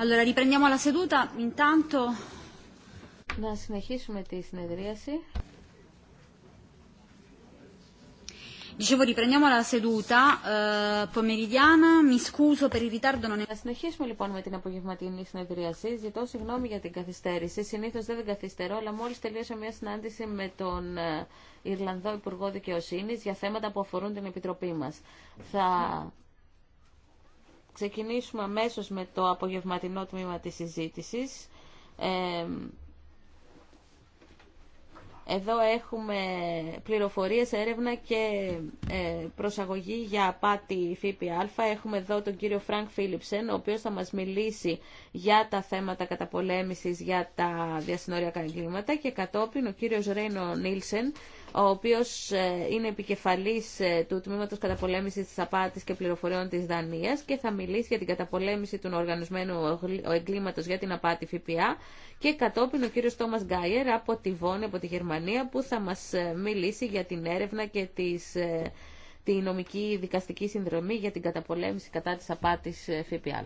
Allora, riprendiamo la seduta. Intanto... Να συνεχίσουμε τη συνεδρίαση. Dicevo, riprendiamo la seduta eh, pomeridiana. Mi scuso per il ritardo. Non... Να συνεχίσουμε λοιπόν με την απογευματινή συνεδρίαση. Ζητώ συγγνώμη για την καθυστέρηση. Συνήθω δεν την καθυστερώ, αλλά μόλι τελείωσα μια συνάντηση με τον ε, Ιρλανδό Υπουργό Δικαιοσύνη για θέματα που αφορούν την Επιτροπή μα. Θα ξεκινήσουμε αμέσως με το απογευματινό τμήμα της συζήτησης. Εδώ έχουμε πληροφορίες, έρευνα και ε, προσαγωγή για απάτη ΦΠΑ. Έχουμε εδώ τον κύριο Φρανκ Φίλιψεν, ο οποίος θα μας μιλήσει για τα θέματα καταπολέμησης για τα διασυνοριακά εγκλήματα και κατόπιν ο κύριος Ρέινο Νίλσεν, ο οποίος ε, είναι επικεφαλής ε, του Τμήματος Καταπολέμησης της Απάτης και Πληροφοριών της Δανίας και θα μιλήσει για την καταπολέμηση του οργανωσμένου εγκλήματος για την απάτη ΦΠΑ και κατόπιν ο κύριος Τόμας Γκάιερ από τη Βόνη, από τη Γερμανία, που θα μας ε, μιλήσει για την έρευνα και τις, τη νομική δικαστική συνδρομή για την καταπολέμηση κατά της απάτης ΦΠΑ.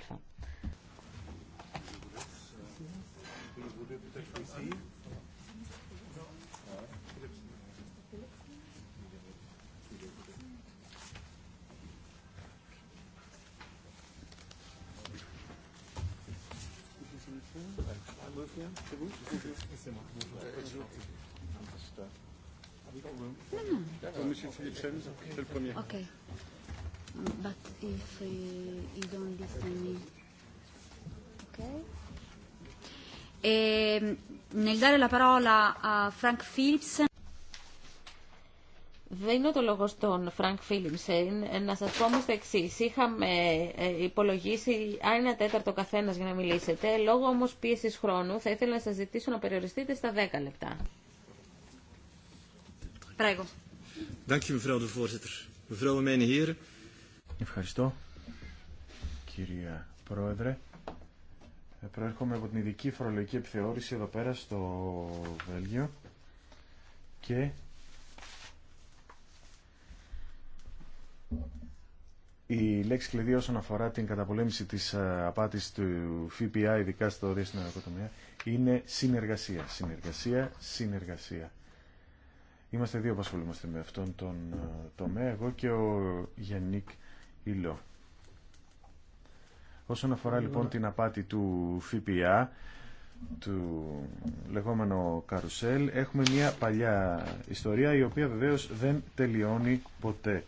Oh, Monsieur Philipsen, c'est le premier. nel dare la parola a Frank Phillips δίνω το λόγο στον Φρανκ Φίλιμσεν να σας πω όμως το εξή. Είχαμε ε, υπολογίσει αν ένα τέταρτο καθένας για να μιλήσετε. Λόγω όμως πίεσης χρόνου θα ήθελα να σας ζητήσω να περιοριστείτε στα 10 λεπτά. Πράγμα. Ευχαριστώ, κυρία Πρόεδρε. Ε, προέρχομαι από την ειδική φορολογική επιθεώρηση εδώ πέρα στο Βέλγιο και η λέξη κλειδί όσον αφορά την καταπολέμηση της ε, απάτης του ΦΠΑ, ειδικά στο διεθνή είναι συνεργασία, συνεργασία, συνεργασία. Είμαστε δύο που ασχολούμαστε με αυτόν τον ε, τομέα, εγώ και ο Γιάννικ Ιλό. Όσον αφορά λοιπόν την απάτη του ΦΠΑ, του λεγόμενο καρουσέλ, έχουμε μια παλιά ιστορία η οποία βεβαίως δεν τελειώνει ποτέ.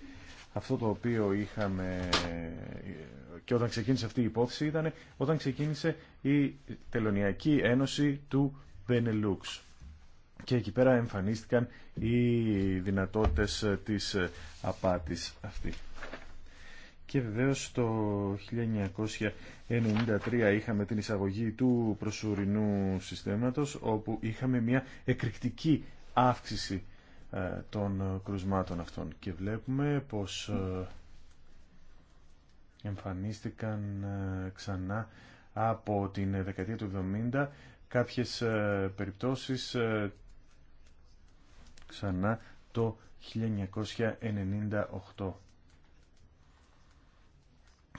Αυτό το οποίο είχαμε ε, και όταν ξεκίνησε αυτή η υπόθεση ήταν όταν ξεκίνησε η Τελωνιακή Ένωση του Benelux και εκεί πέρα εμφανίστηκαν οι δυνατότητες της απάτης αυτή. Και βεβαίως το 1993 είχαμε την εισαγωγή του προσωρινού συστήματος όπου είχαμε μια εκρηκτική αύξηση ε, των κρουσμάτων αυτών και βλέπουμε πως ε, εμφανίστηκαν ε, ξανά από την δεκαετία του 70 κάποιες περιπτώσεις ξανά το 1998.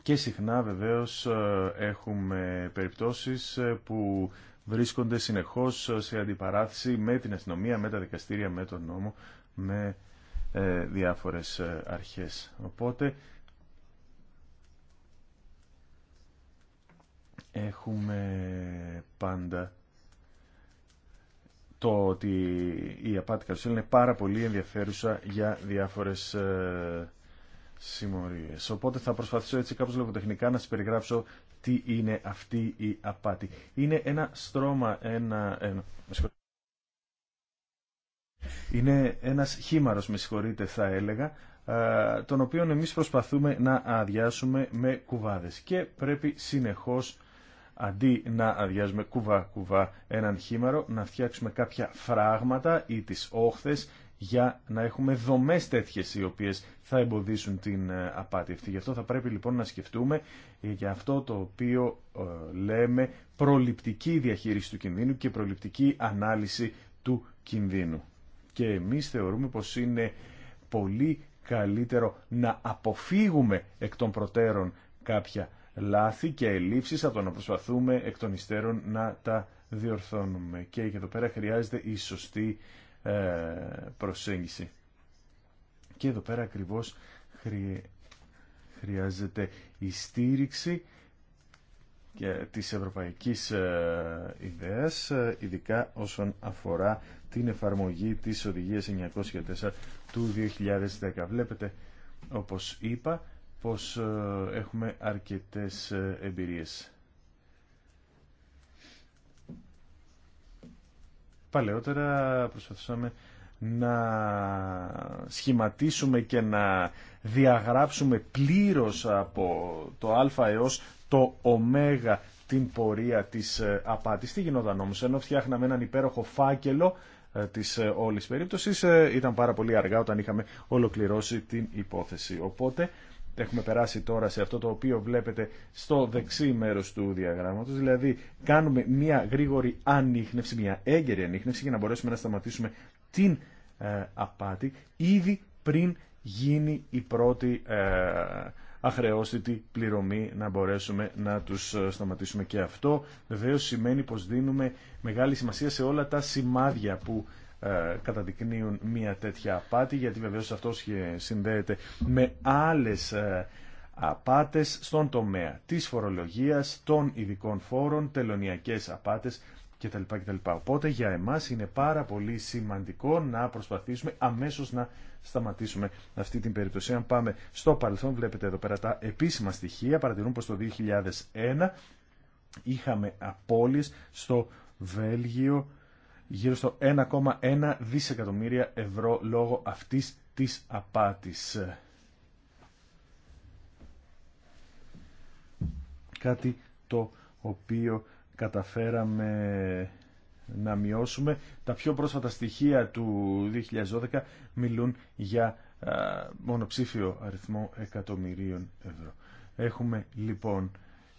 Και συχνά βεβαίως ε, έχουμε περιπτώσεις ε, που βρίσκονται συνεχώς σε αντιπαράθεση με την αστυνομία, με τα δικαστήρια, με τον νόμο, με ε, διάφορες αρχές. Οπότε έχουμε πάντα το ότι η απάτη καρουσέλ είναι πάρα πολύ ενδιαφέρουσα για διάφορες ε, συμμορίες. Οπότε θα προσπαθήσω έτσι κάπως λογοτεχνικά να σας περιγράψω τι είναι αυτή η απάτη. Είναι ένα στρώμα, ένα... ένα ε, είναι ένας χήμαρος, με συγχωρείτε θα έλεγα, ε, τον οποίο εμείς προσπαθούμε να αδειάσουμε με κουβάδες και πρέπει συνεχώς αντί να αδειάζουμε κουβά-κουβά έναν χήμαρο, να φτιάξουμε κάποια φράγματα ή τις όχθες για να έχουμε δομές τέτοιες οι οποίες θα εμποδίσουν την ε, απάτη αυτή. Γι' αυτό θα πρέπει λοιπόν να σκεφτούμε ε, για αυτό το οποίο ε, λέμε προληπτική διαχείριση του κινδύνου και προληπτική ανάλυση του κινδύνου. Και εμείς θεωρούμε πως είναι πολύ καλύτερο να αποφύγουμε εκ των προτέρων κάποια λάθη και ελλείψεις από το να προσπαθούμε εκ των υστέρων να τα διορθώνουμε. Και εδώ πέρα χρειάζεται η σωστή ε, προσέγγιση. Και εδώ πέρα ακριβώς χρειάζεται η στήριξη ε, της ευρωπαϊκής ε, ιδέας, ειδικά όσον αφορά την εφαρμογή της Οδηγίας 904 του 2010. Βλέπετε, όπως είπα, πως ε, έχουμε αρκετές ε, εμπειρίες. Παλαιότερα προσπαθούσαμε να σχηματίσουμε και να διαγράψουμε πλήρως από το α έως το ω την πορεία της ε, απάτης. Τι γινόταν όμως, ενώ φτιάχναμε έναν υπέροχο φάκελο της όλης περίπτωσης, ήταν πάρα πολύ αργά όταν είχαμε ολοκληρώσει την υπόθεση. Οπότε έχουμε περάσει τώρα σε αυτό το οποίο βλέπετε στο δεξί μέρος του διαγράμματος. Δηλαδή κάνουμε μια γρήγορη ανείχνευση, μια έγκαιρη ανείχνευση για να μπορέσουμε να σταματήσουμε την ε, απάτη ήδη πριν γίνει η πρώτη ε, αχρεώστητη πληρωμή να μπορέσουμε να τους ε, σταματήσουμε και αυτό. Βεβαίως σημαίνει πως δίνουμε μεγάλη σημασία σε όλα τα σημάδια που ε, καταδεικνύουν μια τέτοια απάτη γιατί βεβαίω αυτό συνδέεται με άλλες ε, απάτες στον τομέα της φορολογίας, των ειδικών φόρων, τελωνιακές απάτες κτλ. κτλ. Οπότε για εμάς είναι πάρα πολύ σημαντικό να προσπαθήσουμε αμέσως να σταματήσουμε αυτή την περίπτωση. Αν πάμε στο παρελθόν, βλέπετε εδώ πέρα τα επίσημα στοιχεία, παρατηρούν πως το 2001 είχαμε απώλειες στο Βέλγιο γύρω στο 1,1 δισεκατομμύρια ευρώ λόγω αυτής της απάτης. Κάτι το οποίο καταφέραμε να μειώσουμε. Τα πιο πρόσφατα στοιχεία του 2012 μιλούν για μονοψήφιο αριθμό εκατομμυρίων ευρώ. Έχουμε λοιπόν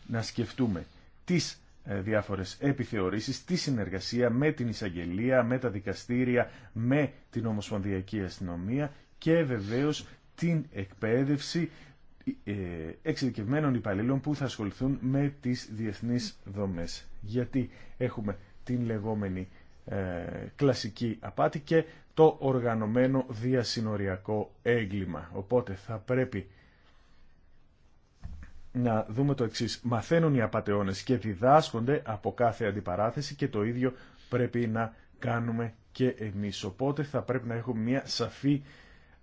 να σκεφτούμε τις ε, διάφορες επιθεωρήσεις, τη συνεργασία με την εισαγγελία, με τα δικαστήρια, με την Ομοσπονδιακή Αστυνομία και βεβαίως την εκπαίδευση ε, εξειδικευμένων υπαλλήλων που θα ασχοληθούν με τις διεθνείς δομές. Γιατί έχουμε την λεγόμενη ε, κλασική απάτη και το οργανωμένο διασυνοριακό έγκλημα. Οπότε θα πρέπει να δούμε το εξής. Μαθαίνουν οι απατεώνες και διδάσκονται από κάθε αντιπαράθεση και το ίδιο πρέπει να κάνουμε και εμείς. Οπότε θα πρέπει να έχουμε μια σαφή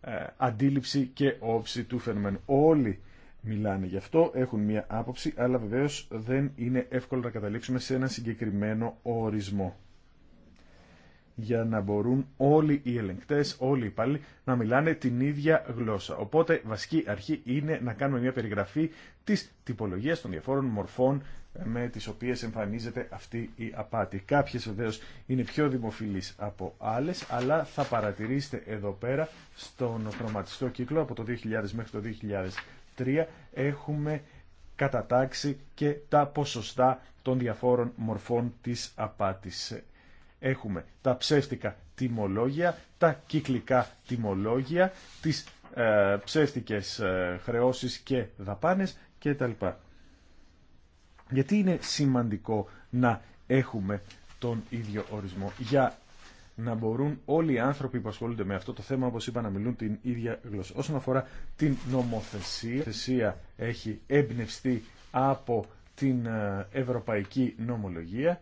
ε, αντίληψη και όψη του φαινομένου. Όλοι μιλάνε γι' αυτό, έχουν μια άποψη, αλλά βεβαίως δεν είναι εύκολο να καταλήξουμε σε ένα συγκεκριμένο ορισμό για να μπορούν όλοι οι ελεγκτές, όλοι οι υπάλληλοι να μιλάνε την ίδια γλώσσα. Οπότε βασική αρχή είναι να κάνουμε μια περιγραφή της τυπολογίας των διαφόρων μορφών με τις οποίες εμφανίζεται αυτή η απάτη. Κάποιες βεβαίω είναι πιο δημοφιλείς από άλλες, αλλά θα παρατηρήσετε εδώ πέρα στον χρωματιστό κύκλο από το 2000 μέχρι το 2003 έχουμε κατατάξει και τα ποσοστά των διαφόρων μορφών της απάτης. Έχουμε τα ψεύτικα τιμολόγια, τα κυκλικά τιμολόγια, τις ε, ψεύτικες ε, χρεώσεις και δαπάνες κτλ. Γιατί είναι σημαντικό να έχουμε τον ίδιο ορισμό για να μπορούν όλοι οι άνθρωποι που ασχολούνται με αυτό το θέμα, όπως είπα, να μιλούν την ίδια γλώσσα. Όσον αφορά την νομοθεσία, η νομοθεσία έχει εμπνευστεί από την ε, ευρωπαϊκή νομολογία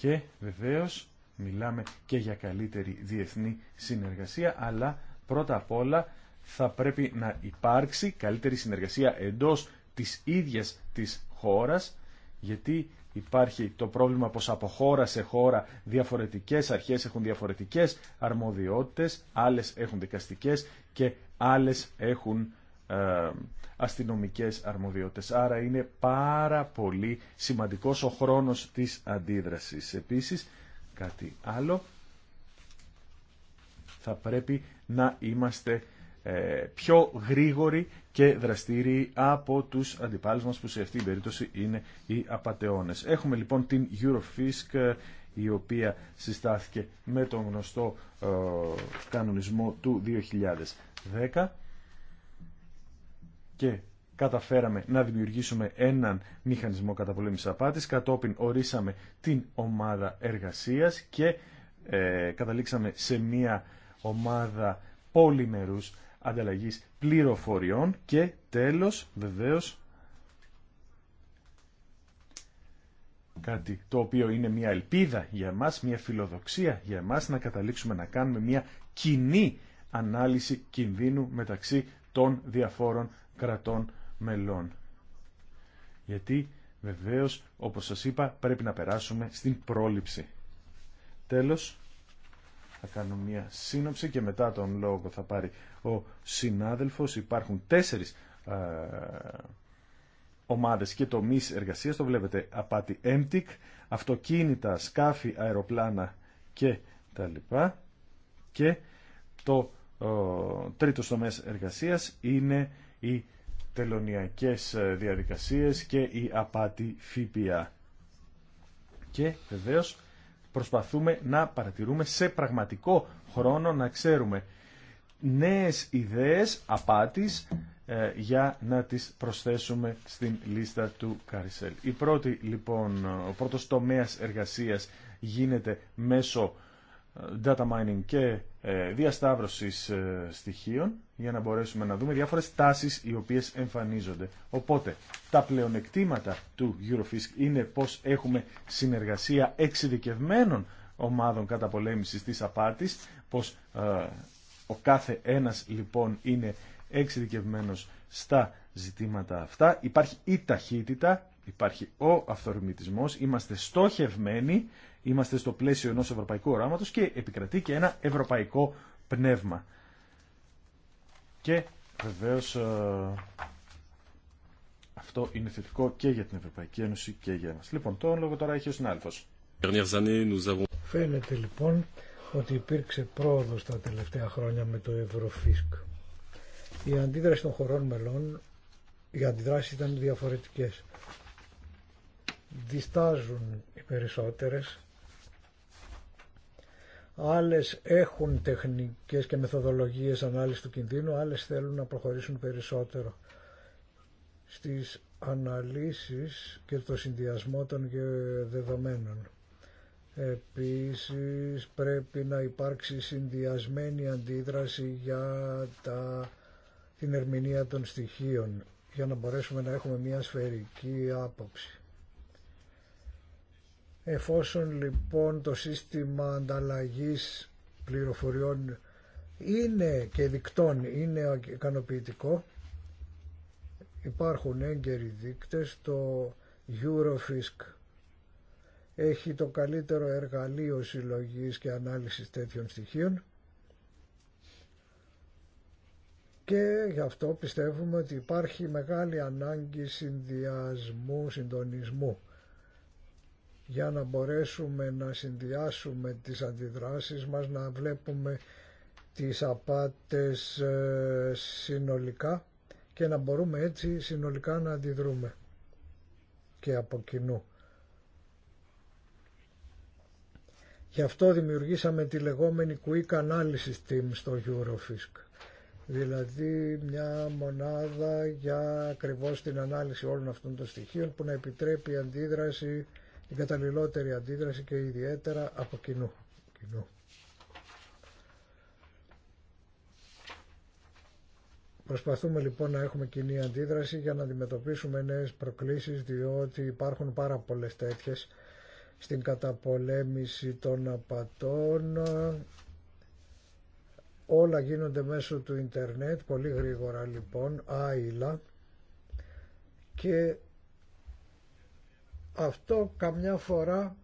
Και βεβαίως μιλάμε και για καλύτερη διεθνή συνεργασία, αλλά πρώτα απ' όλα θα πρέπει να υπάρξει καλύτερη συνεργασία εντός της ίδιας της χώρας, γιατί υπάρχει το πρόβλημα πως από χώρα σε χώρα διαφορετικές αρχές έχουν διαφορετικές αρμοδιότητες, άλλες έχουν δικαστικές και άλλες έχουν ε, αστυνομικές αρμοδιότητες. Άρα είναι πάρα πολύ σημαντικός ο χρόνος της αντίδρασης. Επίσης, κάτι άλλο, θα πρέπει να είμαστε ε, πιο γρήγοροι και δραστήριοι από τους αντιπάλους μας που σε αυτή την περίπτωση είναι οι απατεώνες. Έχουμε λοιπόν την Eurofisk ε, η οποία συστάθηκε με τον γνωστό κανονισμό του 2010 και καταφέραμε να δημιουργήσουμε έναν μηχανισμό καταπολέμησης απάτης, κατόπιν ορίσαμε την ομάδα εργασίας και ε, καταλήξαμε σε μία ομάδα πολυμερούς ανταλλαγής πληροφοριών και τέλος βεβαίως κάτι το οποίο είναι μια ελπίδα για εμάς, μια φιλοδοξία για εμάς να καταλήξουμε να κάνουμε μια κοινή ανάλυση κινδύνου μεταξύ των διαφόρων κρατών μελών. Γιατί βεβαίως, όπως σας είπα, πρέπει να περάσουμε στην πρόληψη. Τέλος, θα κάνω μια σύνοψη και μετά τον λόγο θα πάρει ο συνάδελφος. Υπάρχουν τέσσερις α, ομάδες και τομείς εργασίας, το βλέπετε απάτη έμπτικ, αυτοκίνητα, σκάφη, αεροπλάνα και τα λοιπά. Και το τρίτο τρίτος τομέας εργασίας είναι οι τελωνιακές ε, διαδικασίες και η απάτη ΦΠΑ. Και βεβαίως προσπαθούμε να παρατηρούμε σε πραγματικό χρόνο να ξέρουμε νέες ιδέες απάτης ε, για να τις προσθέσουμε στην λίστα του Καρισέλ. Η πρώτη, λοιπόν, ο πρώτος τομέας εργασίας γίνεται μέσω data mining και ε, διασταύρωσης ε, στοιχείων για να μπορέσουμε να δούμε διάφορες τάσεις οι οποίες εμφανίζονται. Οπότε τα πλεονεκτήματα του Eurofisk είναι πως έχουμε συνεργασία εξειδικευμένων ομάδων καταπολέμησης της απάτης, πως ε, ο κάθε ένας λοιπόν είναι εξειδικευμένος στα ζητήματα αυτά. Υπάρχει η ταχύτητα υπάρχει ο αυθορμητισμός, είμαστε στοχευμένοι, είμαστε στο πλαίσιο ενός ευρωπαϊκού οράματος και επικρατεί και ένα ευρωπαϊκό πνεύμα. Και βεβαίως ε, αυτό είναι θετικό και για την Ευρωπαϊκή Ένωση και για μας. Λοιπόν, το λόγο τώρα έχει ο συνάδελφος. Φαίνεται λοιπόν ότι υπήρξε πρόοδος τα τελευταία χρόνια με το Ευρωφίσκ. Η αντίδραση των χωρών μελών οι αντιδράσεις ήταν διαφορετικές διστάζουν οι περισσότερες. Άλλες έχουν τεχνικές και μεθοδολογίες ανάλυσης του κινδύνου, άλλες θέλουν να προχωρήσουν περισσότερο στις αναλύσεις και το συνδυασμό των δεδομένων. Επίσης πρέπει να υπάρξει συνδυασμένη αντίδραση για τα, την ερμηνεία των στοιχείων για να μπορέσουμε να έχουμε μια σφαιρική άποψη. Εφόσον λοιπόν το σύστημα ανταλλαγής πληροφοριών είναι και δικτών είναι ικανοποιητικό, υπάρχουν έγκαιροι δείκτες, το Eurofisk έχει το καλύτερο εργαλείο συλλογής και ανάλυσης τέτοιων στοιχείων και γι' αυτό πιστεύουμε ότι υπάρχει μεγάλη ανάγκη συνδυασμού, συντονισμού για να μπορέσουμε να συνδυάσουμε τις αντιδράσεις μας, να βλέπουμε τις απάτες ε, συνολικά και να μπορούμε έτσι συνολικά να αντιδρούμε και από κοινού. Γι' αυτό δημιουργήσαμε τη λεγόμενη Quick Analysis Team στο Eurofisk. Δηλαδή μια μονάδα για ακριβώς την ανάλυση όλων αυτών των στοιχείων που να επιτρέπει αντίδραση η καταλληλότερη αντίδραση και ιδιαίτερα από κοινού. κοινού. Προσπαθούμε λοιπόν να έχουμε κοινή αντίδραση για να αντιμετωπίσουμε νέες προκλήσεις διότι υπάρχουν πάρα πολλές τέτοιες στην καταπολέμηση των απατών. Όλα γίνονται μέσω του ίντερνετ, πολύ γρήγορα λοιπόν, άειλα και αυτό καμιά φορά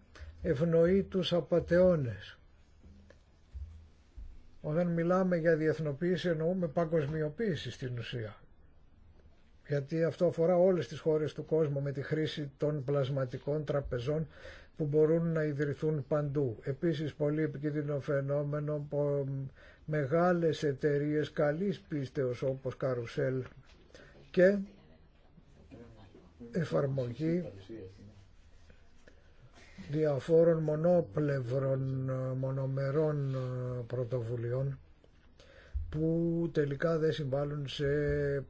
ευνοεί τους απατεώνες. Όταν μιλάμε για διεθνοποίηση εννοούμε παγκοσμιοποίηση στην ουσία. Γιατί αυτό αφορά όλες τις χώρες του κόσμου με τη χρήση των πλασματικών τραπεζών που μπορούν να ιδρυθούν παντού. Επίσης πολύ επικίνδυνο φαινόμενο που μεγάλες εταιρείες καλής πίστεως όπως Καρουσέλ και εφαρμογή διαφόρων μονόπλευρων μονομερών ε, πρωτοβουλειών που τελικά δεν συμβάλλουν σε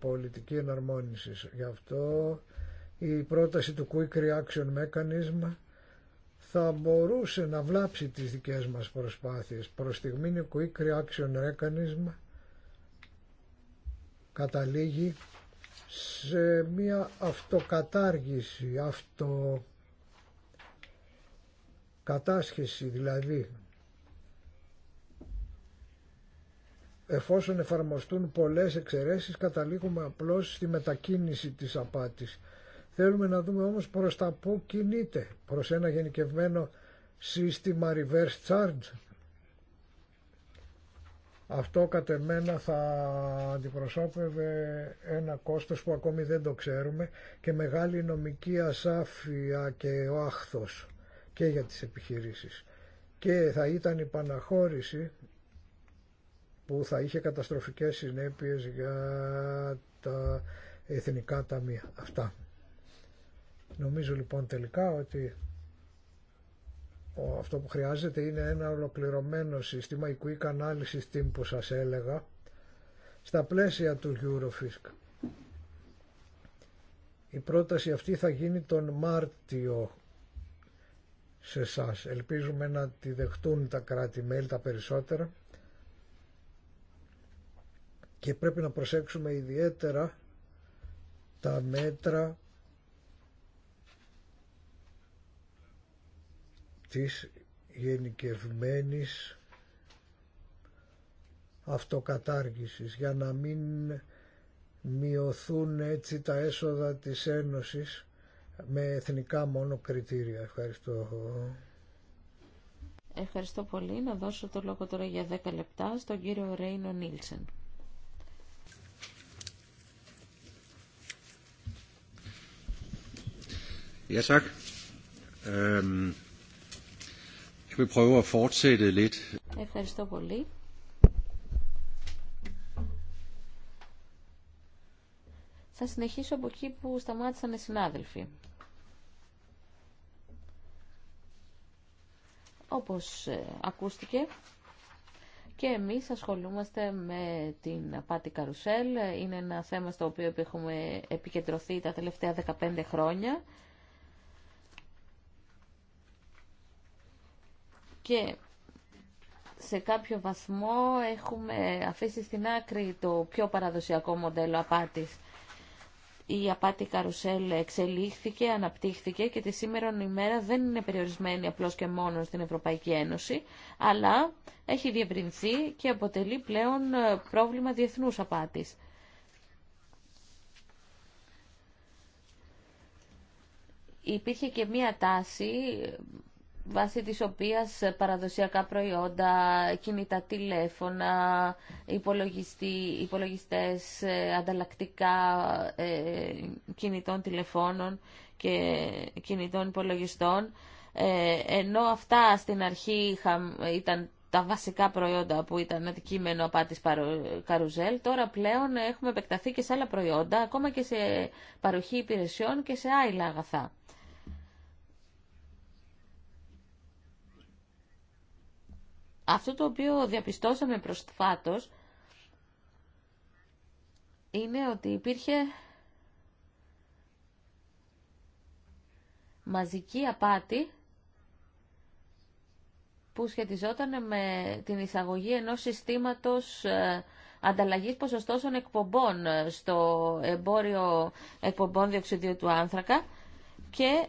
πολιτική εναρμόνιση. Γι' αυτό η πρόταση του Quick Reaction Mechanism θα μπορούσε να βλάψει τις δικές μας προσπάθειες. Προς στιγμή η Quick Reaction Mechanism καταλήγει σε μία αυτοκατάργηση, αυτο κατάσχεση δηλαδή εφόσον εφαρμοστούν πολλές εξαιρέσεις καταλήγουμε απλώς στη μετακίνηση της απάτης. Θέλουμε να δούμε όμως προς τα πού κινείται, προς ένα γενικευμένο σύστημα reverse charge. Αυτό κατ' εμένα θα αντιπροσώπευε ένα κόστος που ακόμη δεν το ξέρουμε και μεγάλη νομική ασάφεια και ο άχθος και για τις επιχειρήσεις. Και θα ήταν η παναχώρηση που θα είχε καταστροφικές συνέπειες για τα εθνικά ταμεία. Αυτά. Νομίζω λοιπόν τελικά ότι αυτό που χρειάζεται είναι ένα ολοκληρωμένο σύστημα Quick Analysis Team που σας έλεγα στα πλαίσια του Eurofisk. Η πρόταση αυτή θα γίνει τον Μάρτιο σε εσά. Ελπίζουμε να τη δεχτούν τα κράτη-μέλη τα περισσότερα και πρέπει να προσέξουμε ιδιαίτερα τα μέτρα της γενικευμένης αυτοκατάργησης για να μην μειωθούν έτσι τα έσοδα της Ένωσης με εθνικά μόνο κριτήρια. Ευχαριστώ. Ευχαριστώ πολύ. Να δώσω το λόγο τώρα για 10 λεπτά στον κύριο Ρέινο Νίλσεν. Ja, tak. Ευχαριστώ πολύ. Θα συνεχίσω από εκεί που σταμάτησαν οι συνάδελφοι. Όπως ε, ακούστηκε, και εμείς ασχολούμαστε με την απάτη καρουσέλ. Είναι ένα θέμα στο οποίο έχουμε επικεντρωθεί τα τελευταία 15 χρόνια. Και σε κάποιο βαθμό έχουμε αφήσει στην άκρη το πιο παραδοσιακό μοντέλο απάτης η απάτη καρουσέλ εξελίχθηκε, αναπτύχθηκε και τη σήμερα μέρα δεν είναι περιορισμένη απλώς και μόνο στην Ευρωπαϊκή Ένωση, αλλά έχει διευρυνθεί και αποτελεί πλέον ε, πρόβλημα διεθνούς απάτης. Υπήρχε και μία τάση βάσει της οποίας ε, παραδοσιακά προϊόντα, κινητά τηλέφωνα, υπολογιστή, υπολογιστές, ε, ανταλλακτικά ε, κινητών τηλεφώνων και κινητών υπολογιστών, ενώ αυτά στην αρχή ήταν τα βασικά προϊόντα που ήταν αντικείμενο απάτης καρουζέλ, τώρα πλέον έχουμε επεκταθεί και σε άλλα προϊόντα, ακόμα και σε παροχή υπηρεσιών και σε άειλα αγαθά. Αυτό το οποίο διαπιστώσαμε προσφάτως είναι ότι υπήρχε μαζική απάτη που σχετιζόταν με την εισαγωγή ενός συστήματος ε, ανταλλαγής ποσοστώσεων εκπομπών ε, στο εμπόριο εκπομπών διοξιδίου του άνθρακα και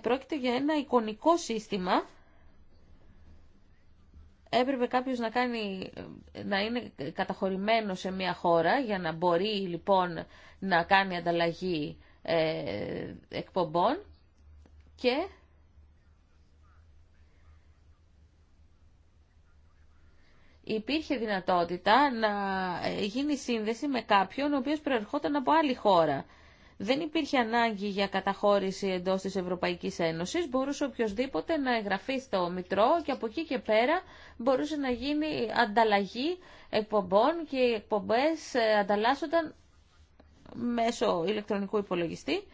πρόκειται για ένα εικονικό σύστημα έπρεπε κάποιος να, κάνει, να είναι καταχωρημένο σε μια χώρα για να μπορεί λοιπόν να κάνει ανταλλαγή ε, εκπομπών και υπήρχε δυνατότητα να ε, γίνει σύνδεση με κάποιον ο οποίος προερχόταν από άλλη χώρα δεν υπήρχε ανάγκη για καταχώρηση εντός της Ευρωπαϊκής Ένωσης, μπορούσε οποιοδήποτε να εγγραφεί στο Μητρό και από εκεί και πέρα μπορούσε να γίνει ανταλλαγή εκπομπών και οι εκπομπές ε, ανταλλάσσονταν μέσω ηλεκτρονικού υπολογιστή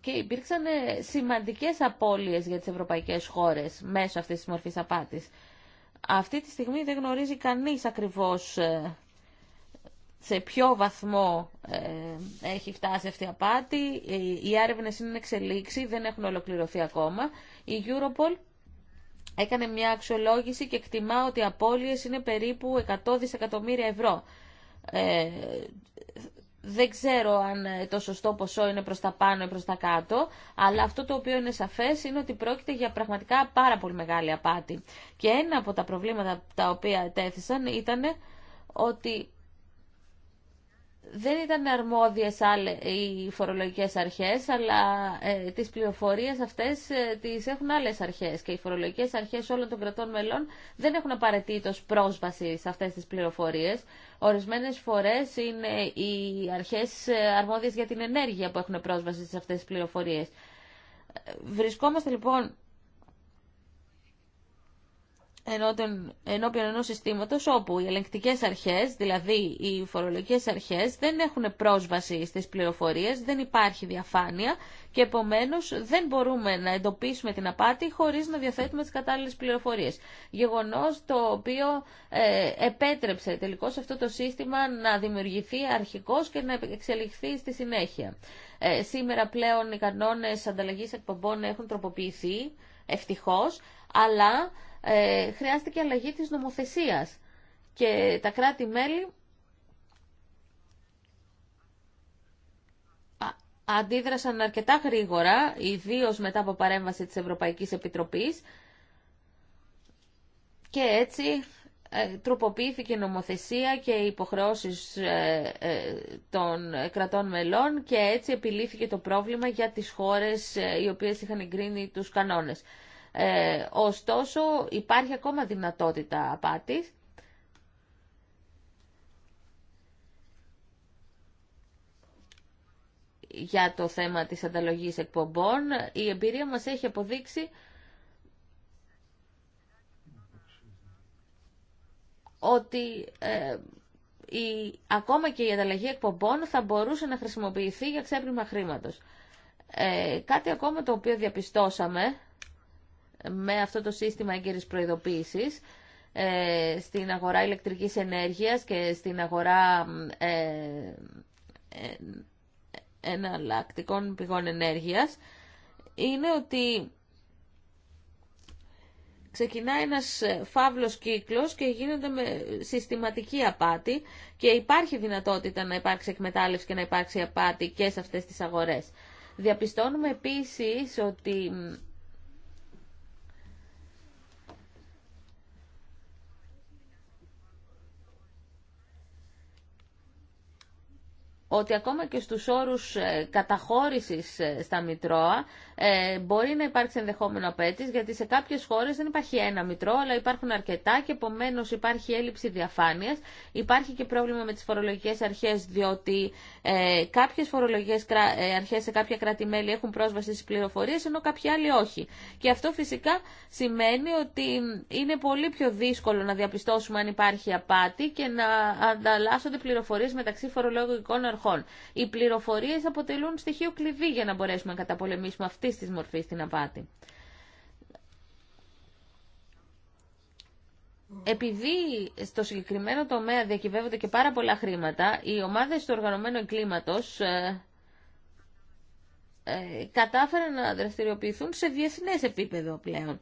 και υπήρξαν ε, σημαντικές απώλειες για τις ευρωπαϊκές χώρες μέσω αυτής της μορφής απάτης. Αυτή τη στιγμή δεν γνωρίζει κανείς ακριβώς ε, σε ποιο βαθμό ε, έχει φτάσει αυτή η απάτη. Ε, οι έρευνες είναι εξελίξει, δεν έχουν ολοκληρωθεί ακόμα. Η Europol έκανε μια αξιολόγηση και εκτιμά ότι οι απώλειες είναι περίπου 100 δισεκατομμύρια ευρώ. Ε, δεν ξέρω αν το σωστό ποσό είναι προς τα πάνω ή προς τα κάτω, αλλά αυτό το οποίο είναι σαφές είναι ότι πρόκειται για πραγματικά πάρα πολύ μεγάλη απάτη. Και ένα από τα προβλήματα τα οποία τέθησαν ήταν ότι δεν ήταν αρμόδιες οι φορολογικές αρχές, αλλά ε, τις πληροφορίες αυτές ε, τις έχουν άλλες αρχές και οι φορολογικές αρχές όλων των κρατών μελών δεν έχουν απαραίτητο πρόσβαση σε αυτές τις πληροφορίες. Ορισμένες φορές είναι οι αρχές ε, αρμόδιες για την ενέργεια που έχουν πρόσβαση σε αυτές τις πληροφορίες. Ε, βρισκόμαστε λοιπόν ενώπιον ενός συστήματος όπου οι ελεγκτικές αρχές, δηλαδή οι φορολογικές αρχές, δεν έχουν πρόσβαση στις πληροφορίες, δεν υπάρχει διαφάνεια και επομένως δεν μπορούμε να εντοπίσουμε την απάτη χωρίς να διαθέτουμε τις κατάλληλες πληροφορίες. Γεγονός το οποίο ε, επέτρεψε τελικώς αυτό το σύστημα να δημιουργηθεί αρχικώς και να εξελιχθεί στη συνέχεια. Ε, σήμερα πλέον οι κανόνες ανταλλαγής εκπομπών έχουν τροποποιηθεί, ευτυχώς, αλλά ε, χρειάστηκε αλλαγή της νομοθεσίας και τα κράτη-μέλη αντίδρασαν αρκετά γρήγορα, ιδίως μετά από παρέμβαση της Ευρωπαϊκής Επιτροπής και έτσι ε, τροποποιήθηκε η νομοθεσία και οι υποχρεώσεις ε, ε, των κρατών μελών και έτσι επιλύθηκε το πρόβλημα για τις χώρες οι οποίες είχαν εγκρίνει τους κανόνες. Ε, ωστόσο υπάρχει ακόμα δυνατότητα απάτης. για το θέμα της ανταλλογής εκπομπών. Η εμπειρία μας έχει αποδείξει ότι ε, η, ακόμα και η ανταλλαγή εκπομπών θα μπορούσε να χρησιμοποιηθεί για ξέπλυμα χρήματος. Ε, κάτι ακόμα το οποίο διαπιστώσαμε με αυτό το σύστημα έγκαιρης προειδοποίησης ε, στην αγορά ηλεκτρικής ενέργειας και στην αγορά ε, ε, εναλλακτικών πηγών ενέργειας είναι ότι ξεκινάει ένας φαύλος κύκλος και γίνεται με συστηματική απάτη και υπάρχει δυνατότητα να υπάρξει εκμετάλλευση και να υπάρξει απάτη και σε αυτές τις αγορές. Διαπιστώνουμε επίσης ότι ότι ακόμα και στους όρους ε, καταχώρησης ε, στα Μητρώα ε, μπορεί να υπάρξει ενδεχόμενο απέτης, γιατί σε κάποιες χώρες δεν υπάρχει ένα Μητρό, αλλά υπάρχουν αρκετά και επομένω υπάρχει έλλειψη διαφάνειας. Υπάρχει και πρόβλημα με τις φορολογικές αρχές, διότι κάποιες φορολογικές αρχές σε κάποια κράτη-μέλη έχουν πρόσβαση στις πληροφορίες, ενώ κάποιοι άλλοι όχι. Και αυτό φυσικά σημαίνει ότι είναι πολύ πιο δύσκολο να διαπιστώσουμε αν υπάρχει απάτη και να ανταλλάσσονται πληροφορίες μεταξύ φορολογικών αρχών οι πληροφορίες αποτελούν στοιχείο κλειδί για να μπορέσουμε να καταπολεμήσουμε αυτή τη μορφή την απάτη. Επειδή στο συγκεκριμένο τομέα διακυβεύονται και πάρα πολλά χρήματα, οι ομάδε του οργανωμένου εγκλήματος ε, ε, κατάφεραν να δραστηριοποιηθούν σε διεθνές επίπεδο πλέον.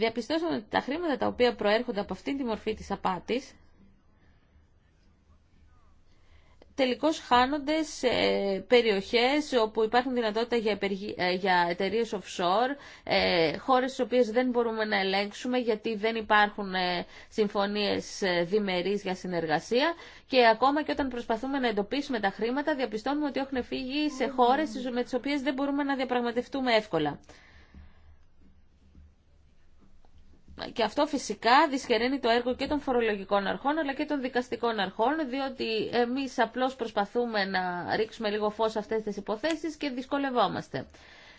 διαπιστώσαμε ότι τα χρήματα τα οποία προέρχονται από αυτήν τη μορφή της απάτης τελικώς χάνονται σε περιοχές όπου υπάρχουν δυνατότητα για, ε, εταιρείες για εταιρείε offshore, ε, χώρες στις οποίες δεν μπορούμε να ελέγξουμε γιατί δεν υπάρχουν ε, συμφωνίες διμερείς για συνεργασία και ακόμα και όταν προσπαθούμε να εντοπίσουμε τα χρήματα διαπιστώνουμε ότι έχουν φύγει σε χώρες με τις οποίες δεν μπορούμε να διαπραγματευτούμε εύκολα. και αυτό φυσικά δυσχεραίνει το έργο και των φορολογικών αρχών αλλά και των δικαστικών αρχών διότι εμείς απλώς προσπαθούμε να ρίξουμε λίγο φως σε αυτές τις υποθέσεις και δυσκολευόμαστε.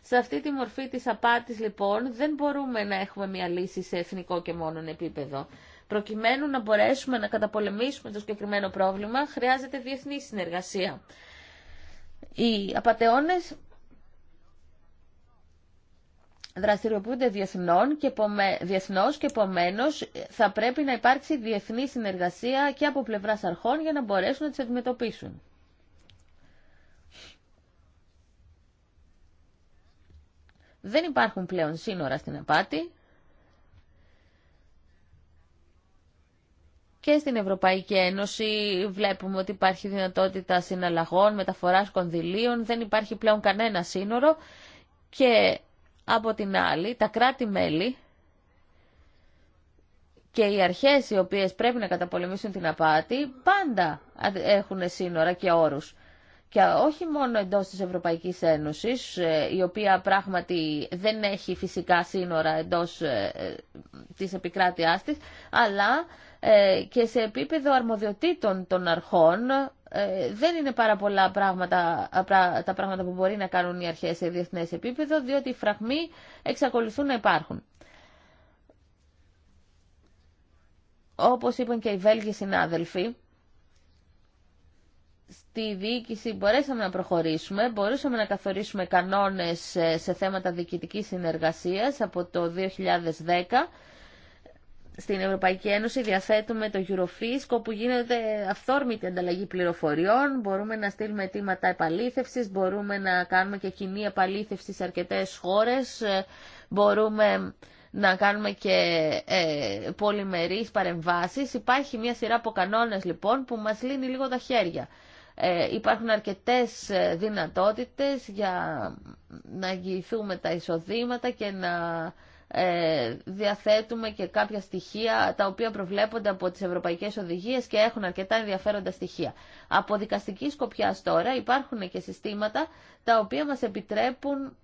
Σε αυτή τη μορφή της απάτης λοιπόν δεν μπορούμε να έχουμε μια λύση σε εθνικό και μόνον επίπεδο. Προκειμένου να μπορέσουμε να καταπολεμήσουμε το συγκεκριμένο πρόβλημα χρειάζεται διεθνή συνεργασία. Οι απαταιώνες δραστηριοποιούνται διεθνών και διεθνώς και επομένω ε, θα πρέπει να υπάρξει διεθνή συνεργασία και από πλευράς αρχών για να μπορέσουν να τις αντιμετωπίσουν. Δεν υπάρχουν πλέον σύνορα στην απάτη και στην Ευρωπαϊκή Ένωση βλέπουμε ότι υπάρχει δυνατότητα συναλλαγών, μεταφοράς κονδυλίων, δεν υπάρχει πλέον κανένα σύνορο και από την άλλη, τα κράτη-μέλη και οι αρχές οι οποίες πρέπει να καταπολεμήσουν την απάτη πάντα έχουν σύνορα και όρους. Και όχι μόνο εντός της Ευρωπαϊκής Ένωσης, ε, η οποία πράγματι δεν έχει φυσικά σύνορα εντός ε, ε, της επικράτειάς της, αλλά και σε επίπεδο αρμοδιοτήτων των αρχών ε, δεν είναι πάρα πολλά πράγματα, τα πράγματα που μπορεί να κάνουν οι αρχές σε διεθνές επίπεδο, διότι οι φραγμοί εξακολουθούν να υπάρχουν. Όπως είπαν και οι Βέλγοι συνάδελφοι, στη διοίκηση μπορέσαμε να προχωρήσουμε, μπορούσαμε να καθορίσουμε κανόνες ε, σε θέματα διοικητικής συνεργασίας από το 2010 στην Ευρωπαϊκή Ένωση διαθέτουμε το Eurofisc που γίνεται αυθόρμητη ανταλλαγή πληροφοριών, μπορούμε να στείλουμε αιτήματα επαλήθευσης, μπορούμε να κάνουμε και κοινή επαλήθευση σε αρκετές χώρες, ε, μπορούμε να κάνουμε και ε, πολυμερείς παρεμβάσεις. Υπάρχει μια σειρά από κανόνες λοιπόν που μας λύνει λίγο τα χέρια. Ε, υπάρχουν αρκετές ε, δυνατότητες για να αγγιηθούμε τα εισοδήματα και να ε, διαθέτουμε και κάποια στοιχεία τα οποία προβλέπονται από τις ευρωπαϊκές οδηγίες και έχουν αρκετά ενδιαφέροντα στοιχεία. Από δικαστική σκοπιά τώρα υπάρχουν και συστήματα τα οποία μας επιτρέπουν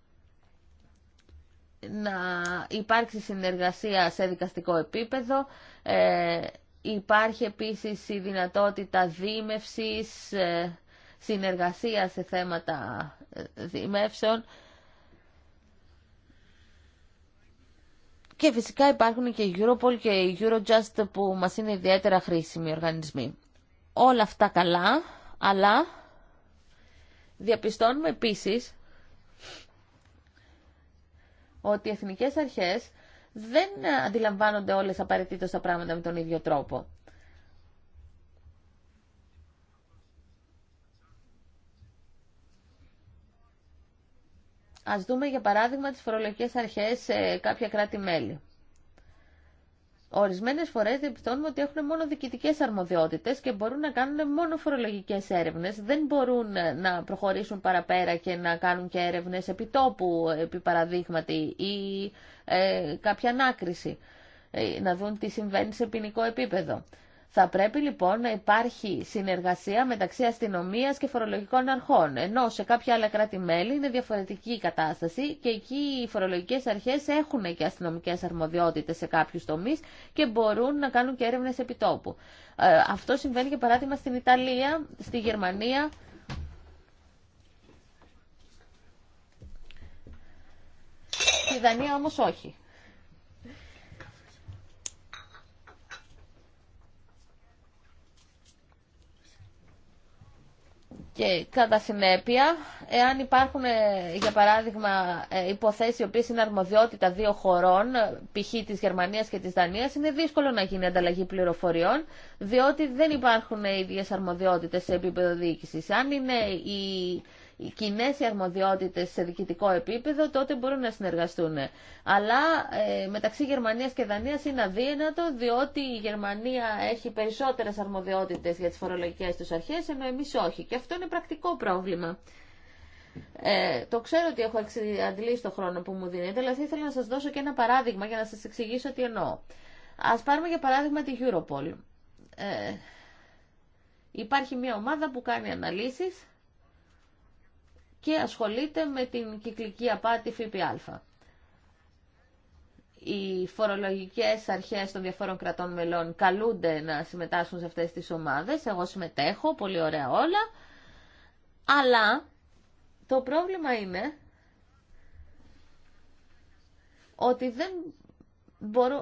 να υπάρξει συνεργασία σε δικαστικό επίπεδο. Ε, υπάρχει επίσης η δυνατότητα δίμευσης, ε, συνεργασία σε θέματα ε, δίμευσεων. Και φυσικά υπάρχουν και η Europol και η Eurojust που μας είναι ιδιαίτερα χρήσιμοι οργανισμοί. Όλα αυτά καλά, αλλά διαπιστώνουμε επίσης ότι οι εθνικές αρχές δεν αντιλαμβάνονται όλες απαραίτητα τα πράγματα με τον ίδιο τρόπο. Ας δούμε για παράδειγμα τις φορολογικές αρχές σε κάποια κράτη-μέλη. Ορισμένε φορέ διεπιστώνουμε ότι έχουν μόνο διοικητικέ αρμοδιότητε και μπορούν να κάνουν μόνο φορολογικέ έρευνε. Δεν μπορούν να προχωρήσουν παραπέρα και να κάνουν και έρευνε τόπου, επί παραδείγματι, ή ε, κάποια ανάκριση. Ε, να δουν τι συμβαίνει σε ποινικό επίπεδο. Θα πρέπει λοιπόν να υπάρχει συνεργασία μεταξύ αστυνομία και φορολογικών αρχών. Ενώ σε κάποια άλλα κράτη-μέλη είναι διαφορετική η κατάσταση και εκεί οι φορολογικέ αρχέ έχουν και αστυνομικέ αρμοδιότητε σε κάποιου τομεί και μπορούν να κάνουν και έρευνε επιτόπου. Ε, αυτό συμβαίνει για παράδειγμα στην Ιταλία, στη Γερμανία. Στη Δανία όμω όχι. Και κατά συνέπεια, εάν υπάρχουν, ε, για παράδειγμα, ε, υποθέσεις οι οποίες είναι αρμοδιότητα δύο χωρών, ε, π.χ. της Γερμανίας και της Δανίας, είναι δύσκολο να γίνει ανταλλαγή πληροφοριών, διότι δεν υπάρχουν οι ίδιες αρμοδιότητες σε επίπεδο διοίκησης. Αν είναι η κοινέ οι αρμοδιότητε σε διοικητικό επίπεδο, τότε μπορούν να συνεργαστούν. Αλλά ε, μεταξύ Γερμανία και Δανία είναι αδύνατο, διότι η Γερμανία έχει περισσότερε αρμοδιότητε για τι φορολογικέ του αρχέ, ενώ εμεί όχι. Και αυτό είναι πρακτικό πρόβλημα. Ε, το ξέρω ότι έχω αντλήσει το χρόνο που μου δίνετε, αλλά ήθελα να σα δώσω και ένα παράδειγμα για να σα εξηγήσω τι εννοώ. Α πάρουμε για παράδειγμα τη Europol. Ε, υπάρχει μια ομάδα που κάνει αναλύσεις και ασχολείται με την κυκλική απάτη ΦΠΑ. Οι φορολογικές αρχές των διαφόρων κρατών μελών καλούνται να συμμετάσχουν σε αυτές τις ομάδες. Εγώ συμμετέχω, πολύ ωραία όλα. Αλλά το πρόβλημα είναι ότι δεν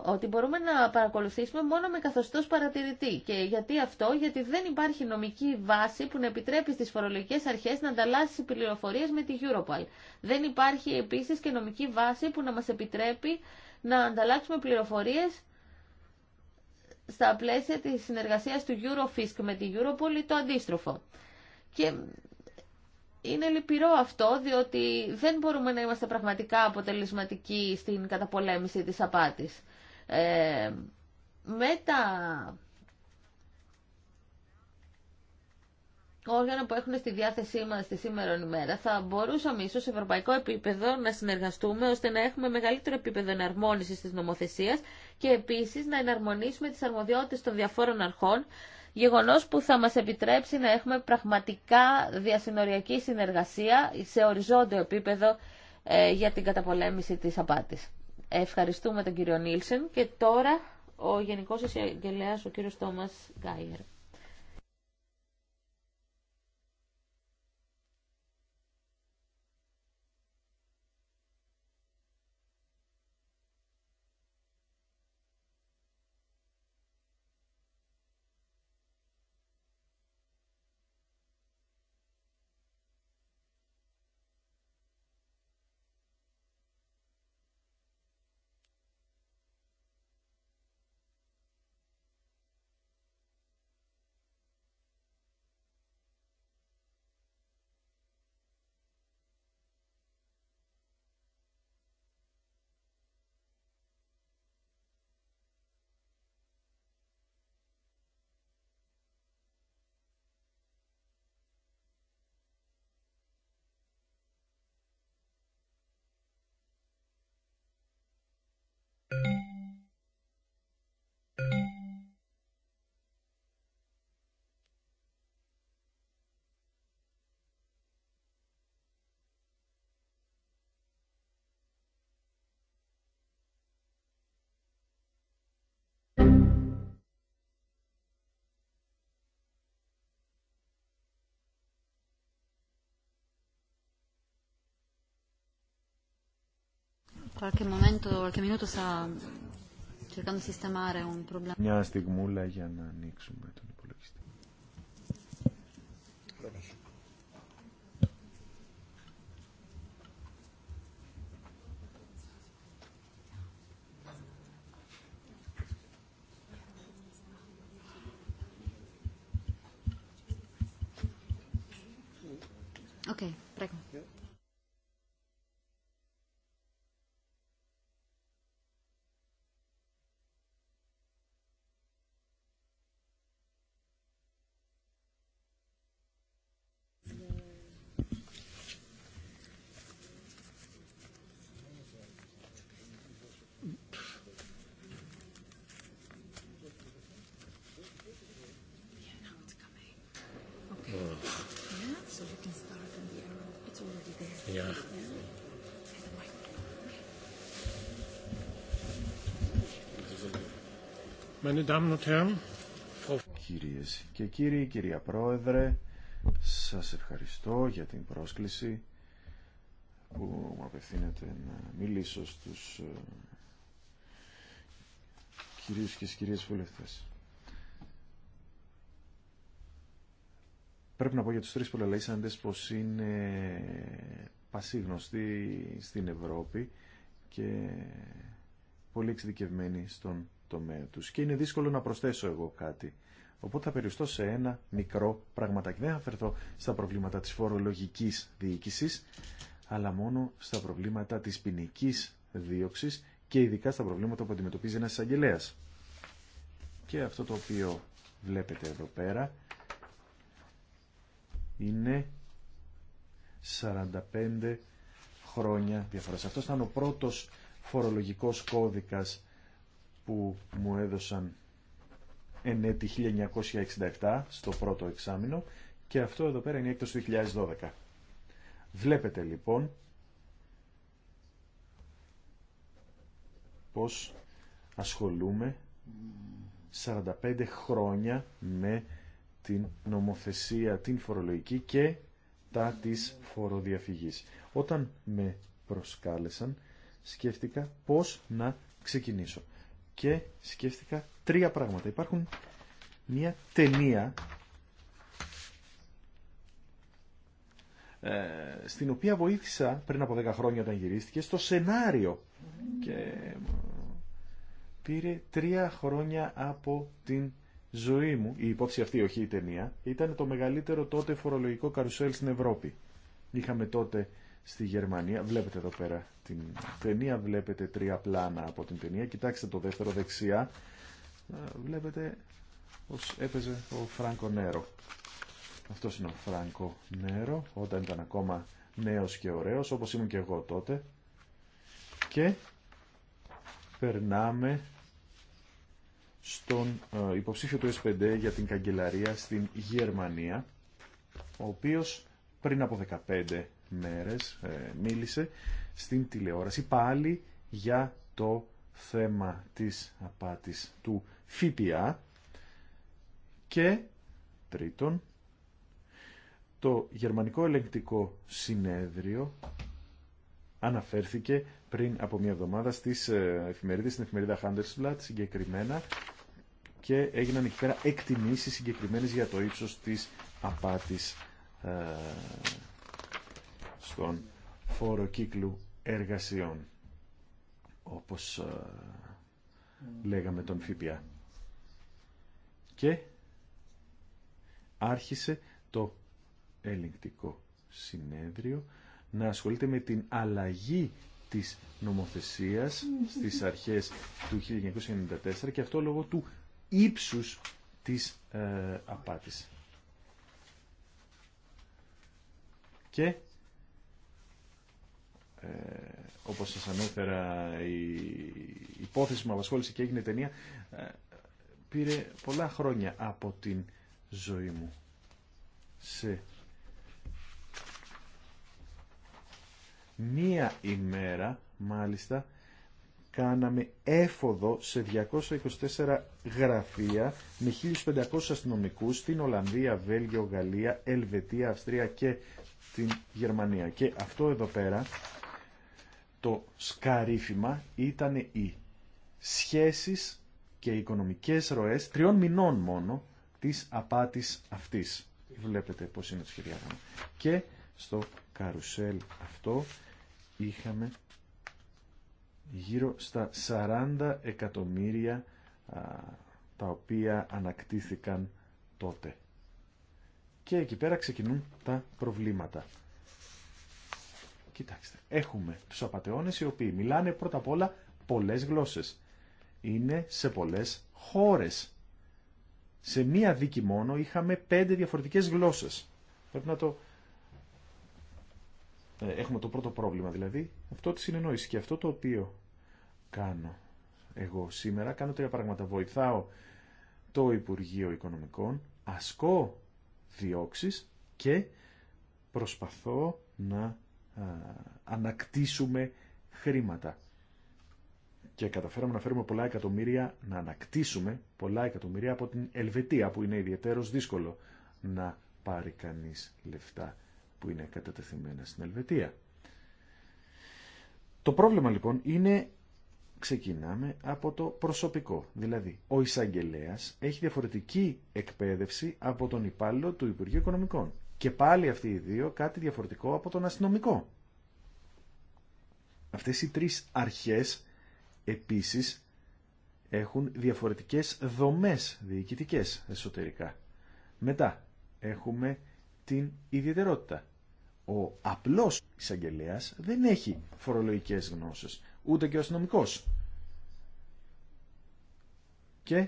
ότι μπορούμε να παρακολουθήσουμε μόνο με καθοστό παρατηρητή. Και γιατί αυτό, γιατί δεν υπάρχει νομική βάση που να επιτρέπει στις φορολογικές αρχές να ανταλλάσσει πληροφορίες με τη Europol. Δεν υπάρχει επίσης και νομική βάση που να μας επιτρέπει να ανταλλάξουμε πληροφορίες στα πλαίσια της συνεργασίας του Eurofisk με τη Europol ή το αντίστροφο. Και είναι λυπηρό αυτό, διότι δεν μπορούμε να είμαστε πραγματικά αποτελεσματικοί στην καταπολέμηση της απάτης. Ε, με τα όργανα που έχουν στη διάθεσή μας στη σήμερα ημέρα, θα μπορούσαμε ίσως σε ευρωπαϊκό επίπεδο να συνεργαστούμε ώστε να έχουμε μεγαλύτερο επίπεδο εναρμόνισης της νομοθεσίας και επίσης να εναρμονίσουμε τις αρμοδιότητες των διαφόρων αρχών γεγονός που θα μας επιτρέψει να έχουμε πραγματικά διασυνοριακή συνεργασία σε οριζόντιο επίπεδο ε, για την καταπολέμηση της απάτης. Ευχαριστούμε τον κύριο Νίλσεν και τώρα ο Γενικός Εισαγγελέας, ο κύριος Τόμας Γκάιερ. Μια στιγμούλα για να ανοίξουμε πρόβλημα. Κυρίες και κύριοι, κυρία Πρόεδρε, σας ευχαριστώ για την πρόσκληση που μου απευθύνεται να μιλήσω στους ε, κυρίους και κυρίες βουλευτές. Πρέπει να πω για τους τρεις πολελαϊσάντες πως είναι πασίγνωστοι στην Ευρώπη και πολύ εξειδικευμένοι στον τομέα τους και είναι δύσκολο να προσθέσω εγώ κάτι. Οπότε θα περιουστώ σε ένα μικρό πραγματάκι. Δεν θα αφαιρθώ στα προβλήματα της φορολογικής διοίκησης, αλλά μόνο στα προβλήματα της ποινική δίωξης και ειδικά στα προβλήματα που αντιμετωπίζει ένας εισαγγελέα. Και αυτό το οποίο βλέπετε εδώ πέρα είναι 45 χρόνια διαφορά. Αυτό ήταν ο πρώτος φορολογικός κώδικας που μου έδωσαν εν έτη 1967 στο πρώτο εξάμεινο και αυτό εδώ πέρα είναι η του 2012. Βλέπετε λοιπόν πως ασχολούμε 45 χρόνια με την νομοθεσία, την φορολογική και τα της φοροδιαφυγής. Όταν με προσκάλεσαν σκέφτηκα πως να ξεκινήσω και σκέφτηκα τρία πράγματα. Υπάρχουν μια ταινία ε, στην οποία βοήθησα πριν από 10 χρόνια όταν γυρίστηκε στο σενάριο και ε, πήρε τρία χρόνια από την ζωή μου η υπόψη αυτή όχι η ταινία ήταν το μεγαλύτερο τότε φορολογικό καρουσέλ στην Ευρώπη είχαμε τότε στη Γερμανία. Βλέπετε εδώ πέρα την ταινία, βλέπετε τρία πλάνα από την ταινία. Κοιτάξτε το δεύτερο δεξιά. Ε, βλέπετε πως έπαιζε ο Φράνκο Νέρο. Αυτός είναι ο Φράνκο Νέρο, όταν ήταν ακόμα νέος και ωραίος, όπως ήμουν και εγώ τότε. Και περνάμε στον ε, υποψήφιο του S5 για την καγκελαρία στην Γερμανία, ο οποίος πριν από 15 μέρες ε, μίλησε στην τηλεόραση πάλι για το θέμα της απάτης του ΦΠΑ και τρίτον το Γερμανικό Ελεγκτικό Συνέδριο αναφέρθηκε πριν από μια εβδομάδα στις ε, εφημερίδες, στην εφημερίδα Handelsblatt συγκεκριμένα και έγιναν εκεί πέρα εκτιμήσεις συγκεκριμένες για το ύψος της απάτης ε, στον φόρο κύκλου εργασιών, όπως ε, λέγαμε τον ΦΠΑ. Και άρχισε το ελεγκτικό συνέδριο να ασχολείται με την αλλαγή της νομοθεσίας στις αρχές του 1994 και αυτό λόγω του ύψους της ε, απάτης. Και ε, όπως σας ανέφερα η υπόθεση που με απασχόλησε και έγινε ταινία ε, πήρε πολλά χρόνια από την ζωή μου σε μία ημέρα μάλιστα κάναμε έφοδο σε 224 γραφεία με 1500 αστυνομικούς στην Ολλανδία, Βέλγιο, Γαλλία, Ελβετία, Αυστρία και την Γερμανία. Και αυτό εδώ πέρα το σκαρίφημα ήταν οι σχέσεις και οι οικονομικές ροές τριών μηνών μόνο της απάτης αυτής. Βλέπετε πώς είναι το σχεδιάγραμμα. Και στο καρουσέλ αυτό είχαμε γύρω στα 40 εκατομμύρια τα οποία ανακτήθηκαν τότε. Και εκεί πέρα ξεκινούν τα προβλήματα. Κοιτάξτε, έχουμε τους απαταιώνες οι οποίοι μιλάνε πρώτα απ' όλα πολλές γλώσσες. Είναι σε πολλές χώρες. Σε μία δίκη μόνο είχαμε πέντε διαφορετικές γλώσσες. Πρέπει να το... Ε, έχουμε το πρώτο πρόβλημα δηλαδή, αυτό τη συνεννόηση και αυτό το οποίο κάνω εγώ σήμερα, κάνω τρία πράγματα. Βοηθάω το Υπουργείο Οικονομικών, ασκώ διώξεις και προσπαθώ να ανακτήσουμε χρήματα. Και καταφέραμε να φέρουμε πολλά εκατομμύρια, να ανακτήσουμε πολλά εκατομμύρια από την Ελβετία, που είναι ιδιαίτερος δύσκολο να πάρει κανείς λεφτά που είναι κατατεθειμένα στην Ελβετία. Το πρόβλημα λοιπόν είναι, ξεκινάμε από το προσωπικό. Δηλαδή, ο εισαγγελέα έχει διαφορετική εκπαίδευση από τον υπάλληλο του Υπουργείου Οικονομικών και πάλι αυτοί οι δύο κάτι διαφορετικό από τον αστυνομικό. Αυτές οι τρεις αρχές επίσης έχουν διαφορετικές δομές διοικητικές εσωτερικά. Μετά έχουμε την ιδιαιτερότητα. Ο απλός εισαγγελέα δεν έχει φορολογικές γνώσεις, ούτε και ο αστυνομικό. Και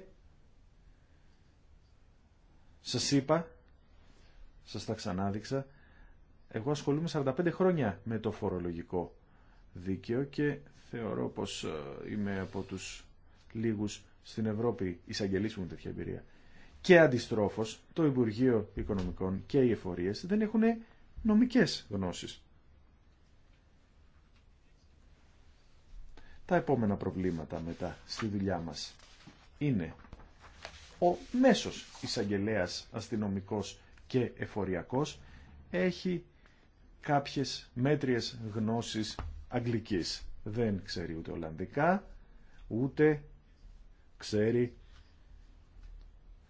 σας είπα σας τα ξανάδειξα, εγώ ασχολούμαι 45 χρόνια με το φορολογικό δίκαιο και θεωρώ πως ε, είμαι από τους λίγους στην Ευρώπη εισαγγελείς που τέτοια εμπειρία. Και αντιστρόφως, το Υπουργείο Οικονομικών και οι εφορίες δεν έχουν νομικές γνώσεις. Τα επόμενα προβλήματα μετά στη δουλειά μας είναι ο μέσος εισαγγελέα αστυνομικός και εφοριακός, έχει κάποιες μέτριες γνώσεις αγγλικής. Δεν ξέρει ούτε Ολλανδικά, ούτε ξέρει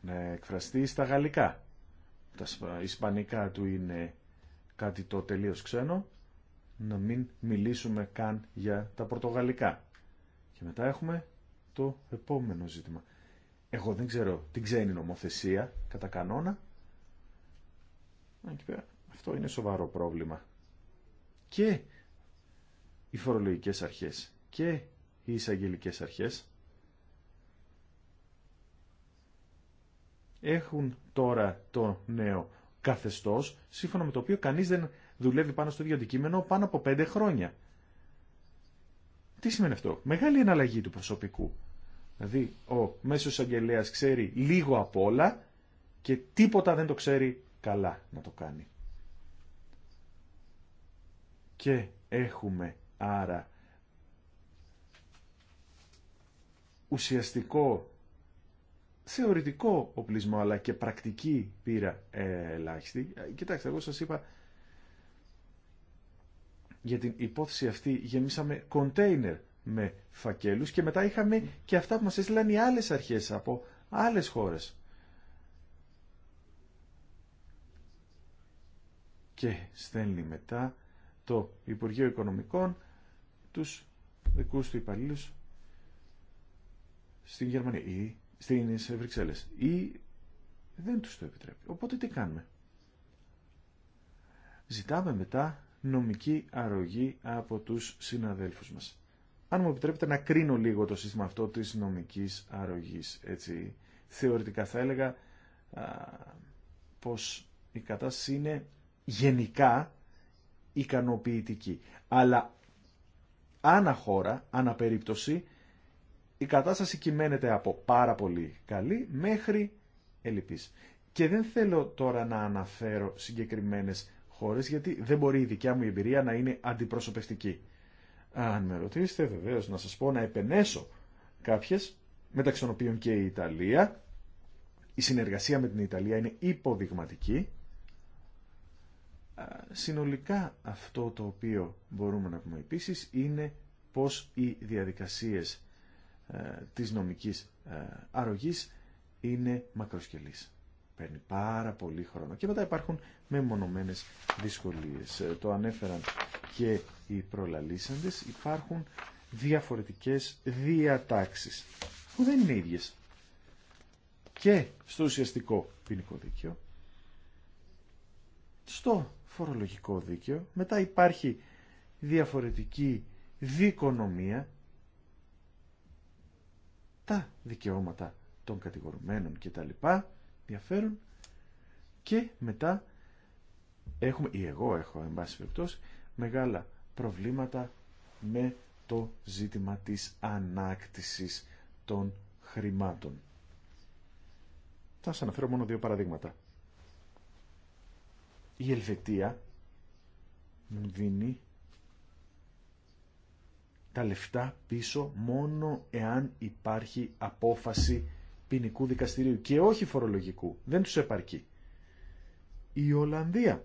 να εκφραστεί στα γαλλικά. Τα ισπανικά του είναι κάτι το τελείως ξένο, να μην μιλήσουμε καν για τα πορτογαλικά. Και μετά έχουμε το επόμενο ζήτημα. Εγώ δεν ξέρω την ξένη νομοθεσία κατά κανόνα, αυτό είναι σοβαρό πρόβλημα. Και οι φορολογικές αρχές και οι εισαγγελικέ αρχές έχουν τώρα το νέο καθεστώς, σύμφωνα με το οποίο κανείς δεν δουλεύει πάνω στο ίδιο αντικείμενο πάνω από πέντε χρόνια. Τι σημαίνει αυτό. Μεγάλη εναλλαγή του προσωπικού. Δηλαδή, ο μέσος εισαγγελέας ξέρει λίγο απ' όλα και τίποτα δεν το ξέρει καλά να το κάνει. Και έχουμε άρα ουσιαστικό θεωρητικό οπλισμό αλλά και πρακτική πείρα ε, ελάχιστη. Ε, κοιτάξτε, εγώ σας είπα για την υπόθεση αυτή γεμίσαμε κοντέινερ με φακέλους και μετά είχαμε και αυτά που μας έστειλαν οι άλλες αρχές από άλλες χώρες. και στέλνει μετά το Υπουργείο Οικονομικών τους δικούς του υπαλλήλους στην Γερμανία ή στην Βρυξέλλες ή δεν τους το επιτρέπει. Οπότε τι κάνουμε. Ζητάμε μετά νομική αρρωγή από τους συναδέλφους μας. Αν μου επιτρέπετε να κρίνω λίγο το σύστημα αυτό της νομικής αρρωγής, έτσι, θεωρητικά θα έλεγα α, πως η κατάσταση είναι γενικά ικανοποιητική. Αλλά άνα χώρα, άνα περίπτωση, η κατάσταση κυμαίνεται από πάρα πολύ καλή μέχρι ελλειπής. Και δεν θέλω τώρα να αναφέρω συγκεκριμένες χώρες, γιατί δεν μπορεί η δικιά μου εμπειρία να είναι αντιπροσωπευτική. Αν με ρωτήσετε βεβαίως να σας πω να επενέσω κάποιες, μεταξύ των οποίων και η Ιταλία, η συνεργασία με την Ιταλία είναι υποδειγματική συνολικά αυτό το οποίο μπορούμε να πούμε επίσης είναι πως οι διαδικασίες ε, της νομικής ε, αρρωγής είναι μακροσκελής. Παίρνει πάρα πολύ χρόνο και μετά υπάρχουν μεμονωμένες δυσκολίες. Ε, το ανέφεραν και οι προλαλήσαντες. Υπάρχουν διαφορετικές διατάξεις που δεν είναι ίδιες και στο ουσιαστικό ποινικό δίκαιο στο φορολογικό δίκαιο, μετά υπάρχει διαφορετική δικονομία, τα δικαιώματα των κατηγορουμένων και τα λοιπά διαφέρουν και μετά έχουμε, ή εγώ έχω εν πάση περιπτώσει, μεγάλα προβλήματα με το ζήτημα της ανάκτησης των χρημάτων. Θα σας αναφέρω μόνο δύο παραδείγματα η Ελβετία μου δίνει τα λεφτά πίσω μόνο εάν υπάρχει απόφαση ποινικού δικαστηρίου και όχι φορολογικού. Δεν τους επαρκεί. Η Ολλανδία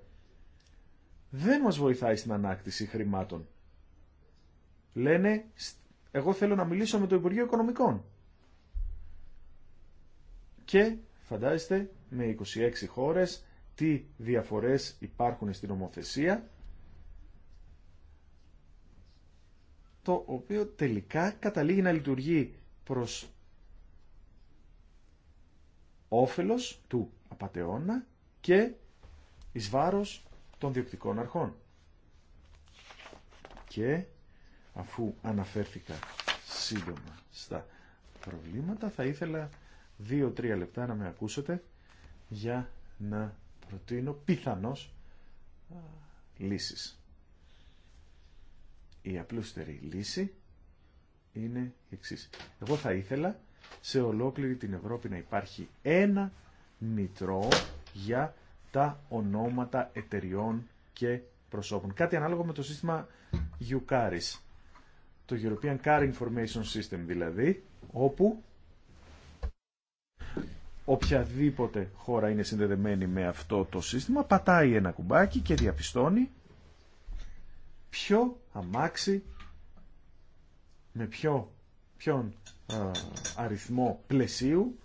δεν μας βοηθάει στην ανάκτηση χρημάτων. Λένε, εγώ θέλω να μιλήσω με το Υπουργείο Οικονομικών. Και φαντάζεστε, με 26 χώρες τι διαφορές υπάρχουν στην νομοθεσία το οποίο τελικά καταλήγει να λειτουργεί προς όφελος του απατεώνα και εις βάρος των διοκτικών αρχών. Και αφού αναφέρθηκα σύντομα στα προβλήματα θα ήθελα 2-3 λεπτά να με ακούσετε για να προτείνω πιθανώς λύσεις. Η απλούστερη λύση είναι η Εγώ θα ήθελα σε ολόκληρη την Ευρώπη να υπάρχει ένα μητρό για τα ονόματα εταιριών και προσώπων. Κάτι ανάλογο με το σύστημα Eucaris. Το European Car Information System δηλαδή, όπου οποιαδήποτε χώρα είναι συνδεδεμένη με αυτό το σύστημα, πατάει ένα κουμπάκι και διαπιστώνει ποιο αμάξι με ποιο, ποιον αριθμό πλαισίου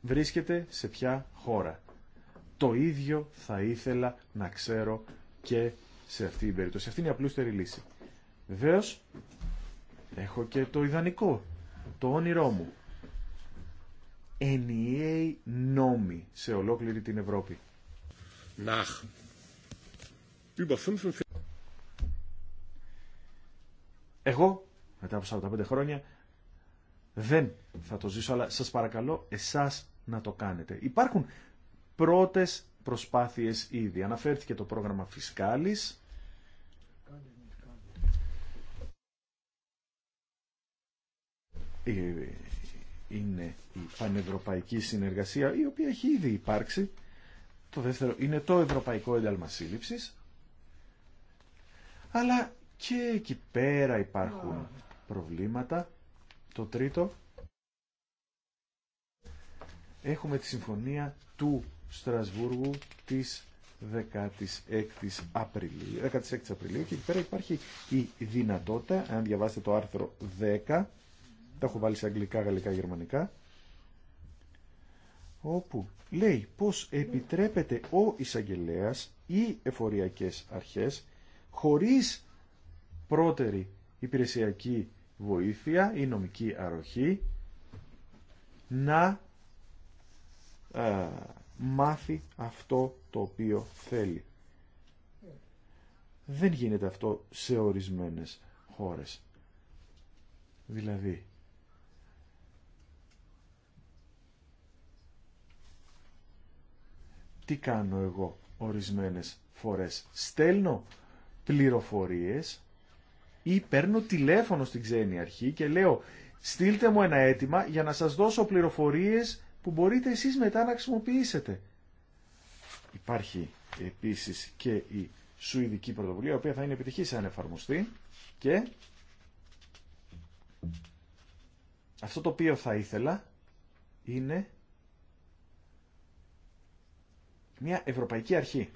βρίσκεται σε ποια χώρα. Το ίδιο θα ήθελα να ξέρω και σε αυτή την περίπτωση. Αυτή είναι η απλούστερη λύση. Βεβαίω, έχω και το ιδανικό, το όνειρό μου ενιαίοι νόμοι σε ολόκληρη την Ευρώπη. Nach. Εγώ, μετά από 45 χρόνια, δεν θα το ζήσω, αλλά σας παρακαλώ εσάς να το κάνετε. Υπάρχουν πρώτες προσπάθειες ήδη. Αναφέρθηκε το πρόγραμμα Φισκάλης. Ε, είναι η πανευρωπαϊκή συνεργασία η οποία έχει ήδη υπάρξει. Το δεύτερο είναι το Ευρωπαϊκό Ένταλμα Αλλά και εκεί πέρα υπάρχουν προβλήματα. Το τρίτο έχουμε τη συμφωνία του Στρασβούργου της 16ης Απριλίου, 16 Απριλίου και εκεί πέρα υπάρχει η δυνατότητα, αν διαβάσετε το άρθρο 10 τα έχω βάλει σε αγγλικά, γαλλικά, γερμανικά όπου λέει πως επιτρέπεται ο εισαγγελέα ή εφοριακές αρχές χωρίς πρώτερη υπηρεσιακή βοήθεια ή νομική αροχή να ε, μάθει αυτό το οποίο θέλει. Δεν γίνεται αυτό σε ορισμένες χώρες. Δηλαδή, τι κάνω εγώ ορισμένες φορές. Στέλνω πληροφορίες ή παίρνω τηλέφωνο στην ξένη αρχή και λέω στείλτε μου ένα αίτημα για να σας δώσω πληροφορίες που μπορείτε εσείς μετά να χρησιμοποιήσετε. Υπάρχει επίσης και η Σουηδική πρωτοβουλία, η οποία θα είναι επιτυχής αν εφαρμοστεί και αυτό το οποίο θα ήθελα είναι μια ευρωπαϊκή αρχή.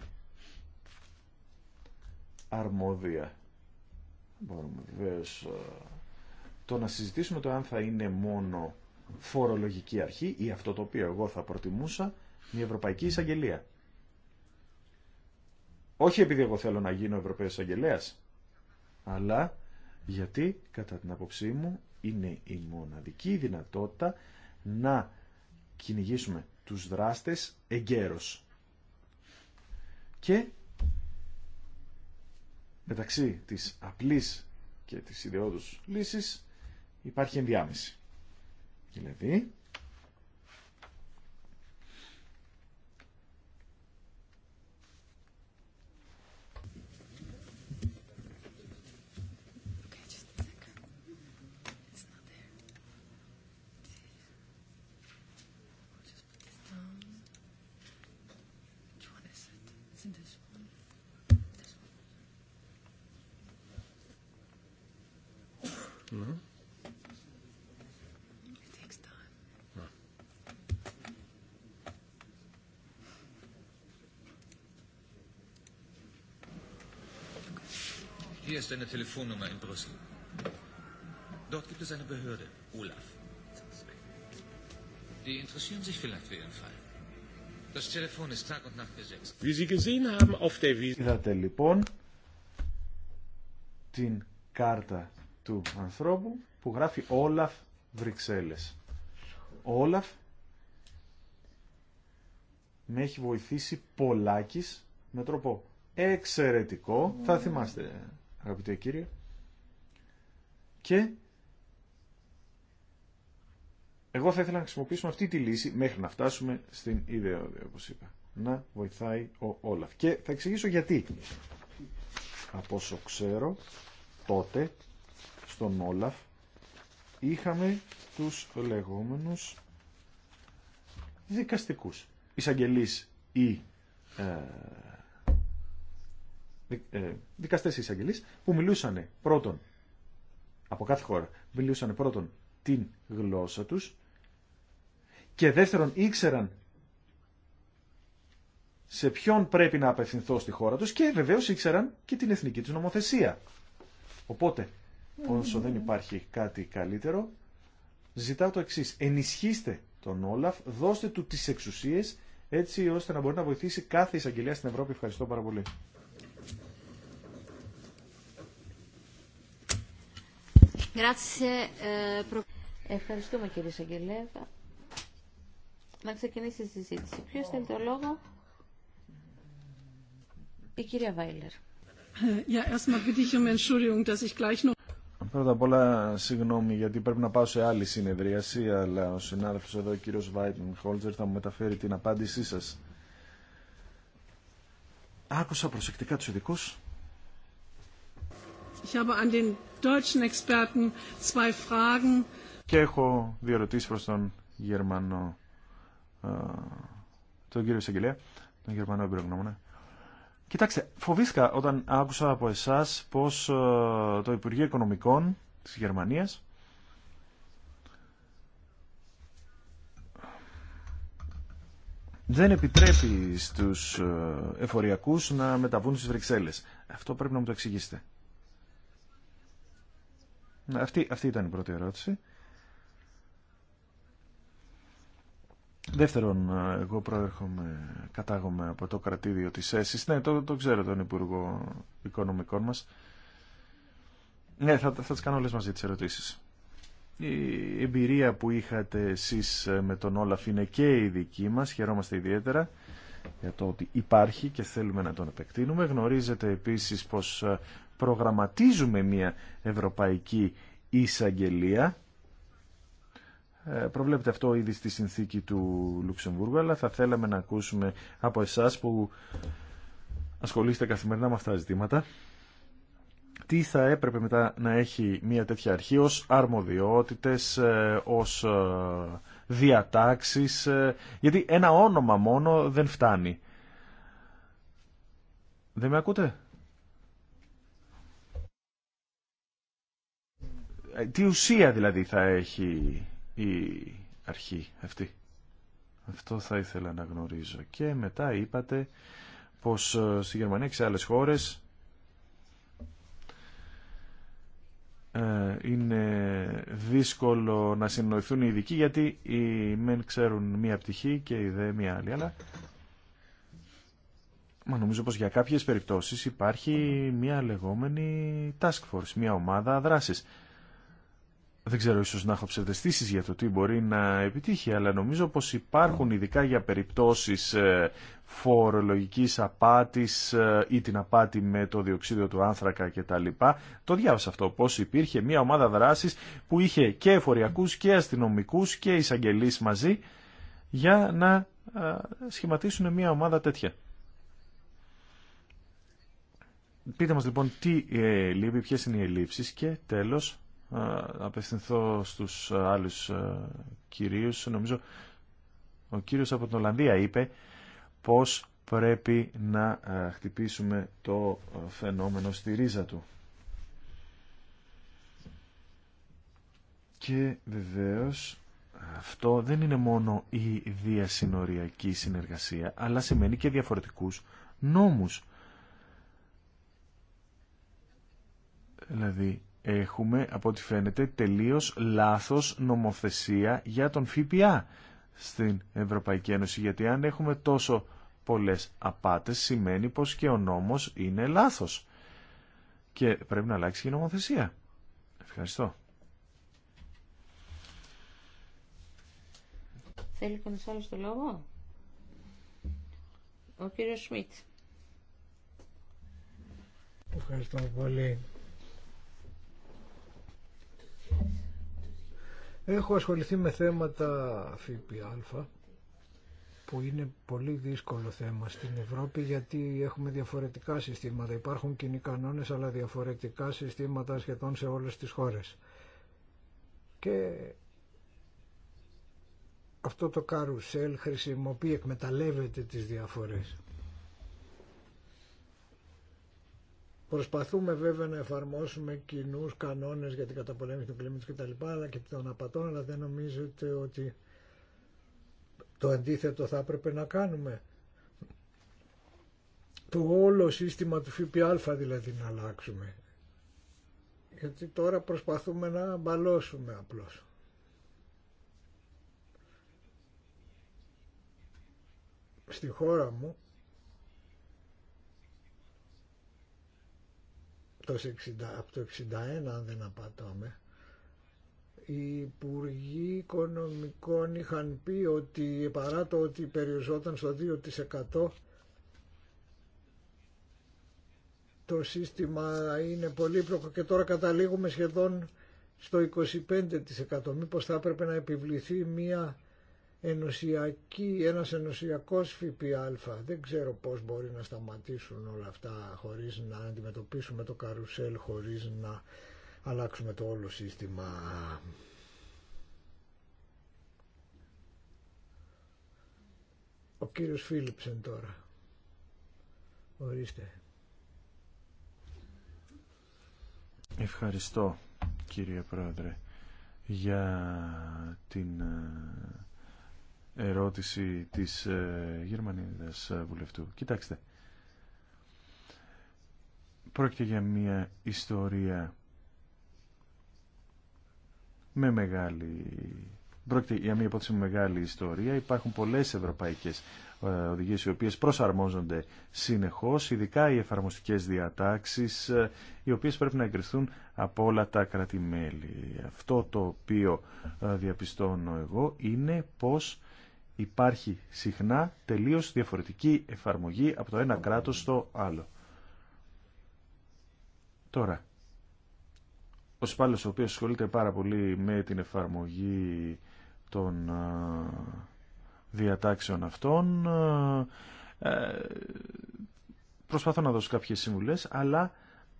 Αρμόδια. Μπορούμε βεβαίω ε, το να συζητήσουμε το αν θα είναι μόνο φορολογική αρχή ή αυτό το οποίο εγώ θα προτιμούσα μια Ευρωπαϊκή Εισαγγελία. Όχι επειδή εγώ θέλω να γίνω Ευρωπαίος Εισαγγελέας, αλλά γιατί κατά την απόψή μου είναι η μοναδική δυνατότητα να γινω ευρωπαιος εισαγγελεα αλλα γιατι κατα την αποψη μου ειναι η μοναδικη δυνατοτητα να κυνηγησουμε τους δράστες εγκαίρως και μεταξύ της απλής και της ιδεώδους λύσης υπάρχει ενδιάμεση. Δηλαδή, ist eine Telefonnummer in Brüssel. Dort gibt es eine Behörde, Olaf. Die interessieren sich vielleicht für Ihren Fall. Das Telefon ist Tag und Nacht besetzt. Wie Sie gesehen haben auf der Wiese. Είδατε Lippon την Karte zu ανθρώπου wo γράφει Olaf Βρυξέλλες. Olaf με έχει βοηθήσει πολλάκις με τρόπο εξαιρετικό. Mm. Θα θυμάστε αγαπητέ κύριε. Και εγώ θα ήθελα να χρησιμοποιήσουμε αυτή τη λύση μέχρι να φτάσουμε στην ιδέα όπως είπα. Να βοηθάει ο Όλαφ. Και θα εξηγήσω γιατί. Από όσο ξέρω, τότε, στον Όλαφ, είχαμε τους λεγόμενους δικαστικούς. Εισαγγελείς ή ε, ε, δικαστές εισαγγελείς που μιλούσαν πρώτον από κάθε χώρα μιλούσαν πρώτον την γλώσσα τους και δεύτερον ήξεραν σε ποιον πρέπει να απευθυνθώ στη χώρα τους και βεβαίως ήξεραν και την εθνική τους νομοθεσία. Οπότε, όσο δεν υπάρχει κάτι καλύτερο, ζητάω το εξής. Ενισχύστε τον Όλαφ, δώστε του τις εξουσίες έτσι ώστε να μπορεί να βοηθήσει κάθε εισαγγελία στην Ευρώπη. Ευχαριστώ πάρα πολύ. Eh, Ευχαριστούμε κύριε Σαγγελέα. Να ξεκινήσει η συζήτηση. Ποιο θέλει το λόγο, η κυρία Βάιλερ. Um Πρώτα απ' όλα, συγγνώμη γιατί πρέπει να πάω σε άλλη συνεδρίαση, αλλά ο συνάδελφος εδώ, ο κύριος Βάιτεν Χόλτζερ, θα μου μεταφέρει την απάντησή σας. Άκουσα προσεκτικά τους ειδικούς και έχω δύο ερωτήσει προ τον Γερμανό, ε, τον κύριο Σεγγελέα, τον Γερμανό εμπειρογνώμονα. Κοιτάξτε, φοβήθηκα όταν άκουσα από εσάς πως ε, το Υπουργείο Οικονομικών τη Γερμανία. δεν επιτρέπει στους ε, εφοριακούς να μεταβούν στις Βρυξέλλες. Αυτό πρέπει να μου το εξηγήσετε. Ναι, αυτή, αυτή ήταν η πρώτη ερώτηση. Δεύτερον, εγώ προέρχομαι, κατάγομαι από το κρατήδιο της ΕΣΥΣ. Ναι, το, το ξέρω τον Υπουργό Οικονομικών μας. Ναι, θα, θα τις κάνω όλες μαζί τις ερωτήσεις. Η εμπειρία που είχατε εσείς ε, με τον Όλαφ είναι και η δική μας. Χαιρόμαστε ιδιαίτερα για το ότι υπάρχει και θέλουμε να τον επεκτείνουμε. Γνωρίζετε επίσης πως ε, προγραμματίζουμε μια ευρωπαϊκή εισαγγελία. Ε, Προβλέπετε αυτό ήδη στη συνθήκη του Λουξεμβούργου, αλλά θα θέλαμε να ακούσουμε από εσάς που ασχολείστε καθημερινά με αυτά τα ζητήματα. Τι θα έπρεπε μετά να έχει μια τέτοια αρχή ως αρμοδιότητες, ε, ως ε, διατάξεις, γιατί ένα όνομα μόνο δεν φτάνει. Δεν με ακούτε? Ε, τι ουσία δηλαδή θα έχει η αρχή αυτή. Αυτό θα ήθελα να γνωρίζω. Και μετά είπατε πως ε, στη Γερμανία και σε άλλες χώρες ε, είναι δύσκολο να συνοηθούν οι ειδικοί γιατί οι μεν ξέρουν μία πτυχή και οι δε μία άλλη. Αλλά μα νομίζω πως για κάποιες περιπτώσεις υπάρχει μία λεγόμενη task force, μία ομάδα δράσης δεν ξέρω ίσως να έχω ψευδεστήσεις για το τι μπορεί να επιτύχει, αλλά νομίζω πως υπάρχουν ειδικά για περιπτώσεις ε, φορολογικής απάτης ε, ή την απάτη με το διοξίδιο του άνθρακα κτλ. Το διάβασα αυτό, πως υπήρχε μια ομάδα δράσης που είχε και εφοριακούς και αστυνομικούς και εισαγγελείς μαζί για να ε, σχηματίσουν μια ομάδα τέτοια. Πείτε μας λοιπόν τι λείπει, ποιες είναι οι ελλείψεις και τέλος απευθυνθώ στους ε, άλλους ε, κυρίους. Νομίζω ο κύριος από την Ολλανδία είπε πως πρέπει να ε, χτυπήσουμε το φαινόμενο στη ρίζα του. Και βεβαίως αυτό δεν είναι μόνο η διασυνοριακή συνεργασία, αλλά σημαίνει και διαφορετικούς νόμους. Δηλαδή, έχουμε, από ό,τι φαίνεται, τελείως λάθος νομοθεσία για τον ΦΠΑ στην Ευρωπαϊκή Ένωση. Γιατί αν έχουμε τόσο πολλές απάτες, σημαίνει πως και ο νόμος είναι λάθος. Και πρέπει να αλλάξει η νομοθεσία. Ευχαριστώ. Θέλει κανείς άλλος το λόγο? Ο κύριος Σμιτ. Ευχαριστώ πολύ. Έχω ασχοληθεί με θέματα ΦΠΑ που είναι πολύ δύσκολο θέμα στην Ευρώπη γιατί έχουμε διαφορετικά συστήματα. Υπάρχουν κοινοί κανόνες αλλά διαφορετικά συστήματα σχεδόν σε όλες τις χώρες. Και αυτό το καρουσέλ χρησιμοποιεί, εκμεταλλεύεται τις διαφορές. Προσπαθούμε βέβαια να εφαρμόσουμε κοινού κανόνες για την καταπολέμηση του κλίματος και τα λοιπά, αλλά και των απατών, αλλά δεν νομίζετε ότι το αντίθετο θα έπρεπε να κάνουμε. Το όλο σύστημα του ΦΠΑ δηλαδή να αλλάξουμε. Γιατί τώρα προσπαθούμε να μπαλώσουμε απλώς. Στη χώρα μου από το 61 αν δεν απατώμε, οι Υπουργοί Οικονομικών είχαν πει ότι παρά το ότι περιοριζόταν στο 2% το σύστημα είναι πολύπλοκο και τώρα καταλήγουμε σχεδόν στο 25%. Μήπως θα έπρεπε να επιβληθεί μία ενωσιακή, ένας ενωσιακός ΦΠΑ. Δεν ξέρω πώς μπορεί να σταματήσουν όλα αυτά χωρίς να αντιμετωπίσουμε το καρουσέλ, χωρίς να αλλάξουμε το όλο σύστημα. Ο κύριος Φίλιψεν τώρα. Ορίστε. Ευχαριστώ κύριε Πρόεδρε για την ε, ερώτηση της ε, Γερμανίδας ε, βουλευτού. Κοιτάξτε, πρόκειται για μια ιστορία με μεγάλη... Πρόκειται για μια υπόθεση με μεγάλη ιστορία. Υπάρχουν πολλές ευρωπαϊκές ε, οδηγίες οι οποίες προσαρμόζονται συνεχώς, ειδικά οι εφαρμοστικές διατάξεις, ε, οι οποίες πρέπει να εγκριθούν από όλα τα κρατη Αυτό το οποίο διαπιστώνω εγώ είναι πως υπάρχει συχνά τελείως διαφορετική εφαρμογή από το ένα κράτος στο άλλο. Τώρα, ο Σπάλος ο οποίος ασχολείται πάρα πολύ με την εφαρμογή των διατάξεων αυτών ε, προσπαθώ να δώσω κάποιες συμβουλές αλλά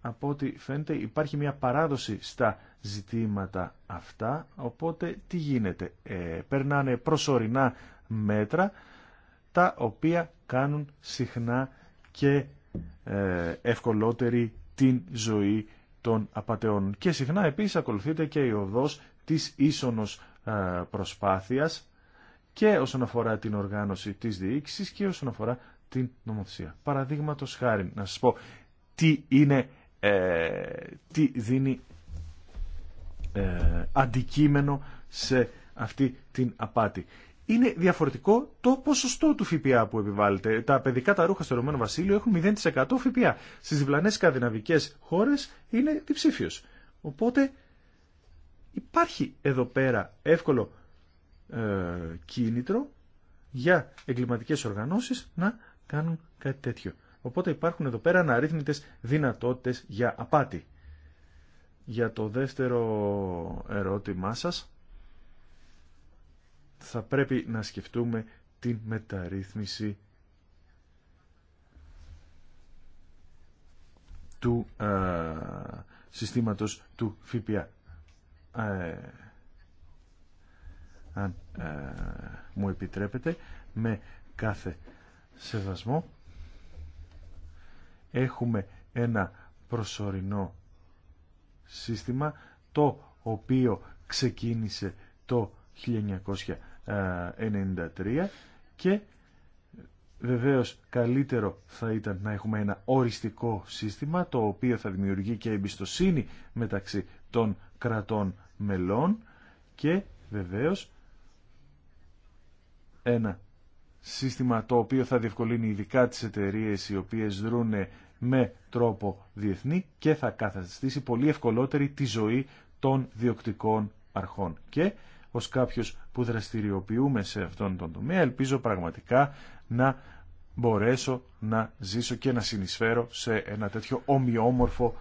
από ό,τι φαίνεται υπάρχει μια παράδοση στα ζητήματα αυτά οπότε τι γίνεται ε, περνάνε προσωρινά μέτρα τα οποία κάνουν συχνά και ε, ευκολότερη την ζωή των απαταιών. Και συχνά επίσης ακολουθείται και η οδός της ίσονος ε, προσπάθειας και όσον αφορά την οργάνωση της διοίκησης και όσον αφορά την νομοθεσία. Παραδείγματο χάρη, να σας πω τι είναι, ε, τι δίνει ε, αντικείμενο σε αυτή την απάτη είναι διαφορετικό το ποσοστό του ΦΠΑ που επιβάλλεται. Τα παιδικά τα ρούχα στο Ρωμανό Βασίλειο έχουν 0% ΦΠΑ. στι διπλανέ σκανδιναβικέ χώρες είναι διψήφιο. Οπότε υπάρχει εδώ πέρα εύκολο ε, κίνητρο για εγκληματικές οργανώσει να κάνουν κάτι τέτοιο. Οπότε υπάρχουν εδώ πέρα αναρρύθμιτες δυνατότητες για απάτη. Για το δεύτερο ερώτημά σας, θα πρέπει να σκεφτούμε την μεταρρύθμιση του ε, συστήματος του ΦΠΑ. Ε, αν ε, μου επιτρέπετε, με κάθε σεβασμό έχουμε ένα προσωρινό σύστημα το οποίο ξεκίνησε το 1993 και βεβαίως καλύτερο θα ήταν να έχουμε ένα οριστικό σύστημα το οποίο θα δημιουργεί και εμπιστοσύνη μεταξύ των κρατών μελών και βεβαίως ένα σύστημα το οποίο θα διευκολύνει ειδικά τις εταιρείε οι οποίες δρούν με τρόπο διεθνή και θα καθαστήσει πολύ ευκολότερη τη ζωή των διοκτικών αρχών. Και ως κάποιος που δραστηριοποιούμε σε αυτόν τον τομέα. Ελπίζω πραγματικά να μπορέσω να ζήσω και να συνεισφέρω σε ένα τέτοιο ομοιόμορφο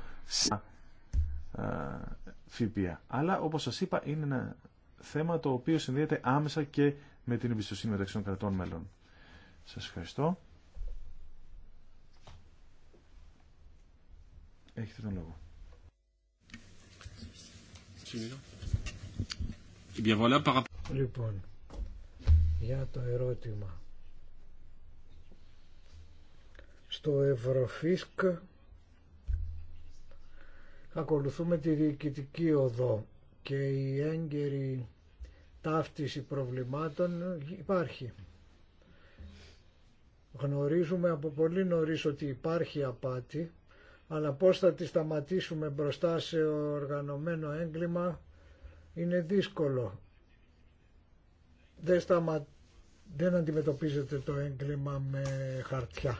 ΦΠΑ. Αλλά όπως σας είπα είναι ένα θέμα το οποίο συνδέεται άμεσα και με την εμπιστοσύνη μεταξύ των κρατών μέλων. Σας ευχαριστώ. Έχετε τον λόγο. Λοιπόν, για το ερώτημα. Στο Ευρωφίσκ ακολουθούμε τη διοικητική οδό και η έγκαιρη ταύτιση προβλημάτων υπάρχει. Γνωρίζουμε από πολύ νωρίς ότι υπάρχει απάτη, αλλά πώς θα τη σταματήσουμε μπροστά σε οργανωμένο έγκλημα είναι δύσκολο. Δεν, σταμα... δεν αντιμετωπίζεται το έγκλημα με χαρτιά.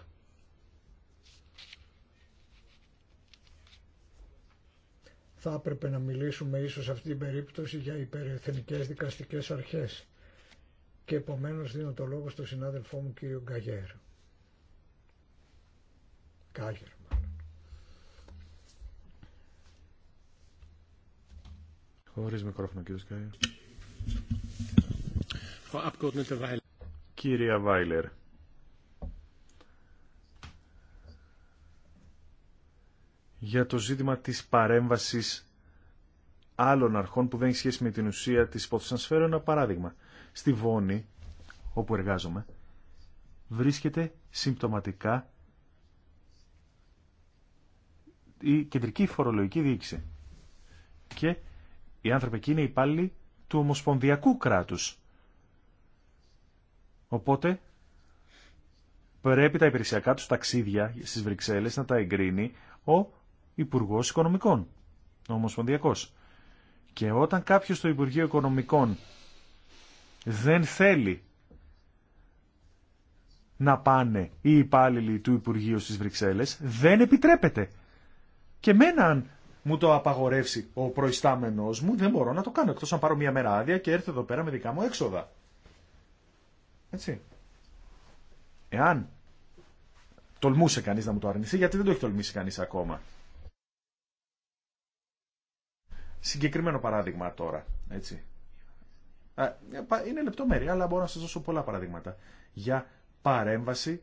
Θα έπρεπε να μιλήσουμε ίσως αυτή την περίπτωση για υπερεθνικές δικαστικές αρχές. Και επομένως δίνω το λόγο στον συνάδελφό μου κύριο Γκαγέρ. Γκάγερ. μικρόφωνο, κύριε Βάιλερ. Κυρία Βάιλερ. Για το ζήτημα της παρέμβασης άλλων αρχών που δεν έχει σχέση με την ουσία της υπόθεσης. Να ένα παράδειγμα. Στη Βόνη, όπου εργάζομαι, βρίσκεται συμπτωματικά η κεντρική φορολογική διοίκηση. Και οι άνθρωποι εκεί είναι υπάλληλοι του Ομοσπονδιακού κράτους. Οπότε πρέπει τα υπηρεσιακά τους ταξίδια στις Βρυξέλλες να τα εγκρίνει ο Υπουργός Οικονομικών, ο Ομοσπονδιακός. Και όταν κάποιος στο Υπουργείο Οικονομικών δεν θέλει να πάνε οι υπάλληλοι του Υπουργείου στις Βρυξέλλες, δεν επιτρέπεται. Και μένα μου το απαγορεύσει ο προϊστάμενός μου, δεν μπορώ να το κάνω, εκτός αν πάρω μια μέρα άδεια και έρθω εδώ πέρα με δικά μου έξοδα. Έτσι. Εάν τολμούσε κανείς να μου το αρνηθεί, γιατί δεν το έχει τολμήσει κανείς ακόμα. Συγκεκριμένο παράδειγμα τώρα, έτσι. Ε, είναι λεπτομέρεια, αλλά μπορώ να σα δώσω πολλά παραδείγματα. Για παρέμβαση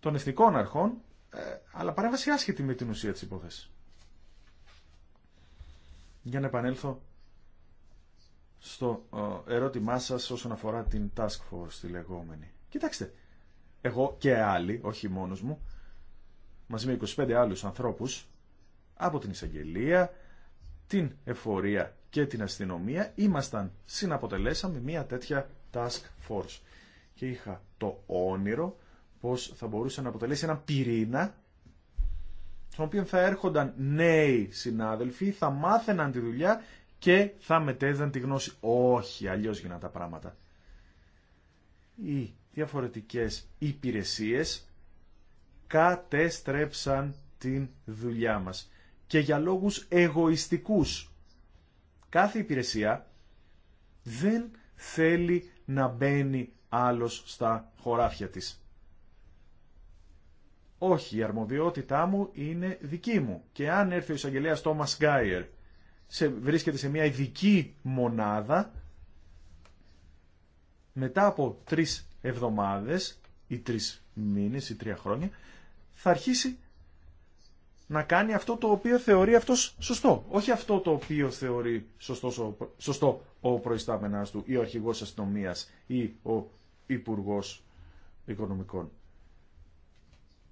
των εθνικών αρχών, ε, αλλά παρέμβαση άσχετη με την ουσία τη υπόθεση για να επανέλθω στο ε, ερώτημά σας όσον αφορά την Task Force τη λεγόμενη. Κοιτάξτε, εγώ και άλλοι, όχι μόνος μου, μαζί με 25 άλλους ανθρώπους, από την εισαγγελία, την εφορία και την αστυνομία, ήμασταν, συναποτελέσαμε μια τέτοια Task Force. Και είχα το όνειρο πως θα μπορούσε να αποτελέσει ένα πυρήνα στον οποίο θα έρχονταν νέοι συνάδελφοι, θα μάθαιναν τη δουλειά και θα μετέδαν τη γνώση. Όχι, αλλιώς γίναν τα πράγματα. Οι διαφορετικές υπηρεσίες κατέστρεψαν την δουλειά μας και για λόγους εγωιστικούς. Κάθε υπηρεσία δεν θέλει να μπαίνει άλλος στα χωράφια της όχι, η αρμοδιότητά μου είναι δική μου. Και αν έρθει ο εισαγγελέα Τόμα Γκάιερ, βρίσκεται σε μια ειδική μονάδα, μετά από τρει εβδομάδε ή τρει μήνε ή τρία χρόνια, θα αρχίσει να κάνει αυτό το οποίο θεωρεί αυτός σωστό. Όχι αυτό το οποίο θεωρεί σωστό σωστό ο προϊστάμενά του ή ο αρχηγό αστυνομία ή ο υπουργό οικονομικών.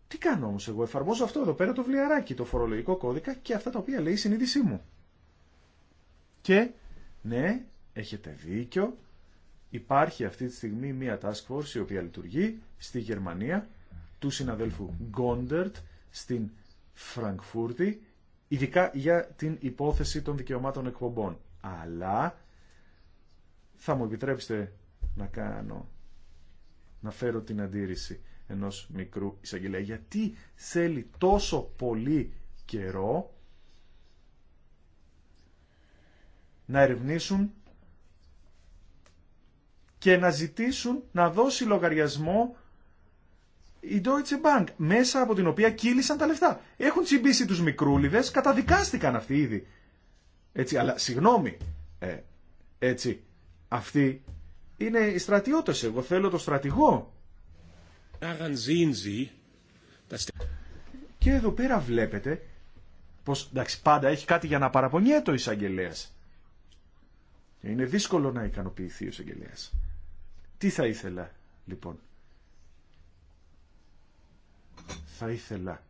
Τι κάνω όμω εγώ, εφαρμόζω αυτό εδώ πέρα το βλιαράκι, το φορολογικό κώδικα και αυτά τα οποία λέει η συνείδησή μου. Και, ναι, έχετε δίκιο, υπάρχει αυτή τη στιγμή μία task force η οποία λειτουργεί στη Γερμανία, του συναδέλφου Γκόντερτ, στην Φραγκφούρτη, ειδικά για την υπόθεση των δικαιωμάτων εκπομπών. Αλλά, θα μου επιτρέψετε να κάνω, να φέρω την αντίρρηση ενός μικρού εισαγγελέα. Γιατί θέλει τόσο πολύ καιρό να ερευνήσουν και να ζητήσουν να δώσει λογαριασμό η Deutsche Bank, μέσα από την οποία κύλησαν τα λεφτά. Έχουν τσιμπήσει τους μικρούλιδες, καταδικάστηκαν αυτοί ήδη. Έτσι, αλλά συγγνώμη, ε, έτσι, αυτοί είναι οι στρατιώτες. Εγώ θέλω το στρατηγό. Και εδώ πέρα βλέπετε πως εντάξει, πάντα έχει κάτι για να παραπονιέται ο εισαγγελέα. Είναι δύσκολο να ικανοποιηθεί ο εισαγγελέα. Τι θα ήθελα λοιπόν. Θα ήθελα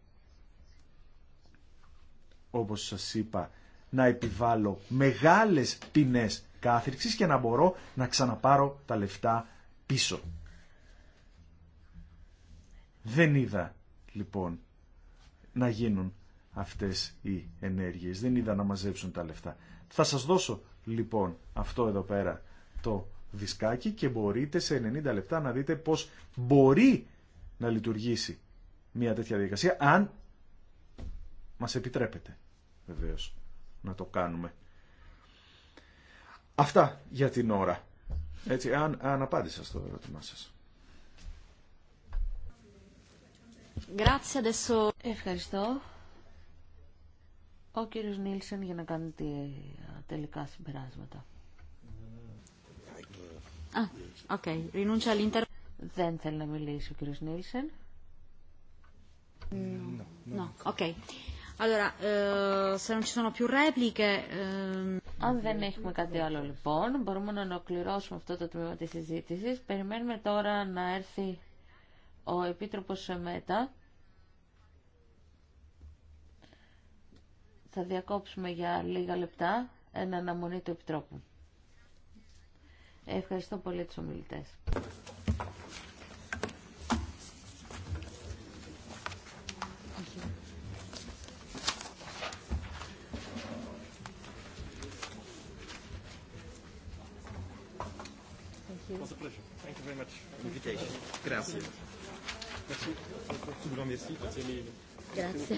όπως σας είπα να επιβάλλω μεγάλες ποινές κάθριξης και να μπορώ να ξαναπάρω τα λεφτά πίσω. Δεν είδα λοιπόν να γίνουν αυτές οι ενέργειες. Δεν είδα να μαζέψουν τα λεφτά. Θα σας δώσω λοιπόν αυτό εδώ πέρα το δισκάκι και μπορείτε σε 90 λεπτά να δείτε πώς μπορεί να λειτουργήσει μια τέτοια διαδικασία αν μας επιτρέπετε βεβαίως να το κάνουμε. Αυτά για την ώρα. Έτσι, αν, αν απάντησα στο ερώτημά σας. Ευχαριστώ. Ο κύριος Νίλσεν για να κάνει τη τελικά συμπεράσματα. Δεν θέλει να μιλήσει ο κύριος Νίλσεν. No. Αν δεν έχουμε κάτι άλλο λοιπόν, μπορούμε να ολοκληρώσουμε αυτό το τμήμα της συζήτησης. Περιμένουμε τώρα να έρθει ο Επίτροπος Σεμέτα θα διακόψουμε για λίγα λεπτά ένα αναμονή του Επιτρόπου. Ευχαριστώ πολύ τους ομιλητές. Grazie mille. Grazie.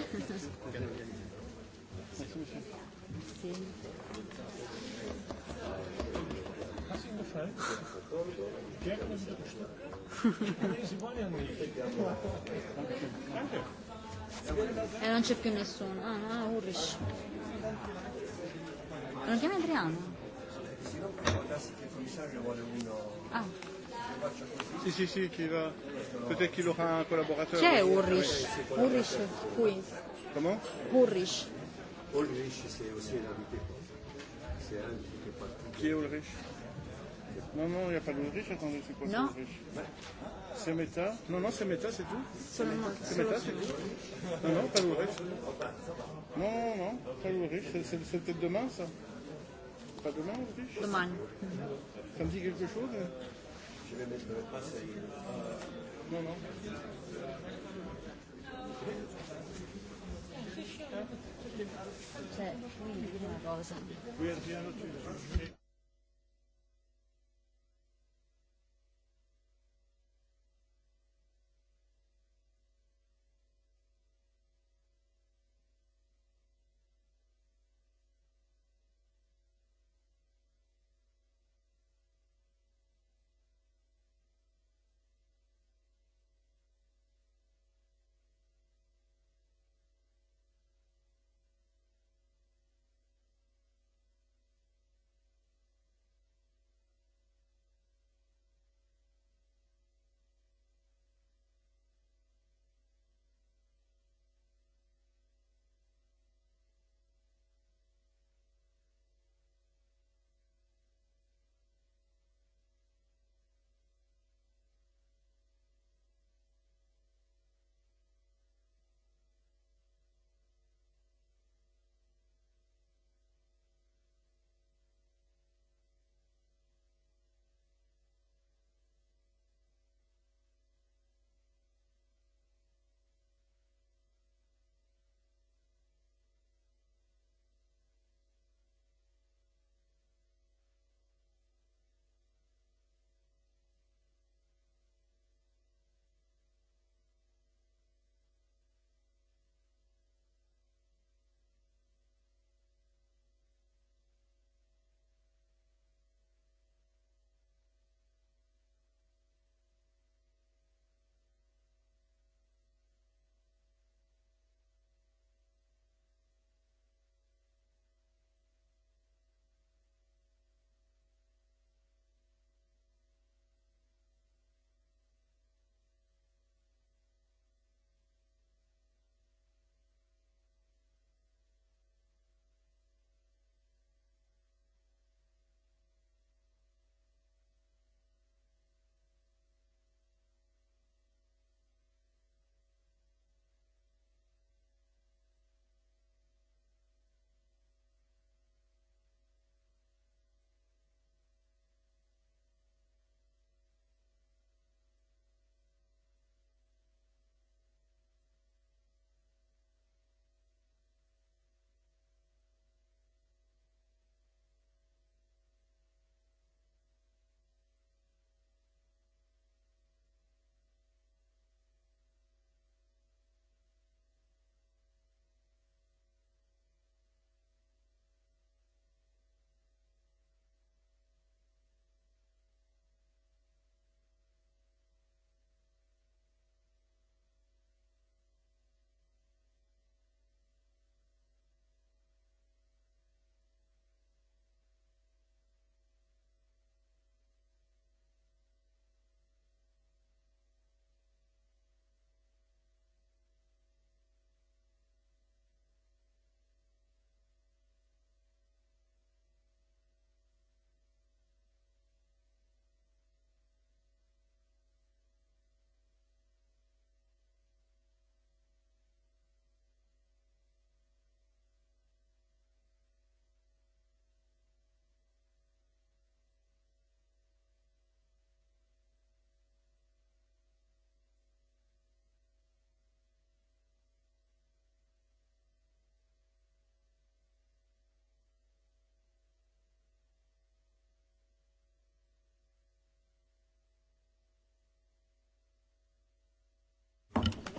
E non c'è più nessuno. Ah, no, Non chiama Adriano? Se il commissario vuole uno... Ah. Sì, sì, sì, qui va... Peut-être qu'il aura un collaborateur. Qui est Ulrich? Ulrich, qui. Comment? Ulrich. Ulrich, c'est aussi l'invité. C'est un qui est pas... Qui est Ulrich? Non, non, il n'y a pas d'Ulrich, attendez, c'est quoi non. C'est Meta. Non, non, c'est Meta, c'est tout. C'est Meta, c'est tout. Non, non, pas d'Ulrich. Non, non, non, pas d'Ulrich. C'est peut-être demain, ça? Pas demain, Ulrich? Demain. Ça me dit quelque chose? Je vais mettre Marseille. Non, non. Cioè, una cosa. Qui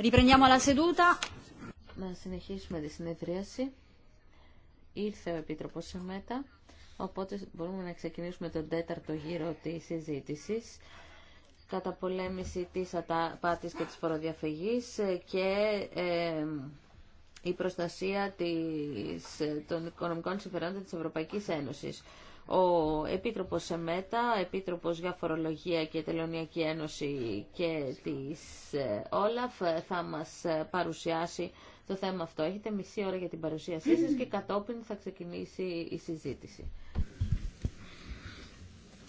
Riprendiamo la seduta. Να συνεχίσουμε τη συνεδρίαση. Ήρθε ο Επίτροπος μέτα, οπότε μπορούμε να ξεκινήσουμε τον τέταρτο γύρο τη συζήτηση κατά πολέμηση τη αταπάτης και τη φοροδιαφυγής και ε, η προστασία της, των οικονομικών συμφερόντων της Ευρωπαϊκής Ένωσης. Ο Επίτροπος ΕΜΕΤΑ, Επίτροπος για Φορολογία και Τελωνιακή Ένωση και της ΟΛΑΦ ε, ε, θα μας ε, παρουσιάσει το θέμα αυτό. Έχετε μισή ώρα για την παρουσίασή σας και κατόπιν θα ξεκινήσει η συζήτηση.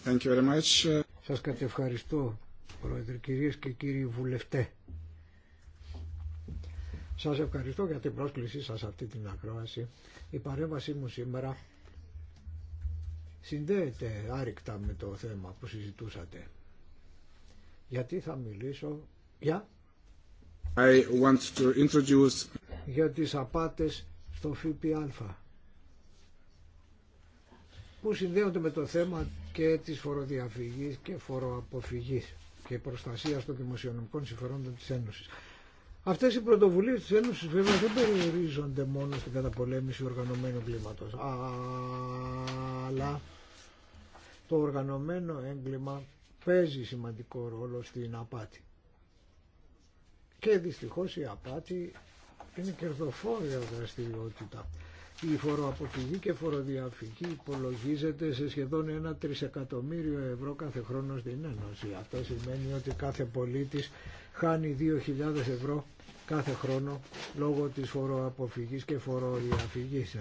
Thank you very much. Σας κατευχαριστώ, Πρόεδρε, και κύριοι βουλευτέ. Σας ευχαριστώ για την πρόσκλησή σας αυτή την ακρόαση. Η παρέμβασή μου σήμερα συνδέεται άρρηκτα με το θέμα που συζητούσατε. Γιατί θα μιλήσω για... I want to introduce... για τις απάτες στο ΦΠΑ που συνδέονται με το θέμα και της φοροδιαφυγής και φοροαποφυγής και προστασίας των δημοσιονομικών συμφερόντων της Ένωσης. Αυτές οι πρωτοβουλίες της Ένωσης βέβαια δεν περιορίζονται μόνο στην καταπολέμηση οργανωμένου κλίματος, αλλά το οργανωμένο έγκλημα παίζει σημαντικό ρόλο στην απάτη. Και δυστυχώς η απάτη είναι κερδοφόρια δραστηριότητα. Η φοροαποφυγή και φοροδιαφυγή υπολογίζεται σε σχεδόν ένα τρισεκατομμύριο ευρώ κάθε χρόνο στην Ένωση. Αυτό σημαίνει ότι κάθε πολίτης χάνει 2.000 ευρώ κάθε χρόνο λόγω της φοροαποφυγής και φοροδιαφυγής.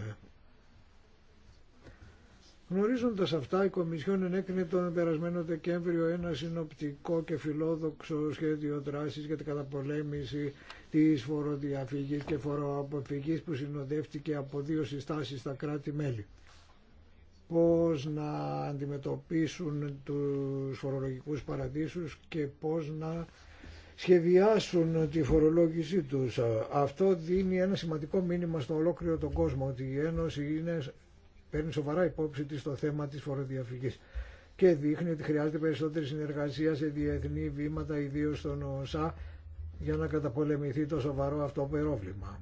Γνωρίζοντα αυτά, η Κομισιόν ενέκρινε τον περασμένο Δεκέμβριο ένα συνοπτικό και φιλόδοξο σχέδιο δράσης για την καταπολέμηση της φοροδιαφυγής και φοροαποφυγής που συνοδεύτηκε από δύο συστάσεις στα κράτη-μέλη. Πώς να αντιμετωπίσουν τους φορολογικούς παραδείσου και πώς να σχεδιάσουν τη φορολόγησή τους. Αυτό δίνει ένα σημαντικό μήνυμα στο ολόκληρο τον κόσμο ότι η Ένωση είναι παίρνει σοβαρά υπόψη της το θέμα της φοροδιαφυγής και δείχνει ότι χρειάζεται περισσότερη συνεργασία σε διεθνή βήματα, ιδίω στον ΟΣΑ, για να καταπολεμηθεί το σοβαρό αυτό πρόβλημα.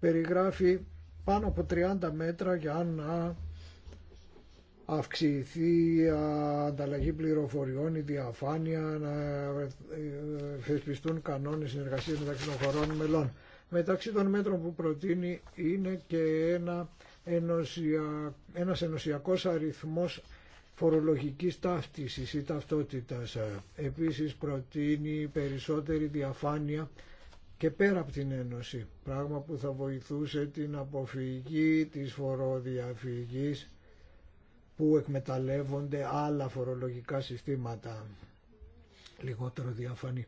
Περιγράφει πάνω από 30 μέτρα για να αυξηθεί η ανταλλαγή πληροφοριών, η διαφάνεια, να θεσπιστούν κανόνες συνεργασίας μεταξύ των χωρών μελών. Μεταξύ των μέτρων που προτείνει είναι και ένα ενωσια... ένας ενωσιακός αριθμός φορολογικής ταύτισης ή ταυτότητας. Επίσης προτείνει περισσότερη διαφάνεια και πέρα από την Ένωση, πράγμα που θα βοηθούσε την αποφυγή της φοροδιαφυγής που εκμεταλλεύονται άλλα φορολογικά συστήματα λιγότερο διαφανή.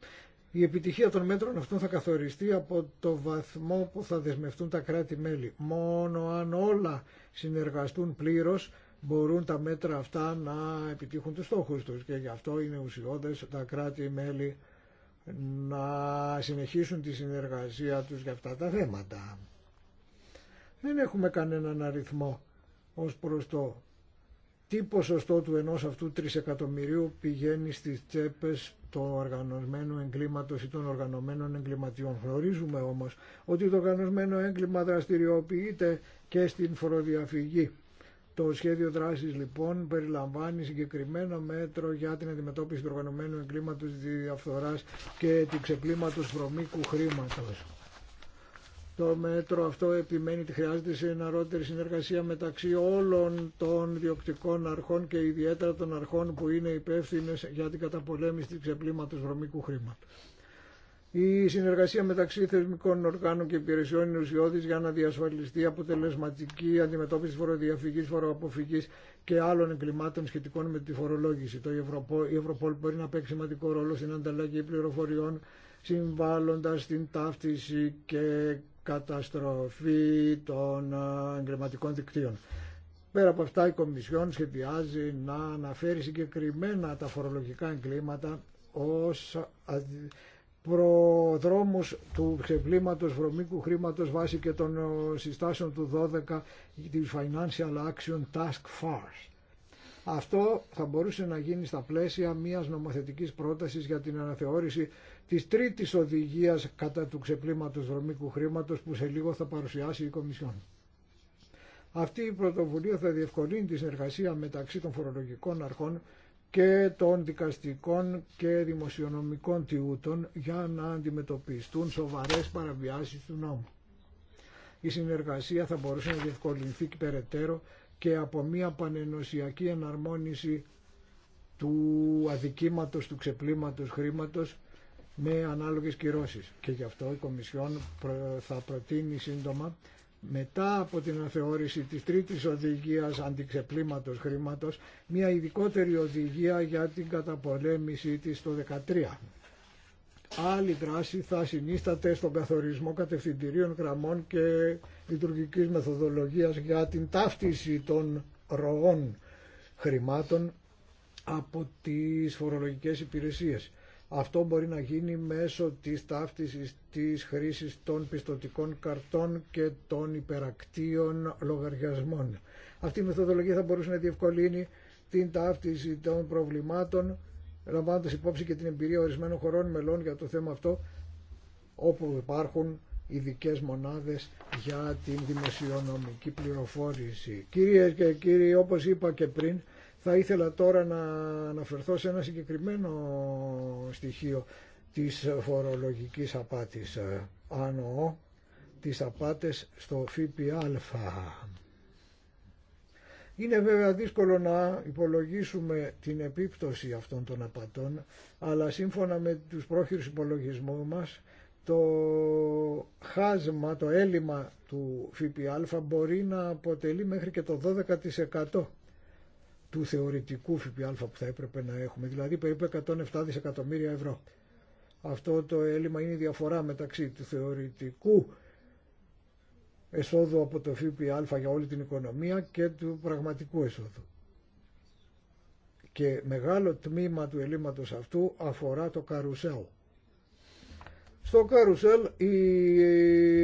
Η επιτυχία των μέτρων αυτών θα καθοριστεί από το βαθμό που θα δεσμευτούν τα κράτη-μέλη. Μόνο αν όλα συνεργαστούν πλήρως μπορούν τα μέτρα αυτά να επιτύχουν τους στόχους τους και γι' αυτό είναι ουσιώδες τα κράτη-μέλη να συνεχίσουν τη συνεργασία τους για αυτά τα θέματα. Δεν έχουμε κανέναν αριθμό ως προς το τι ποσοστό του ενός αυτού τρισεκατομμυρίου πηγαίνει στις τσέπες του οργανωμένου εγκλήματο ή των οργανωμένων εγκληματιών. Γνωρίζουμε όμως ότι το οργανωμένο έγκλημα δραστηριοποιείται και στην φοροδιαφυγή. Το σχέδιο δράσης λοιπόν περιλαμβάνει συγκεκριμένο μέτρο για την αντιμετώπιση του οργανωμένου εγκλήματος, διαφθοράς και του ξεκλίματο βρωμίκου χρήματο. Το μέτρο αυτό επιμένει ότι χρειάζεται σε έναρότερη συνεργασία μεταξύ όλων των διοκτικών αρχών και ιδιαίτερα των αρχών που είναι υπεύθυνε για την καταπολέμηση της ξεπλήματο βρωμικού χρήματο. Η συνεργασία μεταξύ θεσμικών οργάνων και υπηρεσιών είναι ουσιώδη για να διασφαλιστεί αποτελεσματική αντιμετώπιση φοροδιαφυγή, φοροαποφυγή και άλλων εγκλημάτων σχετικών με τη φορολόγηση. Το Ευρωπό, η Ευρωπόλ μπορεί να παίξει σημαντικό ρόλο στην ανταλλαγή πληροφοριών, συμβάλλοντα στην ταύτιση και καταστροφή των ε, εγκληματικών δικτύων. Πέρα από αυτά η Κομισιόν σχεδιάζει να αναφέρει συγκεκριμένα τα φορολογικά εγκλήματα ως προδρόμους του ξεπλήματος βρωμίκου χρήματος βάσει και των ε, συστάσεων του 12 της Financial Action Task Force. Αυτό θα μπορούσε να γίνει στα πλαίσια μιας νομοθετικής πρότασης για την αναθεώρηση της τρίτης οδηγίας κατά του ξεπλήματος δρομικού χρήματος που σε λίγο θα παρουσιάσει η Κομισιόν. Αυτή η πρωτοβουλία θα διευκολύνει τη συνεργασία μεταξύ των φορολογικών αρχών και των δικαστικών και δημοσιονομικών τιούτων για να αντιμετωπιστούν σοβαρές παραβιάσεις του νόμου. Η συνεργασία θα μπορούσε να διευκολυνθεί και περαιτέρω και από μια πανενωσιακή εναρμόνιση του αδικήματος του ξεπλήματος χρήματος με ανάλογες κυρώσεις. Και γι' αυτό η Κομισιόν θα προτείνει σύντομα μετά από την αθεώρηση της τρίτης οδηγίας αντιξεπλήματος χρήματος μια ειδικότερη οδηγία για την καταπολέμηση της το 2013. Άλλη δράση θα συνίσταται στον καθορισμό κατευθυντηρίων γραμμών και λειτουργικής μεθοδολογίας για την ταύτιση των ροών χρημάτων από τις φορολογικές υπηρεσίες αυτό μπορεί να γίνει μέσω της ταύτισης της χρήσης των πιστοτικών καρτών και των υπερακτίων λογαριασμών. Αυτή η μεθοδολογία θα μπορούσε να διευκολύνει την ταύτιση των προβλημάτων, λαμβάνοντα υπόψη και την εμπειρία ορισμένων χωρών μελών για το θέμα αυτό, όπου υπάρχουν ειδικέ μονάδες για την δημοσιονομική πληροφόρηση. Κυρίε και κύριοι, όπω είπα και πριν, θα ήθελα τώρα να αναφερθώ σε ένα συγκεκριμένο στοιχείο της φορολογικής απάτης. Ε, Ανώ τις απάτες στο ΦΠΑ. Είναι βέβαια δύσκολο να υπολογίσουμε την επίπτωση αυτών των απατών, αλλά σύμφωνα με τους πρόχειρους υπολογισμού μας, το χάσμα, το έλλειμμα του ΦΠΑ μπορεί να αποτελεί μέχρι και το 12% του θεωρητικού ΦΠΑ που θα έπρεπε να έχουμε, δηλαδή περίπου 107 δισεκατομμύρια ευρώ. Αυτό το έλλειμμα είναι η διαφορά μεταξύ του θεωρητικού εσόδου από το ΦΠΑ για όλη την οικονομία και του πραγματικού εσόδου. Και μεγάλο τμήμα του ελλείμματος αυτού αφορά το καρουσέλ. Στο καρουσέλ οι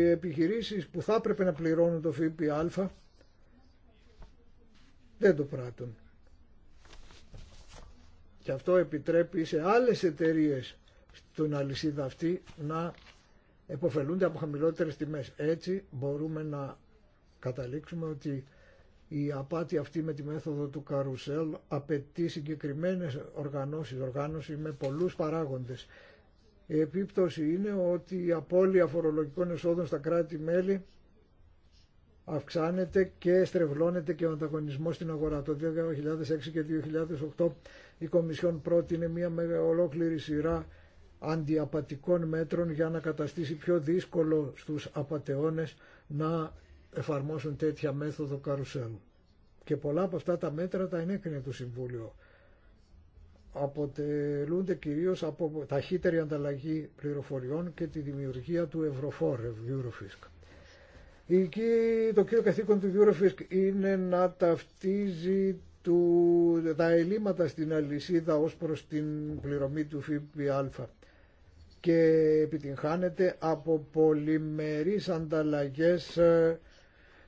επιχειρήσεις που θα έπρεπε να πληρώνουν το ΦΠΑ δεν το πράττουν. Και αυτό επιτρέπει σε άλλες εταιρείε στον αλυσίδα αυτή να εποφελούνται από χαμηλότερες τιμές. Έτσι μπορούμε να καταλήξουμε ότι η απάτη αυτή με τη μέθοδο του καρουσέλ απαιτεί συγκεκριμένες οργανώσεις, οργάνωση με πολλούς παράγοντες. Η επίπτωση είναι ότι η απώλεια φορολογικών εσόδων στα κράτη-μέλη αυξάνεται και στρεβλώνεται και ο ανταγωνισμός στην αγορά. Το 2006 και 2008 η Κομισιόν πρότεινε μια ολόκληρη σειρά αντιαπατικών μέτρων για να καταστήσει πιο δύσκολο στους απατεώνες να εφαρμόσουν τέτοια μέθοδο καρουσέλου. Και πολλά από αυτά τα μέτρα τα ενέκρινε το Συμβούλιο. Αποτελούνται κυρίως από ταχύτερη ανταλλαγή πληροφοριών και τη δημιουργία του Ευρωφόρ, Eurofisk. Το κύριο καθήκον του Eurofisk είναι να ταυτίζει του, τα ελλείμματα στην αλυσίδα ως προς την πληρωμή του ΦΠΑ και επιτυγχάνεται από πολυμερείς ανταλλαγές ε,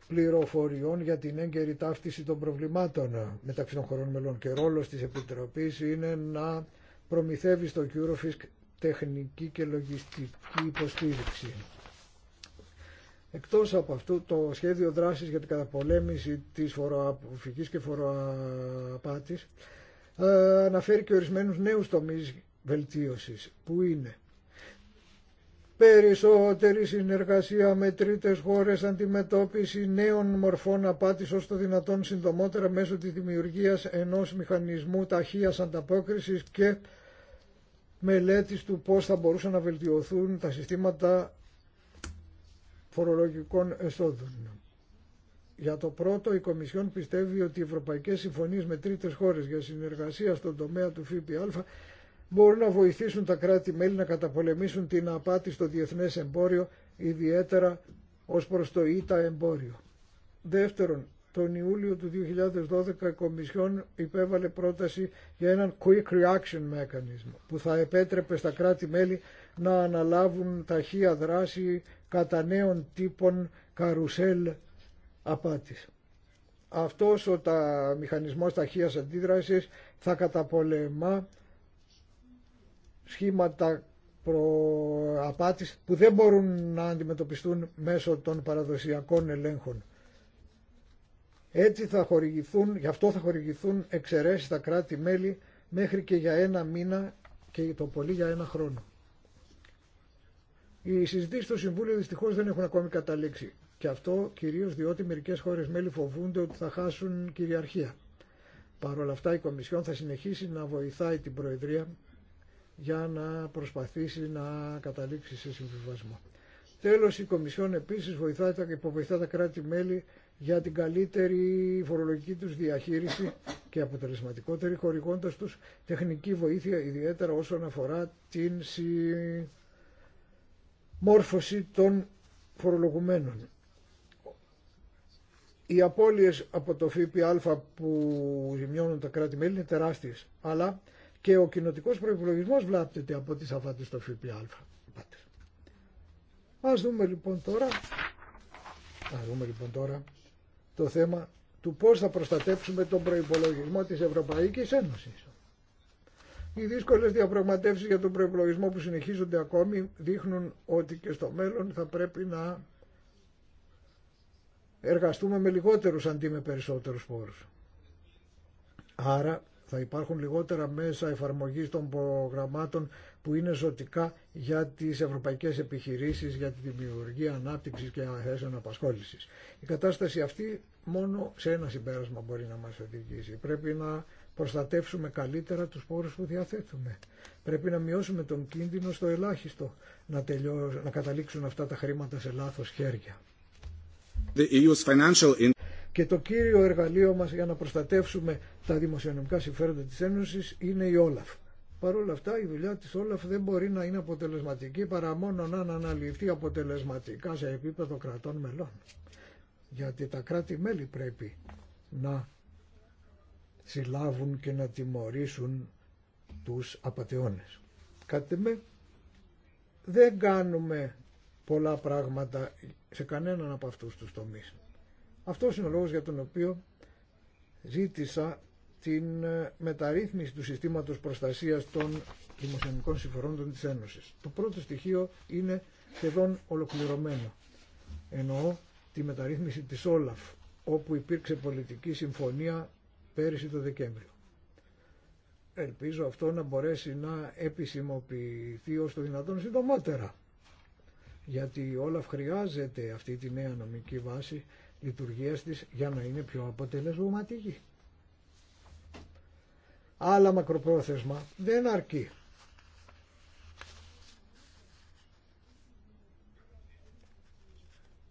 πληροφοριών για την έγκαιρη ταύτιση των προβλημάτων μεταξύ των χωρών μελών και ρόλος της Επιτροπής είναι να προμηθεύει στο Eurofisk τεχνική και λογιστική υποστήριξη. Εκτός από αυτό, το σχέδιο δράσης για την καταπολέμηση της φοροαποφυγής και φοροαπάτης ε, αναφέρει και ορισμένους νέους τομείς βελτίωσης, που είναι περισσότερη συνεργασία με τρίτες χώρες, αντιμετώπιση νέων μορφών απάτης ως το δυνατόν συντομότερα μέσω της δημιουργίας ενός μηχανισμού ταχείας ανταπόκρισης και μελέτης του πώς θα μπορούσαν να βελτιωθούν τα συστήματα φορολογικών εσόδων. Για το πρώτο, η Κομισιόν πιστεύει ότι οι Ευρωπαϊκέ Συμφωνίε με τρίτες χώρε για συνεργασία στον τομέα του ΦΠΑ μπορούν να βοηθήσουν τα κράτη-μέλη να καταπολεμήσουν την απάτη στο διεθνέ εμπόριο, ιδιαίτερα ω προ το ΙΤΑ εμπόριο. Δεύτερον, τον Ιούλιο του 2012 η Κομισιόν υπέβαλε πρόταση για έναν Quick Reaction Mechanism που θα επέτρεπε στα κράτη-μέλη να αναλάβουν ταχεία δράση κατά νέων τύπων καρουσέλ απάτης. Αυτός ο τα, μηχανισμός ταχείας αντίδρασης θα καταπολεμά σχήματα σχήματα προ-απάτης που δεν μπορούν να αντιμετωπιστούν μέσω των παραδοσιακών ελέγχων. Έτσι θα χορηγηθούν, γι' αυτό θα χορηγηθούν εξαιρέσεις στα κράτη-μέλη μέχρι και για ένα μήνα και το πολύ για ένα χρόνο. Οι συζητήσει στο Συμβούλιο δυστυχώ δεν έχουν ακόμη καταλήξει. Και αυτό κυρίω διότι μερικέ χώρε μέλη φοβούνται ότι θα χάσουν κυριαρχία. Παρ' όλα αυτά η Κομισιόν θα συνεχίσει να βοηθάει την Προεδρία για να προσπαθήσει να καταλήξει σε συμβιβασμό. Τέλος, η Κομισιόν επίσης βοηθάει τα, υποβοηθά τα κράτη-μέλη για την καλύτερη φορολογική τους διαχείριση και αποτελεσματικότερη χορηγώντας τους τεχνική βοήθεια ιδιαίτερα όσον αφορά την μόρφωση των φορολογουμένων. Οι απώλειες από το ΦΠΑ που ζημιώνουν τα κράτη-μέλη είναι τεράστιες, αλλά και ο κοινοτικό προϋπολογισμός βλάπτεται από τις αφάτες στο ΦΠΑ. Ας δούμε λοιπόν τώρα, ας δούμε λοιπόν τώρα το θέμα του πώς θα προστατέψουμε τον προϋπολογισμό της Ευρωπαϊκής Ένωσης. Οι δύσκολες διαπραγματεύσεις για τον προεπλογισμό που συνεχίζονται ακόμη δείχνουν ότι και στο μέλλον θα πρέπει να εργαστούμε με λιγότερους αντί με περισσότερους πόρου. Άρα θα υπάρχουν λιγότερα μέσα εφαρμογής των προγραμμάτων που είναι ζωτικά για τις ευρωπαϊκές επιχειρήσεις, για τη δημιουργία ανάπτυξη και θέσεων απασχόληση. Η κατάσταση αυτή μόνο σε ένα συμπέρασμα μπορεί να μας οδηγήσει. Πρέπει να προστατεύσουμε καλύτερα τους πόρους που διαθέτουμε. Πρέπει να μειώσουμε τον κίνδυνο στο ελάχιστο να, τελειώ, να καταλήξουν αυτά τα χρήματα σε λάθος χέρια. The EU's financial... Και το κύριο εργαλείο μας για να προστατεύσουμε τα δημοσιονομικά συμφέροντα της Ένωσης είναι η Όλαφ. Παρ' όλα αυτά η δουλειά της Όλαφ δεν μπορεί να είναι αποτελεσματική παρά μόνο να αναλυθεί αποτελεσματικά σε επίπεδο κρατών μελών. Γιατί τα κράτη-μέλη πρέπει να συλλάβουν και να τιμωρήσουν τους απατεώνες. Κάτι με, δεν κάνουμε πολλά πράγματα σε κανέναν από αυτούς τους τομείς. Αυτός είναι ο λόγος για τον οποίο ζήτησα την ε, μεταρρύθμιση του συστήματος προστασίας των δημοσιονομικών συμφερόντων της Ένωσης. Το πρώτο στοιχείο είναι σχεδόν ολοκληρωμένο. Εννοώ τη μεταρρύθμιση της Όλαφ, όπου υπήρξε πολιτική συμφωνία πέρυσι το Δεκέμβριο. Ελπίζω αυτό να μπορέσει να επισημοποιηθεί ως το δυνατόν συντομότερα. Γιατί όλα χρειάζεται αυτή τη νέα νομική βάση λειτουργία της για να είναι πιο αποτελεσματική. Άλλα μακροπρόθεσμα δεν αρκεί.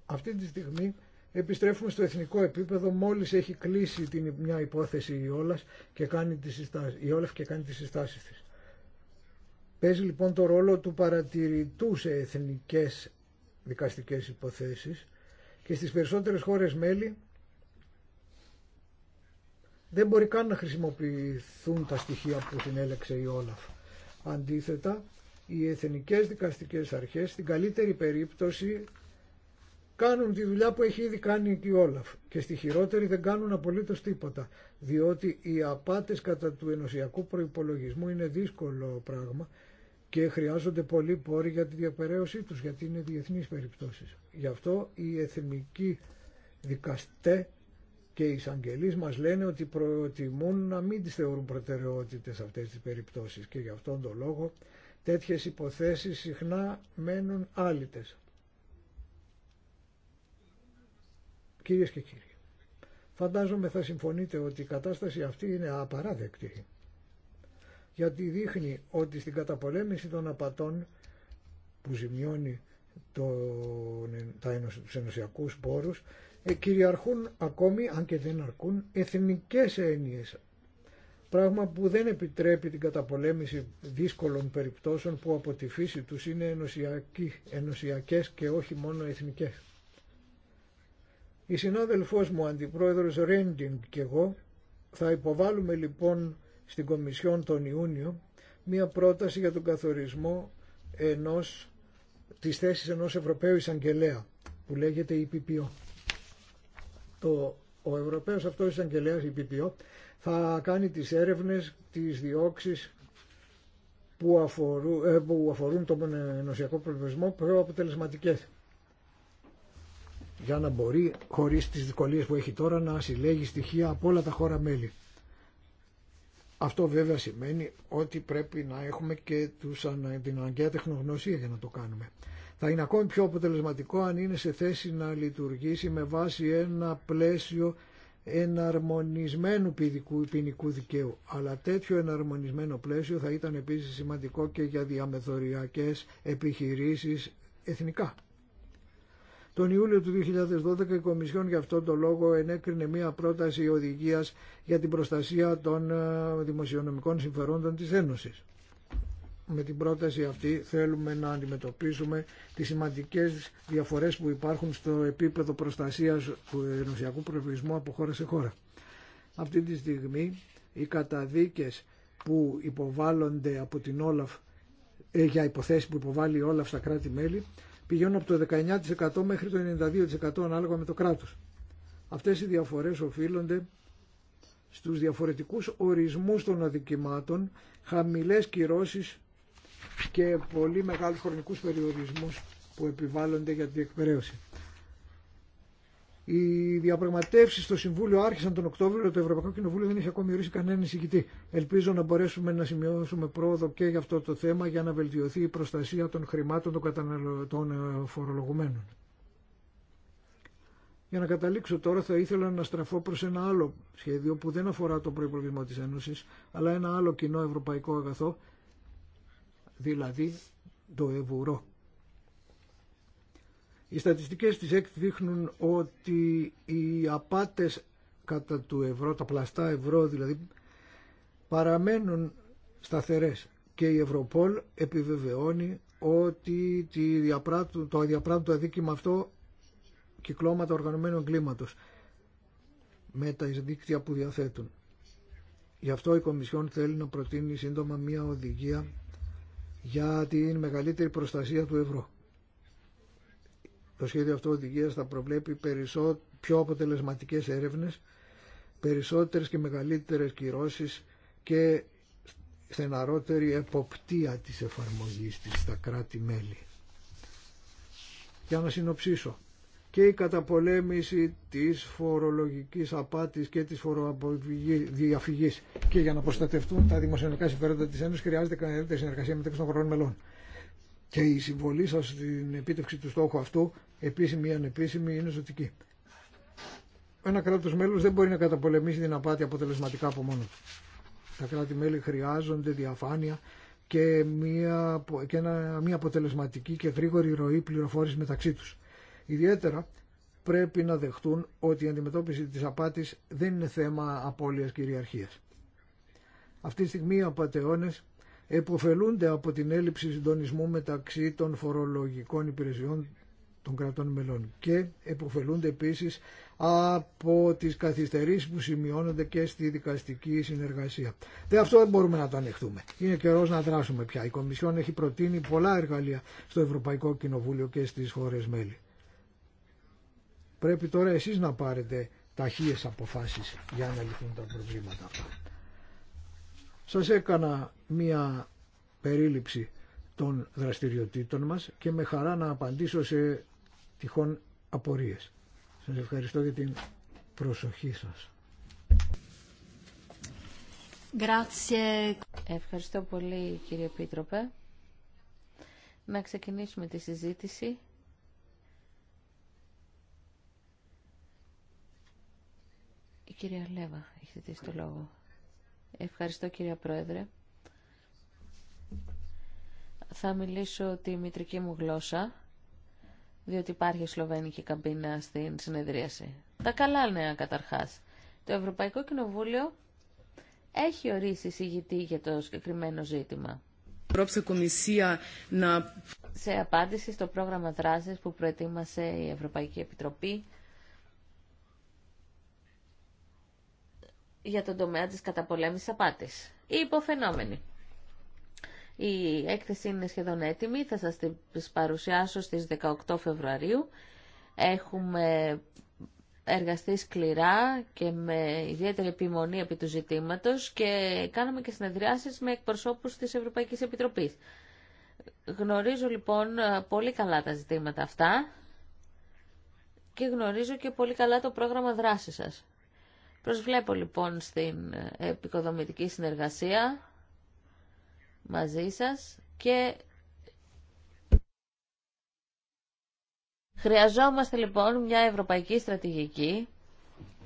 Αυτή τη στιγμή Επιστρέφουμε στο εθνικό επίπεδο μόλις έχει κλείσει την, μια υπόθεση η Όλαφ και κάνει τις συστάσεις, και κάνει συστάσεις της. Παίζει λοιπόν το ρόλο του παρατηρητού σε εθνικές δικαστικές υποθέσεις και στις περισσότερες χώρες μέλη δεν μπορεί καν να χρησιμοποιηθούν τα στοιχεία που έλεξε η Όλαφ. Αντίθετα, οι εθνικές δικαστικές αρχές στην καλύτερη περίπτωση κάνουν τη δουλειά που έχει ήδη κάνει η Όλαφ και στη χειρότερη δεν κάνουν απολύτως τίποτα διότι οι απάτες κατά του ενωσιακού προϋπολογισμού είναι δύσκολο πράγμα και χρειάζονται πολλοί πόροι για τη διαπεραίωσή τους γιατί είναι διεθνείς περιπτώσεις. Γι' αυτό οι εθνικοί δικαστέ και οι εισαγγελείς μας λένε ότι προτιμούν να μην τις θεωρούν προτεραιότητες αυτές τις περιπτώσεις και γι' αυτόν τον λόγο τέτοιες υποθέσεις συχνά μένουν άλυτες. Κυρίες και κύριοι, φαντάζομαι θα συμφωνείτε ότι η κατάσταση αυτή είναι απαράδεκτη. Γιατί δείχνει ότι στην καταπολέμηση των απατών που ζημιώνει τον, τα, τους ενωσιακούς πόρους ε, κυριαρχούν ακόμη, αν και δεν αρκούν, εθνικές έννοιες. Πράγμα που δεν επιτρέπει την καταπολέμηση δύσκολων περιπτώσεων που από τη φύση τους είναι ενωσιακές και όχι μόνο εθνικές. Η συνάδελφός μου, αντιπρόεδρος Ρέντινγκ και εγώ, θα υποβάλουμε λοιπόν στην Κομισιόν τον Ιούνιο μία πρόταση για τον καθορισμό ενός, της θέσης ενός Ευρωπαίου Εισαγγελέα που λέγεται ΙΠΠΟ. Το, ο Ευρωπαίος αυτός Εισαγγελέας ΙΠΠΟ θα κάνει τις έρευνες, τις διώξεις που, ε, που αφορούν τον ενωσιακό προβλησμό πιο για να μπορεί χωρίς τις δυσκολίες που έχει τώρα να συλλέγει στοιχεία από όλα τα χώρα μέλη. Αυτό βέβαια σημαίνει ότι πρέπει να έχουμε και τους, την αναγκαία τεχνογνωσία για να το κάνουμε. Θα είναι ακόμη πιο αποτελεσματικό αν είναι σε θέση να λειτουργήσει με βάση ένα πλαίσιο εναρμονισμένου ποινικού, ποινικού δικαίου. Αλλά τέτοιο εναρμονισμένο πλαίσιο θα ήταν επίσης σημαντικό και για διαμεθοριακές επιχειρήσεις εθνικά. Τον Ιούλιο του 2012 η Κομισιόν για αυτόν τον λόγο ενέκρινε μία πρόταση οδηγίας για την προστασία των ε, δημοσιονομικών συμφερόντων της Ένωσης. Με την πρόταση αυτή θέλουμε να αντιμετωπίσουμε τις σημαντικές διαφορές που υπάρχουν στο επίπεδο προστασίας του ενωσιακού προβλησμού από χώρα σε χώρα. Αυτή τη στιγμή οι καταδίκες που υποβάλλονται από την Όλαφ ε, για υποθέσεις που υποβάλλει η Όλαφ στα κράτη-μέλη πηγαίνουν από το 19% μέχρι το 92% ανάλογα με το κράτος. Αυτές οι διαφορές οφείλονται στους διαφορετικούς ορισμούς των αδικημάτων, χαμηλές κυρώσεις και πολύ μεγάλους χρονικούς περιορισμούς που επιβάλλονται για την εκπαιδεύση. Οι διαπραγματεύσει στο Συμβούλιο άρχισαν τον Οκτώβριο, το Ευρωπαϊκό Κοινοβούλιο δεν είχε ακόμη ορίσει κανέναν εισηγητή. Ελπίζω να μπορέσουμε να σημειώσουμε πρόοδο και για αυτό το θέμα για να βελτιωθεί η προστασία των χρημάτων των, καταναλωτών ε, φορολογουμένων. Για να καταλήξω τώρα θα ήθελα να στραφώ προ ένα άλλο σχέδιο που δεν αφορά το προπολογισμό τη Ένωση, αλλά ένα άλλο κοινό ευρωπαϊκό αγαθό, δηλαδή το ευρώ. Οι στατιστικές της ΕΚΤ δείχνουν ότι οι απάτες κατά του ευρώ, τα πλαστά ευρώ δηλαδή, παραμένουν σταθερές και η Ευρωπόλ επιβεβαιώνει ότι το αδιαπράττουν το αδίκημα αυτό κυκλώματα οργανωμένων εγκλήματος με τα δίκτυα που διαθέτουν. Γι' αυτό η Κομισιόν θέλει να προτείνει σύντομα μία οδηγία για την μεγαλύτερη προστασία του ευρώ. Το σχέδιο αυτό οδηγία θα προβλέπει περισσό, πιο αποτελεσματικέ έρευνες, περισσότερες και μεγαλύτερες κυρώσει και στεναρότερη εποπτεία τη εφαρμογής τη στα κράτη-μέλη. Για να συνοψίσω. Και η καταπολέμηση της φορολογικής απάτης και της φοροαποφυγής και για να προστατευτούν τα δημοσιονομικά συμφέροντα της Ένωσης χρειάζεται καλύτερη συνεργασία μεταξύ των χωρών μελών και η συμβολή σας στην επίτευξη του στόχου αυτού, επίσημη ή ανεπίσημη, είναι ζωτική. Ένα κράτος μέλος δεν μπορεί να καταπολεμήσει την απάτη αποτελεσματικά από μόνο του. Τα κράτη-μέλη χρειάζονται διαφάνεια και μια, και μια αποτελεσματική και γρήγορη ροή πληροφόρηση μεταξύ τους. Ιδιαίτερα πρέπει να δεχτούν ότι η αντιμετώπιση της απάτης δεν είναι θέμα απώλειας κυριαρχίας. Αυτή τη στιγμή οι απαταιώνες εποφελούνται από την έλλειψη συντονισμού μεταξύ των φορολογικών υπηρεσιών των κρατών μελών και εποφελούνται επίσης από τις καθυστερήσεις που σημειώνονται και στη δικαστική συνεργασία. Δε αυτό δεν μπορούμε να το ανεχτούμε. Είναι καιρός να δράσουμε πια. Η Κομισιόν έχει προτείνει πολλά εργαλεία στο Ευρωπαϊκό Κοινοβούλιο και στις χώρες μέλη. Πρέπει τώρα εσείς να πάρετε ταχείες αποφάσεις για να λυθούν τα προβλήματα αυτά. Σας έκανα μία περίληψη των δραστηριοτήτων μας και με χαρά να απαντήσω σε τυχόν απορίες. Σας ευχαριστώ για την προσοχή σας. Ευχαριστώ πολύ κύριε Πίτροπε. Να ξεκινήσουμε τη συζήτηση. Η κυρία Λέβα έχει δει το λόγο. Ευχαριστώ κυρία Πρόεδρε. Θα μιλήσω τη μητρική μου γλώσσα, διότι υπάρχει σλοβένικη καμπίνα στην συνεδρίαση. Τα καλά νέα καταρχάς. Το Ευρωπαϊκό Κοινοβούλιο έχει ορίσει συγητή για το συγκεκριμένο ζήτημα. Σε απάντηση στο πρόγραμμα δράσης που προετοίμασε η Ευρωπαϊκή Επιτροπή για τον τομέα της καταπολέμησης απάτης. Οι υποφαινόμενοι. Η έκθεση είναι σχεδόν έτοιμη, θα σας την παρουσιάσω στις 18 Φεβρουαρίου. Έχουμε εργαστεί σκληρά και με ιδιαίτερη επιμονή επί του ζητήματος και κάναμε και συνεδριάσεις με εκπροσώπους της Ευρωπαϊκής Επιτροπής. Γνωρίζω λοιπόν πολύ καλά τα ζητήματα αυτά και γνωρίζω και πολύ καλά το πρόγραμμα δράσης σας. Προσβλέπω λοιπόν στην ε, επικοδομητική συνεργασία μαζί σας και χρειαζόμαστε λοιπόν μια ευρωπαϊκή στρατηγική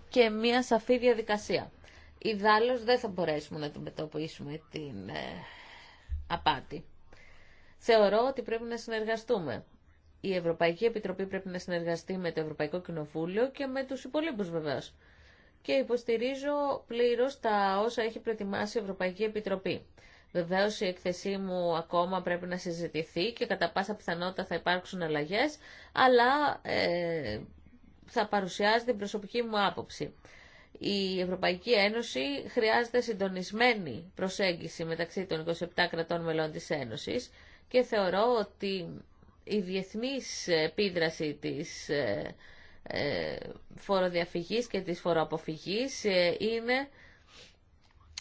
και μια σαφή διαδικασία. Ιδάλλως δεν θα μπορέσουμε να αντιμετωπίσουμε την ε, απάτη. Θεωρώ ότι πρέπει να συνεργαστούμε. Η Ευρωπαϊκή Επιτροπή πρέπει να συνεργαστεί με το Ευρωπαϊκό Κοινοβούλιο και με τους υπολείπους βεβαίως και υποστηρίζω πλήρως τα όσα έχει προετοιμάσει η Ευρωπαϊκή Επιτροπή. Βεβαίω η εκθεσή μου ακόμα πρέπει να συζητηθεί και κατά πάσα πιθανότητα θα υπάρξουν αλλαγέ, αλλά ε, θα παρουσιάζει την προσωπική μου άποψη. Η Ευρωπαϊκή Ένωση χρειάζεται συντονισμένη προσέγγιση μεταξύ των 27 κρατών μελών της Ένωσης και θεωρώ ότι η διεθνής επίδραση της ε, ε, φοροδιαφυγής και της φοροαποφυγής ε, είναι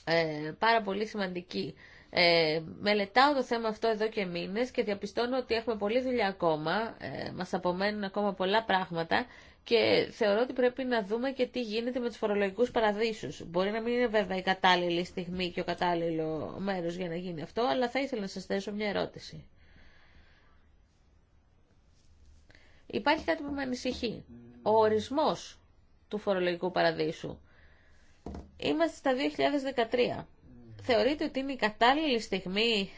ε, πάρα πολύ σημαντική. Ε, μελετάω το θέμα αυτό εδώ και μήνες και διαπιστώνω ότι έχουμε πολλή δουλειά ακόμα, ε, μας απομένουν ακόμα πολλά πράγματα και θεωρώ ότι πρέπει να δούμε και τι γίνεται με τους φορολογικούς παραδείσους. Μπορεί να μην είναι βέβαια η κατάλληλη στιγμή και ο κατάλληλο μέρος για να γίνει αυτό, αλλά θα ήθελα να σας θέσω μια ερώτηση. Υπάρχει κάτι που με ανησυχεί ο ορισμός του φορολογικού παραδείσου. Είμαστε στα 2013. Θεωρείτε ότι είναι η κατάλληλη στιγμή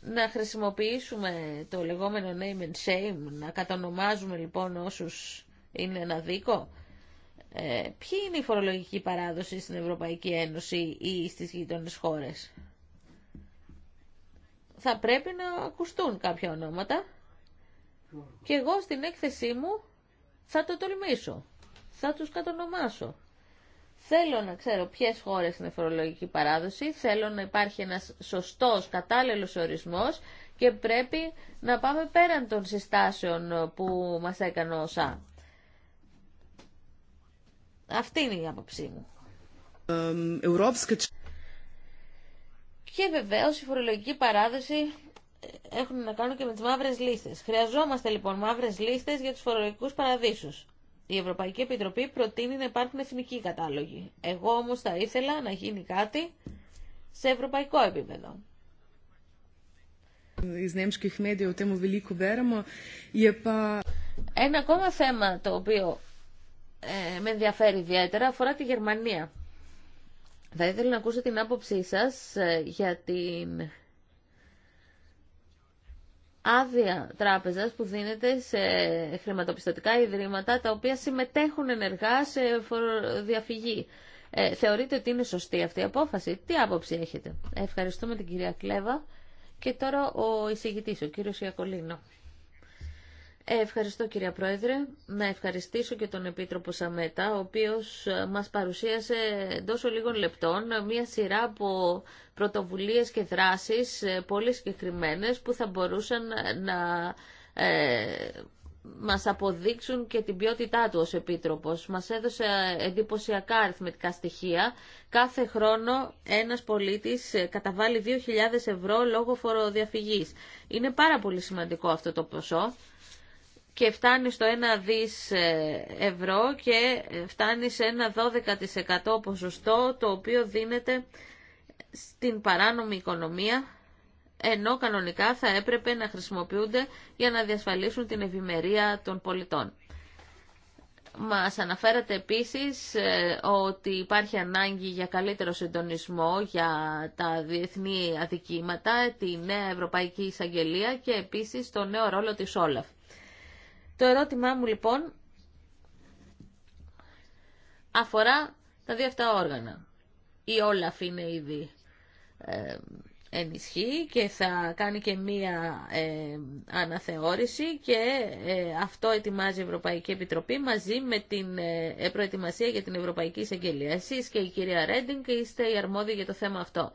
να χρησιμοποιήσουμε το λεγόμενο name and shame, να κατανομάζουμε λοιπόν όσους είναι ένα δίκο. Ε, ποιοι είναι η φορολογική παράδοση στην Ευρωπαϊκή Ένωση ή στις γειτονές χώρες. Θα πρέπει να ακουστούν κάποια ονόματα. Και εγώ στην έκθεσή μου θα το τολμήσω. Θα τους κατονομάσω. Θέλω να ξέρω ποιες χώρες είναι φορολογική παράδοση, θέλω να υπάρχει ένας σωστός, κατάλληλος ορισμός και πρέπει να πάμε πέραν των συστάσεων που μας έκανε ο ΣΑ. Αυτή είναι η άποψή μου. Και βεβαίως η φορολογική παράδοση έχουν να κάνουν και με τις μαύρες λίστες. Χρειαζόμαστε λοιπόν μαύρες λίστες για τους φορολογικούς παραδείσους. Η Ευρωπαϊκή Επιτροπή προτείνει να υπάρχουν εθνικοί κατάλογοι. Εγώ όμως θα ήθελα να γίνει κάτι σε ευρωπαϊκό επίπεδο. Ένα ακόμα θέμα το οποίο ε, με ενδιαφέρει ιδιαίτερα αφορά τη Γερμανία. Θα ήθελα να ακούσω την άποψή σας ε, για την άδεια τράπεζας που δίνεται σε χρηματοπιστωτικά ιδρύματα τα οποία συμμετέχουν ενεργά σε διαφυγή. Ε, θεωρείτε ότι είναι σωστή αυτή η απόφαση. Τι άποψη έχετε. Ευχαριστούμε την κυρία Κλέβα και τώρα ο εισηγητής, ο κύριος Ιακολίνο. Ευχαριστώ κυρία Πρόεδρε. Να ευχαριστήσω και τον Επίτροπο Σαμέτα, ο οποίος ε, μας παρουσίασε εντό λίγων λεπτών μία σειρά από πρωτοβουλίες και δράσεις ε, πολύ συγκεκριμένε που θα μπορούσαν να ε, μας αποδείξουν και την ποιότητά του ως Επίτροπος. Μας έδωσε εντυπωσιακά αριθμητικά στοιχεία. Κάθε χρόνο ένας πολίτης καταβάλει 2.000 ευρώ λόγω φοροδιαφυγής. Είναι πάρα πολύ σημαντικό αυτό το ποσό και φτάνει στο 1 δις ε, ευρώ και ε, φτάνει σε ένα 12% ποσοστό το οποίο δίνεται στην παράνομη οικονομία ενώ κανονικά θα έπρεπε να χρησιμοποιούνται για να διασφαλίσουν την ευημερία των πολιτών. Μας αναφέρατε επίσης ε, ότι υπάρχει ανάγκη για καλύτερο συντονισμό για τα διεθνή αδικήματα, τη νέα Ευρωπαϊκή Εισαγγελία και επίσης το νέο ρόλο της Όλαφ. Το ερώτημά μου λοιπόν αφορά τα δύο αυτά όργανα. Η Όλαφ είναι ήδη ε, ενισχύει και θα κάνει και μία ε, αναθεώρηση και ε, αυτό ετοιμάζει η Ευρωπαϊκή Επιτροπή μαζί με την ε, προετοιμασία για την Ευρωπαϊκή Εισαγγελία. Εσείς και η κυρία Ρέντινγκ είστε οι αρμόδιοι για το θέμα αυτό.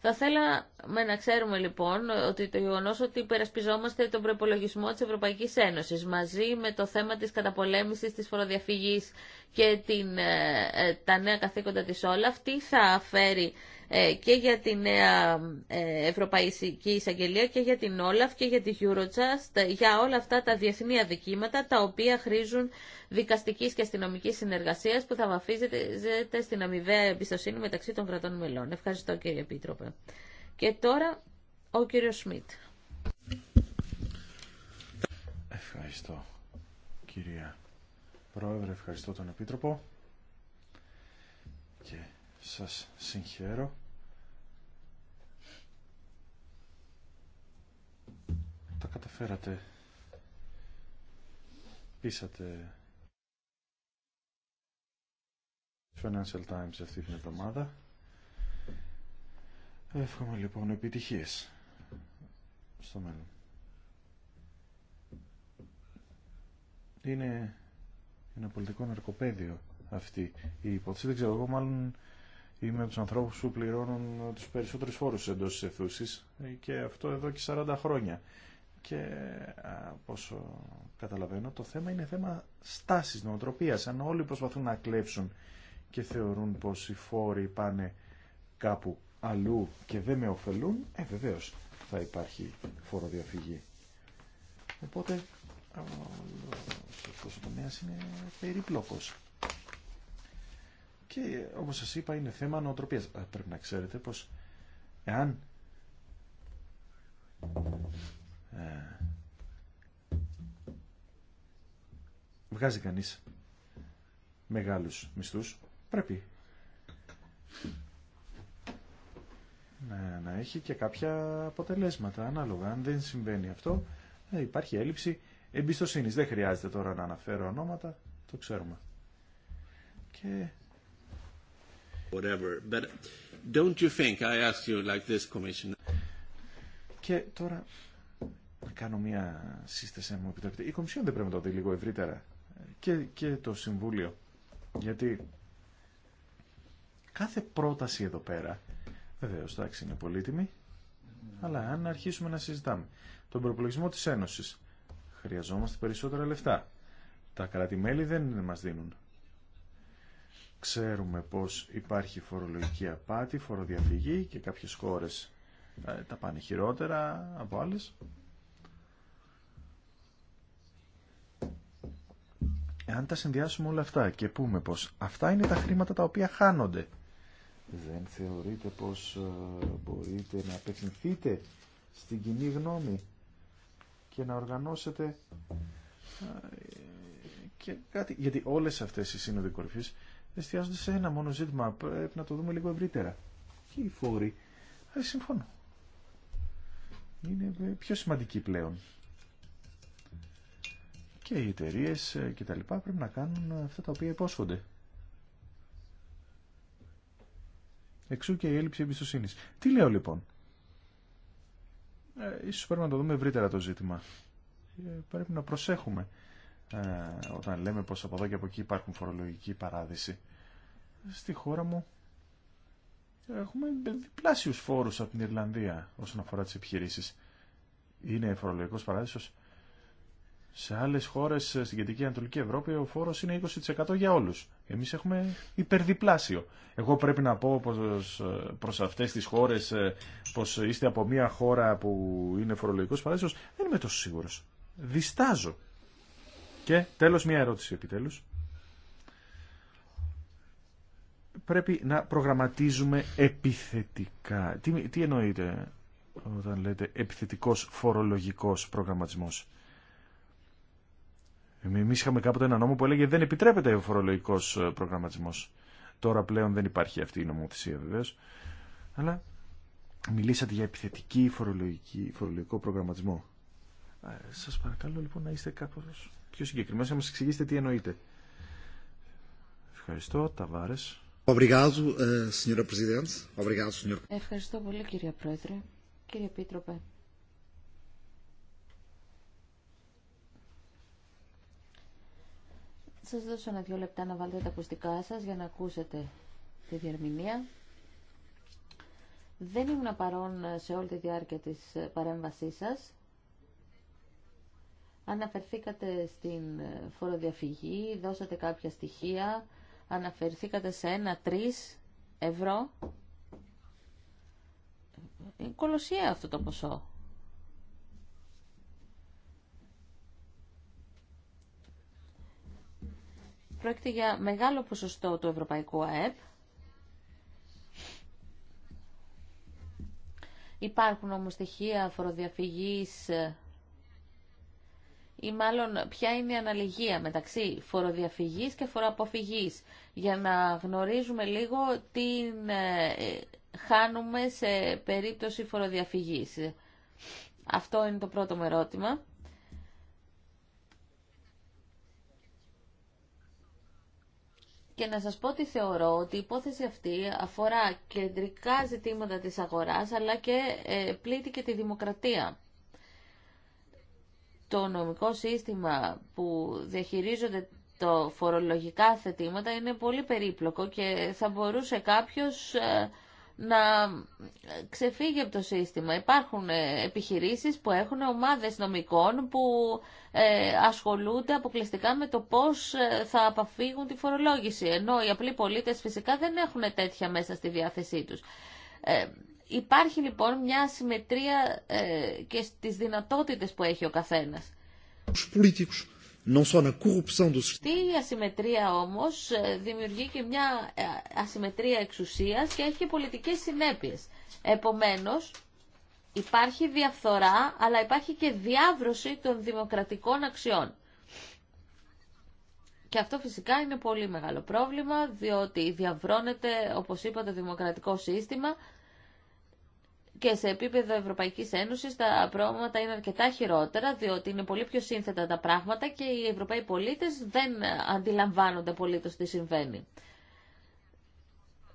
Θα θέλαμε να ξέρουμε λοιπόν ότι το γεγονό ότι υπερασπιζόμαστε τον προπολογισμό τη Ευρωπαϊκή Ένωση μαζί με το θέμα τη καταπολέμηση τη φοροδιαφυγή και την, ε, ε, τα νέα καθήκοντα τη όλα, αυτή θα φέρει ε, και για την νέα ε, Ευρωπαϊκή Εισαγγελία και για την Όλαφ και για τη Eurojust, ε, για όλα αυτά τα διεθνή αδικήματα τα οποία χρήζουν δικαστικής και αστυνομικής συνεργασίας που θα βαφίζεται στην αμοιβαία εμπιστοσύνη μεταξύ των κρατών μελών. Ευχαριστώ κύριε Επίτροπε. Και τώρα ο κύριος Σμιτ. Ευχαριστώ κυρία Πρόεδρε, ευχαριστώ τον Επίτροπο και σας συγχαίρω. Τα καταφέρατε. Πείσατε Financial Times αυτή την εβδομάδα. Εύχομαι λοιπόν επιτυχίες στο μέλλον. Είναι ένα πολιτικό ναρκοπαίδιο αυτή η υπόθεση. Δεν ξέρω εγώ μάλλον είμαι από τους ανθρώπους που πληρώνουν τους περισσότερους φόρους εντός της αιθούσης και αυτό εδώ και 40 χρόνια. Και όσο καταλαβαίνω το θέμα είναι θέμα στάσης, νοοτροπίας. Αν όλοι προσπαθούν να κλέψουν και θεωρούν πως οι φόροι πάνε κάπου αλλού και δεν με ωφελούν, ε βεβαίως θα υπάρχει φοροδιαφυγή. Οπότε αυτός ο τομέας είναι περίπλοκος και όπως σας είπα είναι θέμα νοοτροπίας. Ε, πρέπει να ξέρετε πως εάν ε, βγάζει κανείς μεγάλους μισθούς πρέπει να, να έχει και κάποια αποτελέσματα ανάλογα. Αν δεν συμβαίνει αυτό ε, υπάρχει έλλειψη εμπιστοσύνης. Δεν χρειάζεται τώρα να αναφέρω ονόματα, το ξέρουμε. Και και τώρα να κάνω μια σύσταση, μου επιτρέπετε. Η Κομισιόν δεν πρέπει να το δει λίγο ευρύτερα. Και, και το Συμβούλιο. Γιατί κάθε πρόταση εδώ πέρα, βεβαίως, εντάξει, είναι πολύτιμη, αλλά αν αρχίσουμε να συζητάμε τον προπολογισμό της Ένωσης, χρειαζόμαστε περισσότερα λεφτά. Τα κράτη-μέλη δεν μας δίνουν Ξέρουμε πως υπάρχει φορολογική απάτη, φοροδιαφυγή και κάποιες χώρες ε, τα πάνε χειρότερα από άλλες. αν τα συνδυάσουμε όλα αυτά και πούμε πως αυτά είναι τα χρήματα τα οποία χάνονται, δεν θεωρείτε πως ε, μπορείτε να απευθυνθείτε στην κοινή γνώμη και να οργανώσετε ε, και κάτι, γιατί όλες αυτές οι σύνοδοι κορυφής εστιάζονται σε ένα μόνο ζήτημα. Πρέπει να το δούμε λίγο ευρύτερα. Και οι φόροι. Ε, συμφωνώ. Είναι ε, πιο σημαντικοί πλέον. Και οι εταιρείε ε, και τα λοιπά πρέπει να κάνουν αυτά τα οποία υπόσχονται. Εξού και η έλλειψη εμπιστοσύνη. Τι λέω λοιπόν. Ε, ίσως πρέπει να το δούμε ευρύτερα το ζήτημα. Ε, πρέπει να προσέχουμε ε, όταν λέμε πως από εδώ και από εκεί υπάρχουν φορολογική παράδειση. Στη χώρα μου έχουμε διπλάσιους φόρους από την Ιρλανδία όσον αφορά τις επιχειρήσεις. Είναι φορολογικός παράδεισος. Σε άλλες χώρες ε, στην κεντρική Ανατολική Ευρώπη ο φόρος είναι 20% για όλους. Εμείς έχουμε υπερδιπλάσιο. Εγώ πρέπει να πω πως ε, προς αυτές τις χώρες πως είστε από μια χώρα που είναι φορολογικός παράδεισος. Δεν είμαι τόσο σίγουρος. Διστάζω. Και τέλος μια ερώτηση επιτέλους. Πρέπει να προγραμματίζουμε επιθετικά. Τι, τι εννοείται όταν λέτε επιθετικός φορολογικός προγραμματισμός. Εμείς είχαμε κάποτε ένα νόμο που έλεγε δεν επιτρέπεται ο φορολογικός ε, προγραμματισμός. Τώρα πλέον δεν υπάρχει αυτή η νομοθεσία βεβαίω. Αλλά μιλήσατε για επιθετική φορολογική, φορολογικό προγραμματισμό. Ε, σας παρακαλώ λοιπόν να είστε κάπως πιο συγκεκριμένα, να μα εξηγήσετε τι εννοείτε. Ευχαριστώ, Ταβάρε. Ε, Ευχαριστώ πολύ κύριε Πρόεδρε, κύριε Επίτροπε. Σας δώσω ένα δύο λεπτά να βάλετε τα ακουστικά σας για να ακούσετε τη διερμηνία. Δεν ήμουν παρόν σε όλη τη διάρκεια της παρέμβασής σας. Αναφερθήκατε στην ε, φοροδιαφυγή, δώσατε κάποια στοιχεία, αναφερθήκατε σε ένα 3 ευρώ. Είναι αυτό το ποσό. Πρόκειται για μεγάλο ποσοστό του Ευρωπαϊκού ΑΕΠ. Υπάρχουν όμως στοιχεία φοροδιαφυγής ε, ή μάλλον ποια είναι η αναλυγία μεταξύ φοροδιαφυγής και φοροαποφυγής για να γνωρίζουμε λίγο τι ε, χάνουμε σε περίπτωση φοροδιαφυγής. Αυτό είναι το πρώτο μου ερώτημα. Και να σας πω ότι θεωρώ ότι η υπόθεση αυτή αφορά κεντρικά ζητήματα της αγοράς, αλλά και ε, πλήττει και τη δημοκρατία το νομικό σύστημα που διαχειρίζονται το φορολογικά θετήματα είναι πολύ περίπλοκο και θα μπορούσε κάποιος ε, να ξεφύγει από το σύστημα. Υπάρχουν ε, επιχειρήσεις που έχουν ομάδες νομικών που ε, ασχολούνται αποκλειστικά με το πώς θα απαφύγουν τη φορολόγηση, ενώ οι απλοί πολίτες φυσικά δεν έχουν τέτοια μέσα στη διάθεσή τους. Υπάρχει λοιπόν μια συμμετρία ε, και στις δυνατότητες που έχει ο καθένας. Αυτή η ασυμμετρία όμως ε, δημιουργεί και μια ε, ασυμμετρία εξουσίας και έχει και πολιτικές συνέπειες. Επομένως, υπάρχει διαφθορά, αλλά υπάρχει και διάβρωση των δημοκρατικών αξιών. Και αυτό φυσικά είναι πολύ μεγάλο πρόβλημα, διότι διαβρώνεται, όπως είπα, το δημοκρατικό σύστημα και σε επίπεδο Ευρωπαϊκή Ένωση τα πρόβληματα είναι αρκετά χειρότερα διότι είναι πολύ πιο σύνθετα τα πράγματα και οι Ευρωπαίοι πολίτε δεν αντιλαμβάνονται το τι συμβαίνει.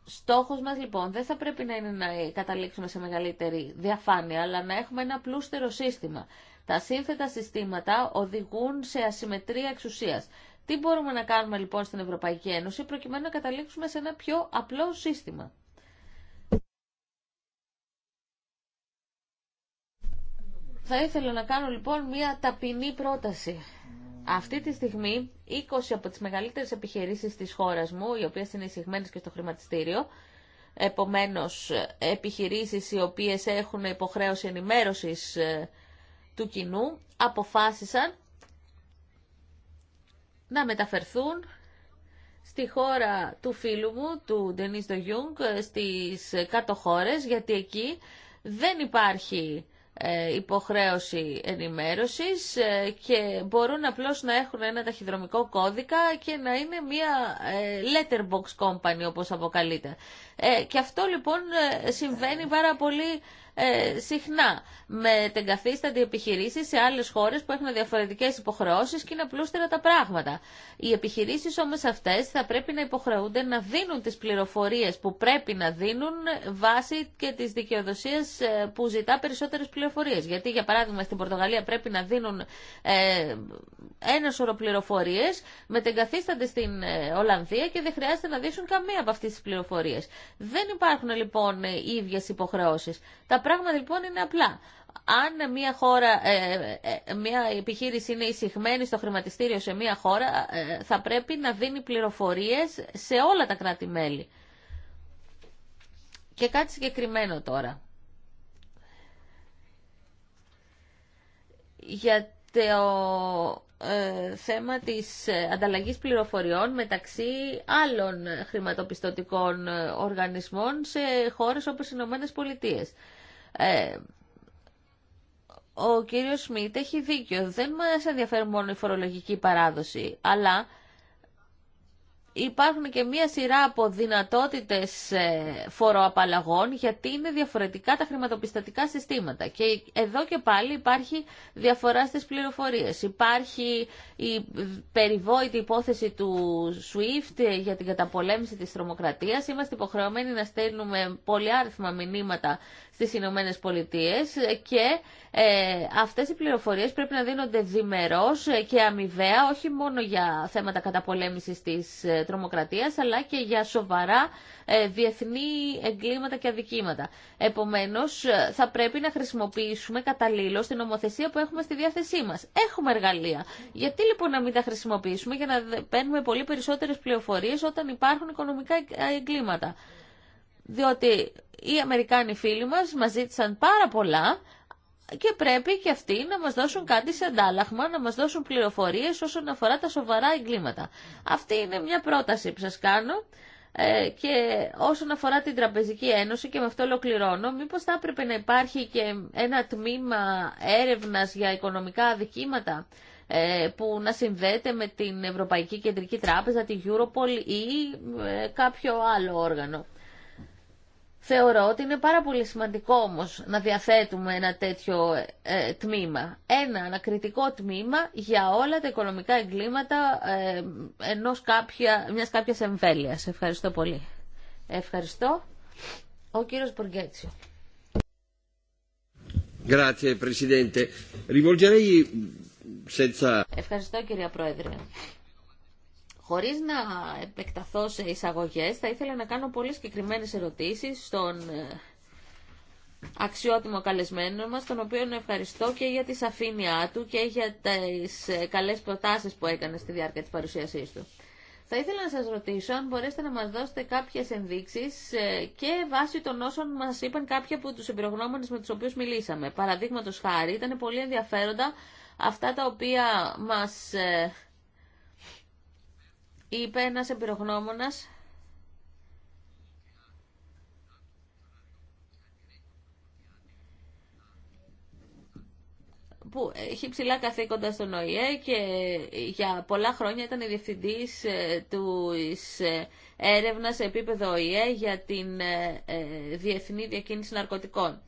Στόχο μα λοιπόν δεν θα πρέπει να είναι να καταλήξουμε σε μεγαλύτερη διαφάνεια αλλά να έχουμε ένα πλούστερο σύστημα. Τα σύνθετα συστήματα οδηγούν σε ασυμμετρία εξουσία. Τι μπορούμε να κάνουμε λοιπόν στην Ευρωπαϊκή Ένωση προκειμένου να καταλήξουμε σε ένα πιο απλό σύστημα. Θα ήθελα να κάνω λοιπόν μια ταπεινή πρόταση. Αυτή τη στιγμή 20 από τις μεγαλύτερες επιχειρήσεις της χώρας μου, οι οποίες είναι εισηγμένες και στο χρηματιστήριο, επομένως επιχειρήσεις οι οποίες έχουν υποχρέωση ενημέρωσης ε, του κοινού, αποφάσισαν να μεταφερθούν στη χώρα του φίλου μου, του Ντενίς Ντογιούγκ, στις κάτω χώρες, γιατί εκεί δεν υπάρχει ε, υποχρέωση ενημέρωσης ε, και μπορούν απλώς να έχουν ένα ταχυδρομικό κώδικα και να είναι μια ε, letterbox company όπως αποκαλείται. Και αυτό λοιπόν συμβαίνει πάρα πολύ ε, συχνά με τεγκαθίστατη επιχειρήσεις σε άλλες χώρες που έχουν διαφορετικές υποχρεώσεις και είναι απλούστερα τα πράγματα. Οι επιχειρήσεις όμως αυτές θα πρέπει να υποχρεούνται να δίνουν τις πληροφορίες που πρέπει να δίνουν βάσει και της δικαιοδοσίας ε, που ζητά περισσότερες πληροφορίες. Γιατί για παράδειγμα στην Πορτογαλία πρέπει να δίνουν ε, ένα σωρό πληροφορίες με τεγκαθίστανται στην ε, Ολλανδία και δεν χρειάζεται να δείσουν καμία από αυτές τι πληροφορίες. Δεν υπάρχουν λοιπόν οι ίδιες υποχρεώσεις. Τα τα πράγματα λοιπόν είναι απλά. Αν μια, χώρα, ε, ε, ε, μια επιχείρηση είναι εισηγμένη στο χρηματιστήριο σε μια χώρα, θα πρέπει να δίνει πληροφορίες σε όλα τα κράτη-μέλη. Και κάτι συγκεκριμένο τώρα. Για το θέμα της ανταλλαγής πληροφοριών μεταξύ άλλων χρηματοπιστωτικών οργανισμών σε χώρες όπως οι Ηνωμένε Πολιτείες. Ε, ο κύριος Σμιτ έχει δίκιο. Δεν μας ενδιαφέρει μόνο η φορολογική παράδοση, αλλά υπάρχουν και μία σειρά από δυνατότητες ε, φοροαπαλλαγών γιατί είναι διαφορετικά τα χρηματοπιστωτικά συστήματα και εδώ και πάλι υπάρχει διαφορά στις πληροφορίες. Υπάρχει η περιβόητη υπόθεση του SWIFT ε, για την καταπολέμηση της τρομοκρατίας. Είμαστε υποχρεωμένοι να στέλνουμε πολυάριθμα μηνύματα στις Ηνωμένε Πολιτείες και ε, αυτές οι πληροφορίες πρέπει να δίνονται διμερώς και αμοιβαία όχι μόνο για θέματα καταπολέμησης της ε, τρομοκρατίας αλλά και για σοβαρά ε, διεθνή εγκλήματα και αδικήματα. Επομένως ε, θα πρέπει να χρησιμοποιήσουμε καταλήλως την νομοθεσία που έχουμε στη διάθεσή μας. Έχουμε εργαλεία. Γιατί λοιπόν να μην τα χρησιμοποιήσουμε για να παίρνουμε πολύ περισσότερες πληροφορίες όταν υπάρχουν οικονομικά εγκλήματα διότι οι Αμερικάνοι φίλοι μας μας ζήτησαν πάρα πολλά και πρέπει και αυτοί να μας δώσουν κάτι σε αντάλλαγμα, να μας δώσουν πληροφορίες όσον αφορά τα σοβαρά εγκλήματα. Αυτή είναι μια πρόταση που σας κάνω ε, και όσον αφορά την Τραπεζική Ένωση και με αυτό ολοκληρώνω, μήπως θα έπρεπε να υπάρχει και ένα τμήμα έρευνας για οικονομικά αδικήματα ε, που να συνδέεται με την Ευρωπαϊκή Κεντρική Τράπεζα, την Europol ή ε, κάποιο άλλο όργανο. Θεωρώ ότι είναι πάρα πολύ σημαντικό όμως να διαθέτουμε ένα τέτοιο ε, τμήμα. Ένα ανακριτικό τμήμα για όλα τα οικονομικά εγκλήματα ε, ενός κάποια, μιας κάποιας εμβέλειας. Ευχαριστώ πολύ. Ευχαριστώ. Ο κύριος mm, senza... Ευχαριστώ κυρία Πρόεδρε. Χωρίς να επεκταθώ σε εισαγωγές, θα ήθελα να κάνω πολύ συγκεκριμένε ερωτήσεις στον ε, αξιότιμο καλεσμένο μας, τον οποίο ευχαριστώ και για τη σαφήνειά του και για τις ε, καλές προτάσεις που έκανε στη διάρκεια της παρουσίασής του. Θα ήθελα να σας ρωτήσω αν μπορέσετε να μας δώσετε κάποιες ενδείξεις ε, και βάσει των όσων μας είπαν κάποιοι από τους εμπειρογνώμονες με τους οποίους μιλήσαμε. Παραδείγματος χάρη, ήταν πολύ ενδιαφέροντα αυτά τα οποία μας είπε ένας εμπειρογνώμονας που έχει ψηλά καθήκοντα στον ΟΗΕ και για πολλά χρόνια ήταν διευθυντή ε, του ε, έρευνας σε επίπεδο ΟΗΕ για την ε, διεθνή διακίνηση ναρκωτικών.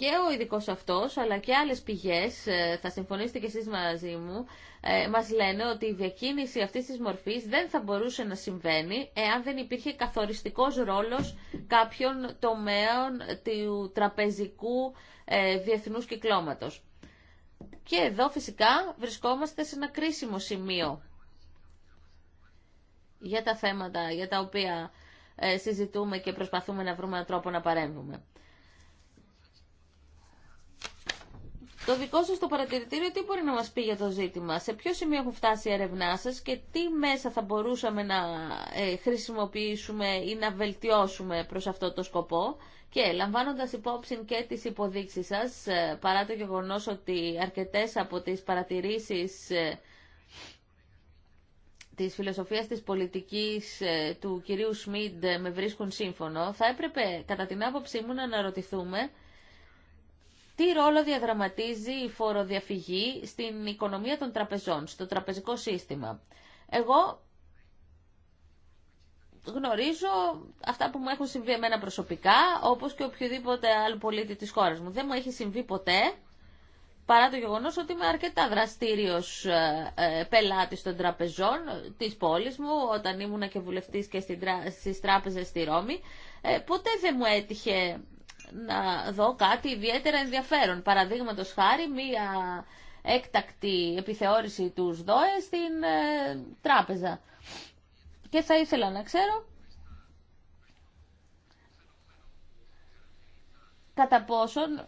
και ο ειδικό αυτός, αλλά και άλλες πηγές, ε, θα συμφωνήσετε και εσείς μαζί μου, ε, μας λένε ότι η διακίνηση αυτής της μορφής δεν θα μπορούσε να συμβαίνει εάν δεν υπήρχε καθοριστικός ρόλος κάποιων τομέων του τραπεζικού ε, διεθνούς κυκλώματο. Και εδώ φυσικά βρισκόμαστε σε ένα κρίσιμο σημείο για τα θέματα για τα οποία συζητούμε και προσπαθούμε να βρούμε έναν τρόπο να παρέμβουμε. Το δικό σας το παρατηρητήριο τι μπορεί να μας πει για το ζήτημα, σε ποιο σημείο έχουν φτάσει οι έρευνά σα και τι μέσα θα μπορούσαμε να ε, χρησιμοποιήσουμε ή να βελτιώσουμε προς αυτό το σκοπό. Και λαμβάνοντας υπόψη και τις υποδείξεις σας, ε, παρά το γεγονό ότι αρκετές από τις παρατηρήσεις ε, της φιλοσοφίας της πολιτικής του κυρίου Σμιντ με βρίσκουν σύμφωνο, θα έπρεπε κατά την άποψή μου να αναρωτηθούμε τι ρόλο διαδραματίζει η φοροδιαφυγή στην οικονομία των τραπεζών, στο τραπεζικό σύστημα. Εγώ γνωρίζω αυτά που μου έχουν συμβεί εμένα προσωπικά, όπως και οποιοδήποτε άλλο πολίτη της χώρας μου. Δεν μου έχει συμβεί ποτέ, παρά το γεγονός ότι είμαι αρκετά δραστήριος ε, ε πελάτης των τραπεζών της πόλης μου, όταν ήμουν και βουλευτής και στις τράπεζες στη Ρώμη. Ε, ποτέ δεν μου έτυχε να δω κάτι ιδιαίτερα ενδιαφέρον. Παραδείγματο χάρη μία έκτακτη επιθεώρηση του ΔΟΕ στην ε, τράπεζα. Και θα ήθελα να ξέρω κατά πόσον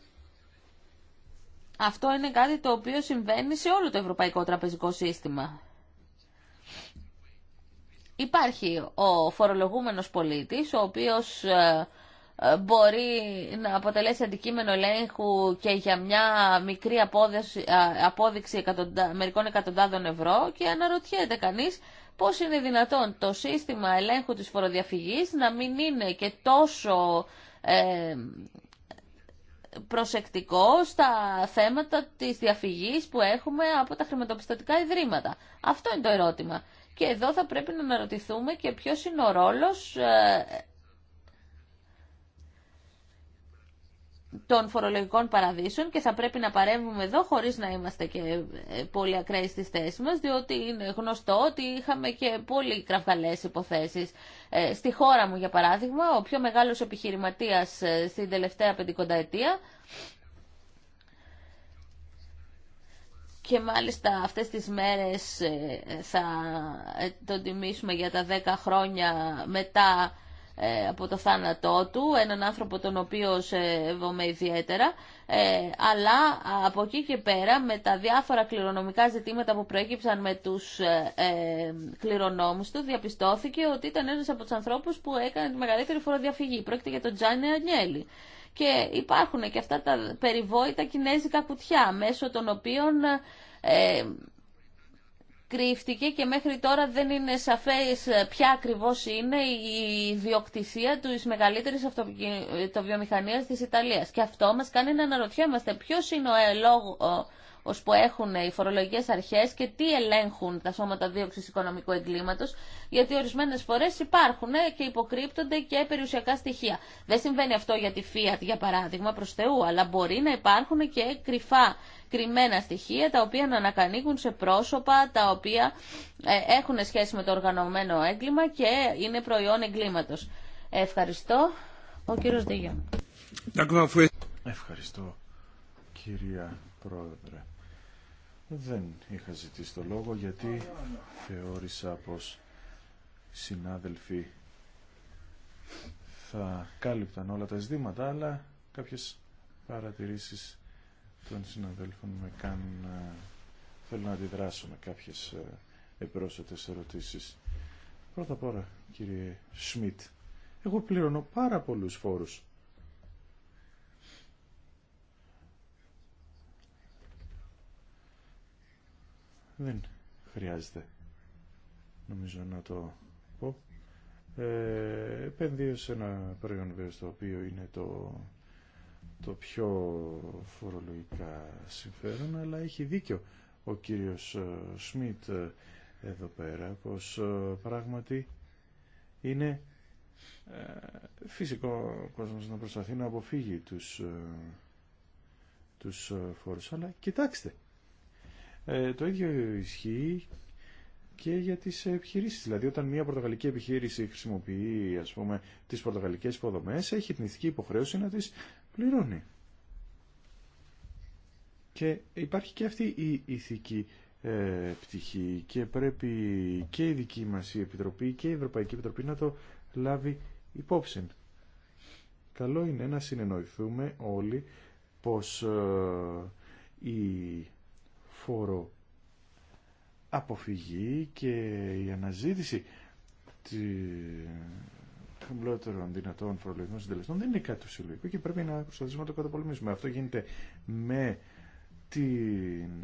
αυτό είναι κάτι το οποίο συμβαίνει σε όλο το ευρωπαϊκό τραπεζικό σύστημα. Υπάρχει ο φορολογούμενος πολίτης, ο οποίος ε, ε, μπορεί να αποτελέσει αντικείμενο ελέγχου και για μια μικρή απόδειξη εκατοντα, μερικών εκατοντάδων ευρώ και αναρωτιέται κανείς πώς είναι δυνατόν το σύστημα ελέγχου της φοροδιαφυγής να μην είναι και τόσο ε, προσεκτικό στα θέματα της διαφυγής που έχουμε από τα χρηματοπιστωτικά ιδρύματα. Αυτό είναι το ερώτημα. Και εδώ θα πρέπει να αναρωτηθούμε και ποιος είναι ο ρόλος ε, των φορολογικών παραδείσων και θα πρέπει να παρέμβουμε εδώ χωρίς να είμαστε και ε, πολύ ακραίοι στις θέσεις μας διότι είναι γνωστό ότι είχαμε και πολύ κραυγαλές υποθέσεις. Ε, στη χώρα μου για παράδειγμα ο πιο μεγάλος επιχειρηματίας ε, στην τελευταία πεντηκονταετία και μάλιστα αυτές τις μέρες θα τον τιμήσουμε για τα 10 χρόνια μετά ε, από το θάνατό του, έναν άνθρωπο τον οποίο σεβομαι ιδιαίτερα, ε, αλλά από εκεί και πέρα με τα διάφορα κληρονομικά ζητήματα που προέκυψαν με τους ε, κληρονόμους του, διαπιστώθηκε ότι ήταν ένας από τους ανθρώπους που έκανε τη μεγαλύτερη φοροδιαφυγή. Πρόκειται για τον Τζάνι Ανιέλη. Και υπάρχουν και αυτά τα περιβόητα κινέζικα κουτιά, μέσω των οποίων... Ε, κρύφτηκε και μέχρι τώρα δεν είναι σαφές ε, ποια ακριβώς είναι η διοκτησία της μεγαλύτερης αυτοβιομηχανίας ε, της Ιταλίας. Και αυτό μας κάνει να αναρωτιόμαστε ποιος είναι ο ε, λόγο ως που έχουν οι φορολογικές αρχές και τι ελέγχουν τα σώματα δίωξης οικονομικού εγκλήματος, γιατί ορισμένες φορές υπάρχουν ε, και υποκρύπτονται και περιουσιακά στοιχεία. Δεν συμβαίνει αυτό για τη Fiat, για παράδειγμα, προς Θεού, αλλά μπορεί να υπάρχουν και κρυφά κρυμμένα στοιχεία τα οποία να σε πρόσωπα τα οποία ε, έχουν σχέση με το οργανωμένο έγκλημα και είναι προϊόν εγκλήματος. Ευχαριστώ. Ο κύριος Δίγιο. Ευχαριστώ κυρία Πρόεδρε. Δεν είχα ζητήσει το λόγο γιατί θεώρησα πως συνάδελφοι θα κάλυπταν όλα τα ζητήματα, αλλά κάποιες παρατηρήσεις των συναδέλφων με κάνουν ε, να... θέλω να αντιδράσω με κάποιες επρόσθετες ερωτήσεις. Πρώτα απ' όλα, κύριε Σμιτ, εγώ πληρώνω πάρα πολλούς φόρους. δεν χρειάζεται νομίζω να το πω. Ε, σε ένα προϊόν βέβαια το οποίο είναι το, το πιο φορολογικά συμφέρον, αλλά έχει δίκιο ο κύριος ε, Σμιτ ε, εδώ πέρα, πως ε, πράγματι είναι φυσικό ο κόσμος να προσπαθεί να αποφύγει τους, τους φόρους. Αλλά κοιτάξτε, ε, το ίδιο ισχύει και για τις επιχειρήσεις. Δηλαδή όταν μια πορτογαλική επιχείρηση χρησιμοποιεί ας πούμε, τις πορτογαλικές υποδομές έχει την ηθική υποχρέωση να τις πληρώνει. Και υπάρχει και αυτή η ηθική ε, πτυχή και πρέπει και η δική μας η Επιτροπή και η Ευρωπαϊκή Επιτροπή να το λάβει υπόψη. Καλό είναι να συνεννοηθούμε όλοι πως ε, η φόρο αποφυγή και η αναζήτηση χαμηλότερων δυνατών φορολογικών συντελεστών δεν είναι κάτι το και πρέπει να προσπαθήσουμε το καταπολεμήσουμε. Αυτό γίνεται με τη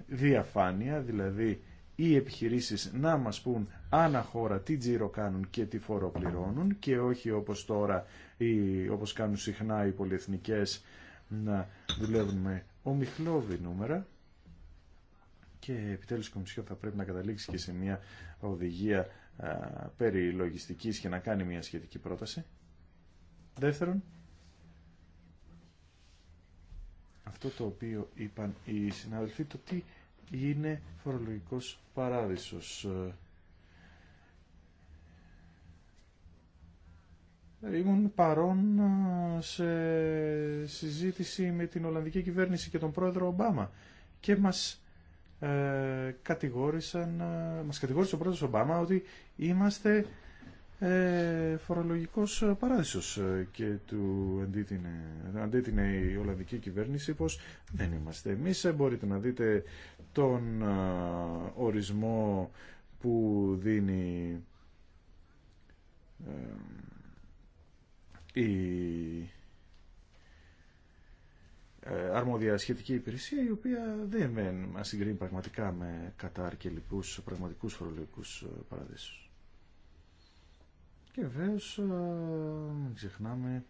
διαφάνεια, δηλαδή οι επιχειρήσεις να μας πούν άνα χώρα τι τζίρο κάνουν και τι φόρο πληρώνουν και όχι όπως τώρα ή όπως κάνουν συχνά οι πολυεθνικές να δουλεύουν με ομιχλώδη νούμερα και επιτέλους η Κομισιόν θα πρέπει να καταλήξει και σε μια οδηγία περί λογιστικής και να κάνει μια σχετική πρόταση. Δεύτερον, αυτό το οποίο είπαν οι συναδελφοί, το τι είναι φορολογικός παράδεισος. Ήμουν παρόν σε συζήτηση με την Ολλανδική κυβέρνηση και τον πρόεδρο Ομπάμα και μας ε, κατηγόρησαν, ε, μας κατηγόρησε ο πρόεδρος Ομπάμα ότι είμαστε ε, φορολογικός παράδεισος ε, και του αντίτινε, αντίτινε η Ολλανδική κυβέρνηση πως δεν είμαστε εμείς. Ε, μπορείτε να δείτε τον ορισμό που δίνει η ε, αρμόδια σχετική υπηρεσία η οποία δεν μας συγκρίνει πραγματικά με Κατάρ και λοιπούς πραγματικούς φορολογικούς ε, παραδείσους. Και βεβαίω ε, μην ξεχνάμε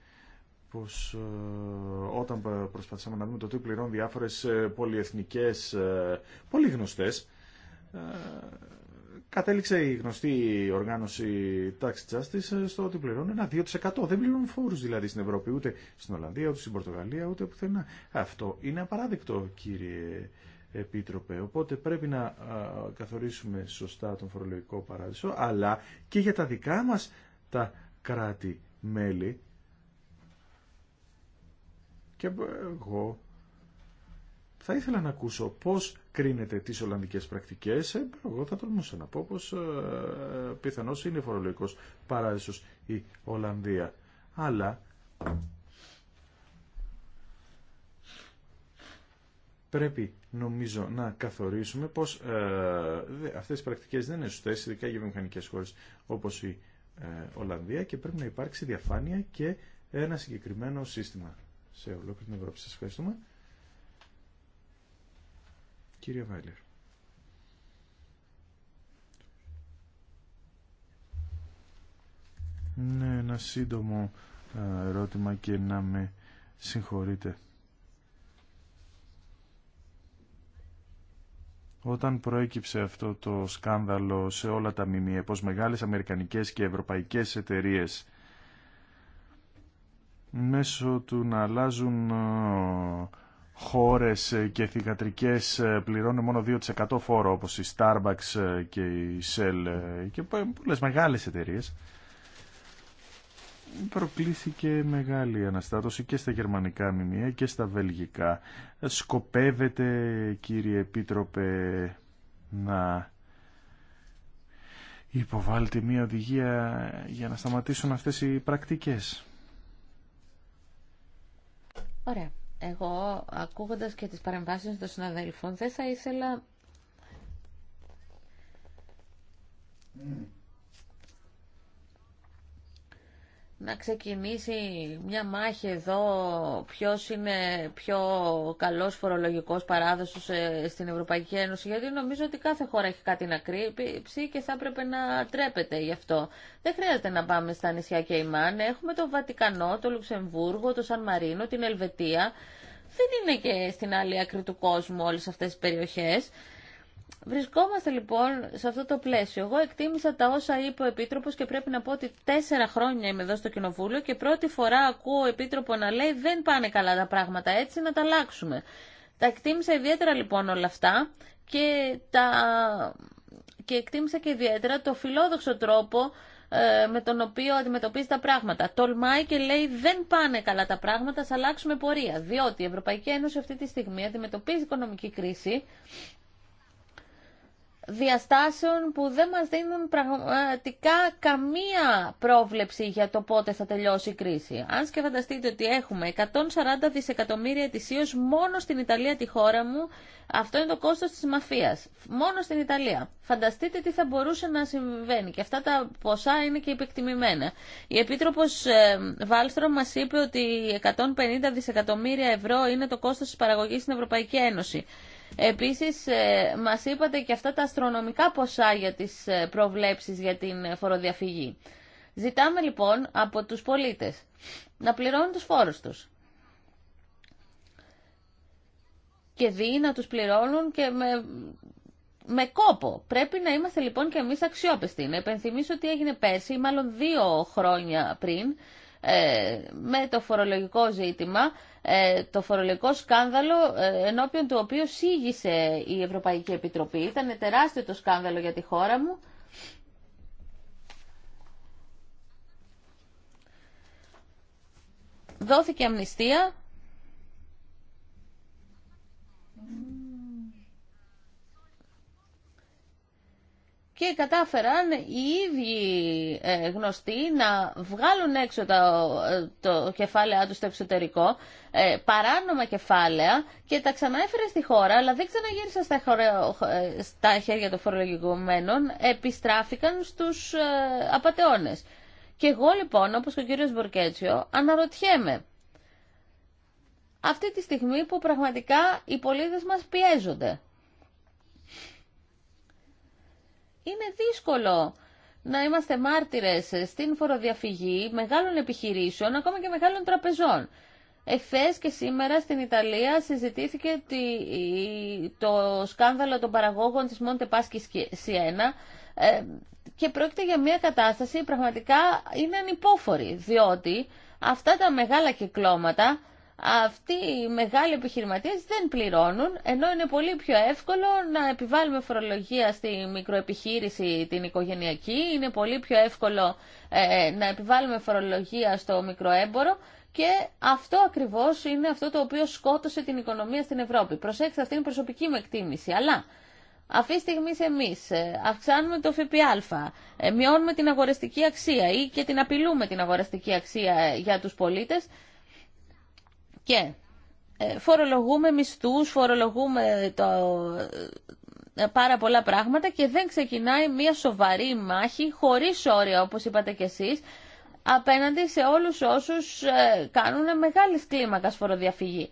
πως όταν προσπαθήσαμε να δούμε το τι πληρώνουν διάφορες πολυεθνικές, πολύ γνωστές, κατέληξε η γνωστή οργάνωση Tax Justice στο ότι πληρώνουν ένα 2%. Δεν πληρώνουν φόρους δηλαδή στην Ευρώπη, ούτε στην Ολλανδία, ούτε στην Πορτογαλία, ούτε πουθενά. Αυτό είναι απαράδεκτο κύριε Επίτροπε. Οπότε πρέπει να καθορίσουμε σωστά τον φορολογικό παράδεισο, αλλά και για τα δικά μας τα κράτη-μέλη. Και εγώ θα ήθελα να ακούσω πώς κρίνετε τις Ολλανδικές πρακτικές. Ε, εγώ θα τολμούσα να πω πως ε, πιθανώς είναι φορολογικός παράδεισος η Ολλανδία. Αλλά πρέπει νομίζω να καθορίσουμε πως ε, αυτές οι πρακτικές δεν είναι σωστές, ειδικά για βιομηχανικές χώρες όπως η ε, Ολλανδία και πρέπει να υπάρξει διαφάνεια και ένα συγκεκριμένο σύστημα σε ολόκληρη την Ευρώπη. Σας ευχαριστούμε. Κύριε Βάιλερ. Ναι, ένα σύντομο ε, ερώτημα και να με συγχωρείτε. Όταν προέκυψε αυτό το σκάνδαλο σε όλα τα ΜΜΕ, πως μεγάλες αμερικανικές και ευρωπαϊκές εταιρείες μέσω του να αλλάζουν ε, χώρες ε, και θηγατρικέ ε, πληρώνουν μόνο 2% φόρο όπως η Starbucks ε, και η Shell και πολλές μεγάλες εταιρείες προκλήθηκε μεγάλη αναστάτωση και στα γερμανικά μνημεία και στα βελγικά. Σκοπεύετε κύριε Επίτροπε να υποβάλλετε μια οδηγία για να σταματήσουν αυτές οι πρακτικές. Ωραία. Εγώ, ακούγοντας και τις παρεμβάσεις των συναδελφών, δεν θα ήθελα... να ξεκινήσει μια μάχη εδώ ποιος είναι πιο καλός φορολογικός παράδοσος ε, στην Ευρωπαϊκή Ένωση γιατί νομίζω ότι κάθε χώρα έχει κάτι να κρύψει και θα έπρεπε να τρέπεται γι' αυτό. Δεν χρειάζεται να πάμε στα νησιά Κεϊμάν. Έχουμε το Βατικανό, το Λουξεμβούργο, το Σαν Μαρίνο, την Ελβετία. Δεν είναι και στην άλλη άκρη του κόσμου όλες αυτές τις περιοχές. Βρισκόμαστε λοιπόν σε αυτό το πλαίσιο. Εγώ εκτίμησα τα όσα είπε ο Επίτροπος και πρέπει να πω ότι τέσσερα χρόνια είμαι εδώ στο Κοινοβούλιο και πρώτη φορά ακούω ο Επίτροπο να λέει δεν πάνε καλά τα πράγματα έτσι να τα αλλάξουμε. Τα εκτίμησα ιδιαίτερα λοιπόν όλα αυτά και, τα... και εκτίμησα και ιδιαίτερα το φιλόδοξο τρόπο ε, με τον οποίο αντιμετωπίζει τα πράγματα. Τολμάει και λέει δεν πάνε καλά τα πράγματα, θα αλλάξουμε πορεία. Διότι η Ευρωπαϊκή Ένωση αυτή τη στιγμή αντιμετωπίζει οικονομική κρίση διαστάσεων που δεν μας δίνουν πραγματικά καμία πρόβλεψη για το πότε θα τελειώσει η κρίση. Αν σκεφτείτε ότι έχουμε 140 δισεκατομμύρια ετησίω μόνο στην Ιταλία τη χώρα μου, αυτό είναι το κόστος της μαφίας. Μόνο στην Ιταλία. Φανταστείτε τι θα μπορούσε να συμβαίνει. Και αυτά τα ποσά είναι και υπεκτιμημένα. Η Επίτροπος ε, Βάλστρο μας είπε ότι 150 δισεκατομμύρια ευρώ είναι το κόστος της παραγωγής στην Ευρωπαϊκή Ένωση. Επίσης, ε, μας είπατε και αυτά τα αστρονομικά ποσά για τις ε, προβλέψεις για την ε, φοροδιαφυγή. Ζητάμε λοιπόν από τους πολίτες να πληρώνουν τους φόρους τους. Και δει να τους πληρώνουν και με, με κόπο. Πρέπει να είμαστε λοιπόν και εμείς αξιόπιστοι. Να επενθυμίσω ότι έγινε πέρσι, μάλλον δύο χρόνια πριν, ε, με το φορολογικό ζήτημα, ε, το φορολογικό σκάνδαλο ε, ενώπιον του οποίου σήγησε η Ευρωπαϊκή Επιτροπή. Ήταν τεράστιο το σκάνδαλο για τη χώρα μου. Δόθηκε αμνηστία και κατάφεραν οι ίδιοι ε, γνωστοί να βγάλουν έξω το ε, κεφάλαιά τους στο εξωτερικό, ε, παράνομα κεφάλαια και τα ξαναέφερε στη χώρα, αλλά δεν ξαναγύρισαν στα χέρια των φορολογικομένων, επιστράφηκαν στους απατεώνες. Και εγώ λοιπόν, όπως και ο κύριος Μπορκέτσιο, αναρωτιέμαι, αυτή τη στιγμή που πραγματικά οι πολίτες μας πιέζονται. είναι δύσκολο να είμαστε μάρτυρες στην φοροδιαφυγή μεγάλων επιχειρήσεων, ακόμα και μεγάλων τραπεζών. Εχθές και σήμερα στην Ιταλία συζητήθηκε το σκάνδαλο των παραγόγων της Μοντε Πάσκης Σιένα και πρόκειται για μια κατάσταση πραγματικά είναι ανυπόφορη, διότι αυτά τα μεγάλα κυκλώματα αυτοί οι μεγάλοι επιχειρηματίες δεν πληρώνουν, ενώ είναι πολύ πιο εύκολο να επιβάλλουμε φορολογία στη μικροεπιχείρηση την οικογενειακή, είναι πολύ πιο εύκολο ε, να επιβάλλουμε φορολογία στο μικροέμπορο και αυτό ακριβώς είναι αυτό το οποίο σκότωσε την οικονομία στην Ευρώπη. Προσέξτε, αυτή είναι η προσωπική μου εκτίμηση, αλλά... Αυτή τη στιγμή εμεί ε, αυξάνουμε το ΦΠΑ, ε, μειώνουμε την αγοραστική αξία ή και την απειλούμε την αγοραστική αξία για τους πολίτες και ε, φορολογούμε μισθούς, φορολογούμε το, ε, πάρα πολλά πράγματα και δεν ξεκινάει μια σοβαρή μάχη χωρίς όρια όπως είπατε κι εσείς απέναντι σε όλους όσους ε, κάνουν μεγάλες κλίμακας φοροδιαφυγή.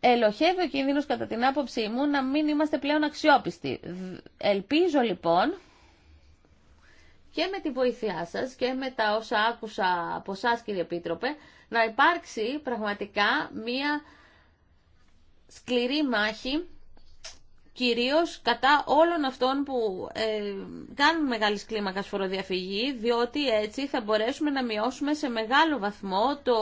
Ελοχεύει ο κίνδυνος κατά την άποψή μου να μην είμαστε πλέον αξιόπιστοι. Ελπίζω λοιπόν και με τη βοήθειά σας και με τα όσα άκουσα από εσά κύριε Επίτροπε, να υπάρξει πραγματικά μία σκληρή μάχη κυρίως κατά όλων αυτών που ε, κάνουν μεγάλη κλίμακα φοροδιαφυγή, διότι έτσι θα μπορέσουμε να μειώσουμε σε μεγάλο βαθμό το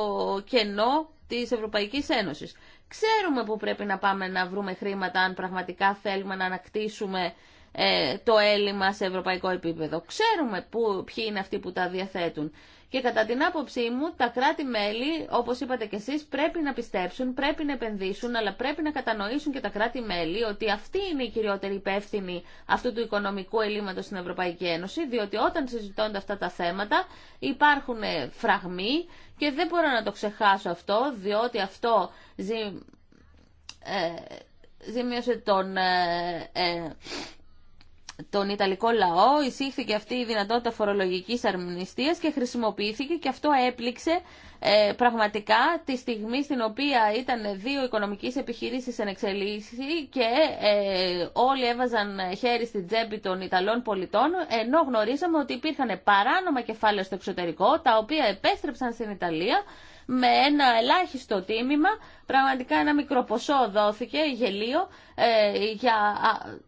κενό της Ευρωπαϊκής Ένωσης. Ξέρουμε που πρέπει να πάμε να βρούμε χρήματα αν πραγματικά θέλουμε να ανακτήσουμε ε, το έλλειμμα σε ευρωπαϊκό επίπεδο. Ξέρουμε που, ποιοι είναι αυτοί που τα διαθέτουν. Και κατά την άποψή μου, τα κράτη-μέλη, όπως είπατε κι εσείς, πρέπει να πιστέψουν, πρέπει να επενδύσουν, αλλά πρέπει να κατανοήσουν και τα κράτη-μέλη ότι αυτή είναι η κυριότερη υπεύθυνη αυτού του οικονομικού ελλείμματος στην Ευρωπαϊκή Ένωση, διότι όταν συζητώνται αυτά τα θέματα υπάρχουν ε, φραγμοί και δεν μπορώ να το ξεχάσω αυτό, διότι αυτό ζη... Ε, ζημίωσε τον... ε, τον Ιταλικό λαό, εισήχθηκε αυτή η δυνατότητα φορολογικής αρμνηστίας και χρησιμοποιήθηκε και αυτό έπληξε ε, πραγματικά τη στιγμή στην οποία ήταν δύο οικονομικέ επιχειρήσει εν εξελίξη και ε, όλοι έβαζαν χέρι στην τσέπη των Ιταλών πολιτών ενώ γνωρίζαμε ότι υπήρχαν παράνομα κεφάλαια στο εξωτερικό τα οποία επέστρεψαν στην Ιταλία με ένα ελάχιστο τίμημα, πραγματικά ένα μικρό ποσό δόθηκε, γελίο, ε, για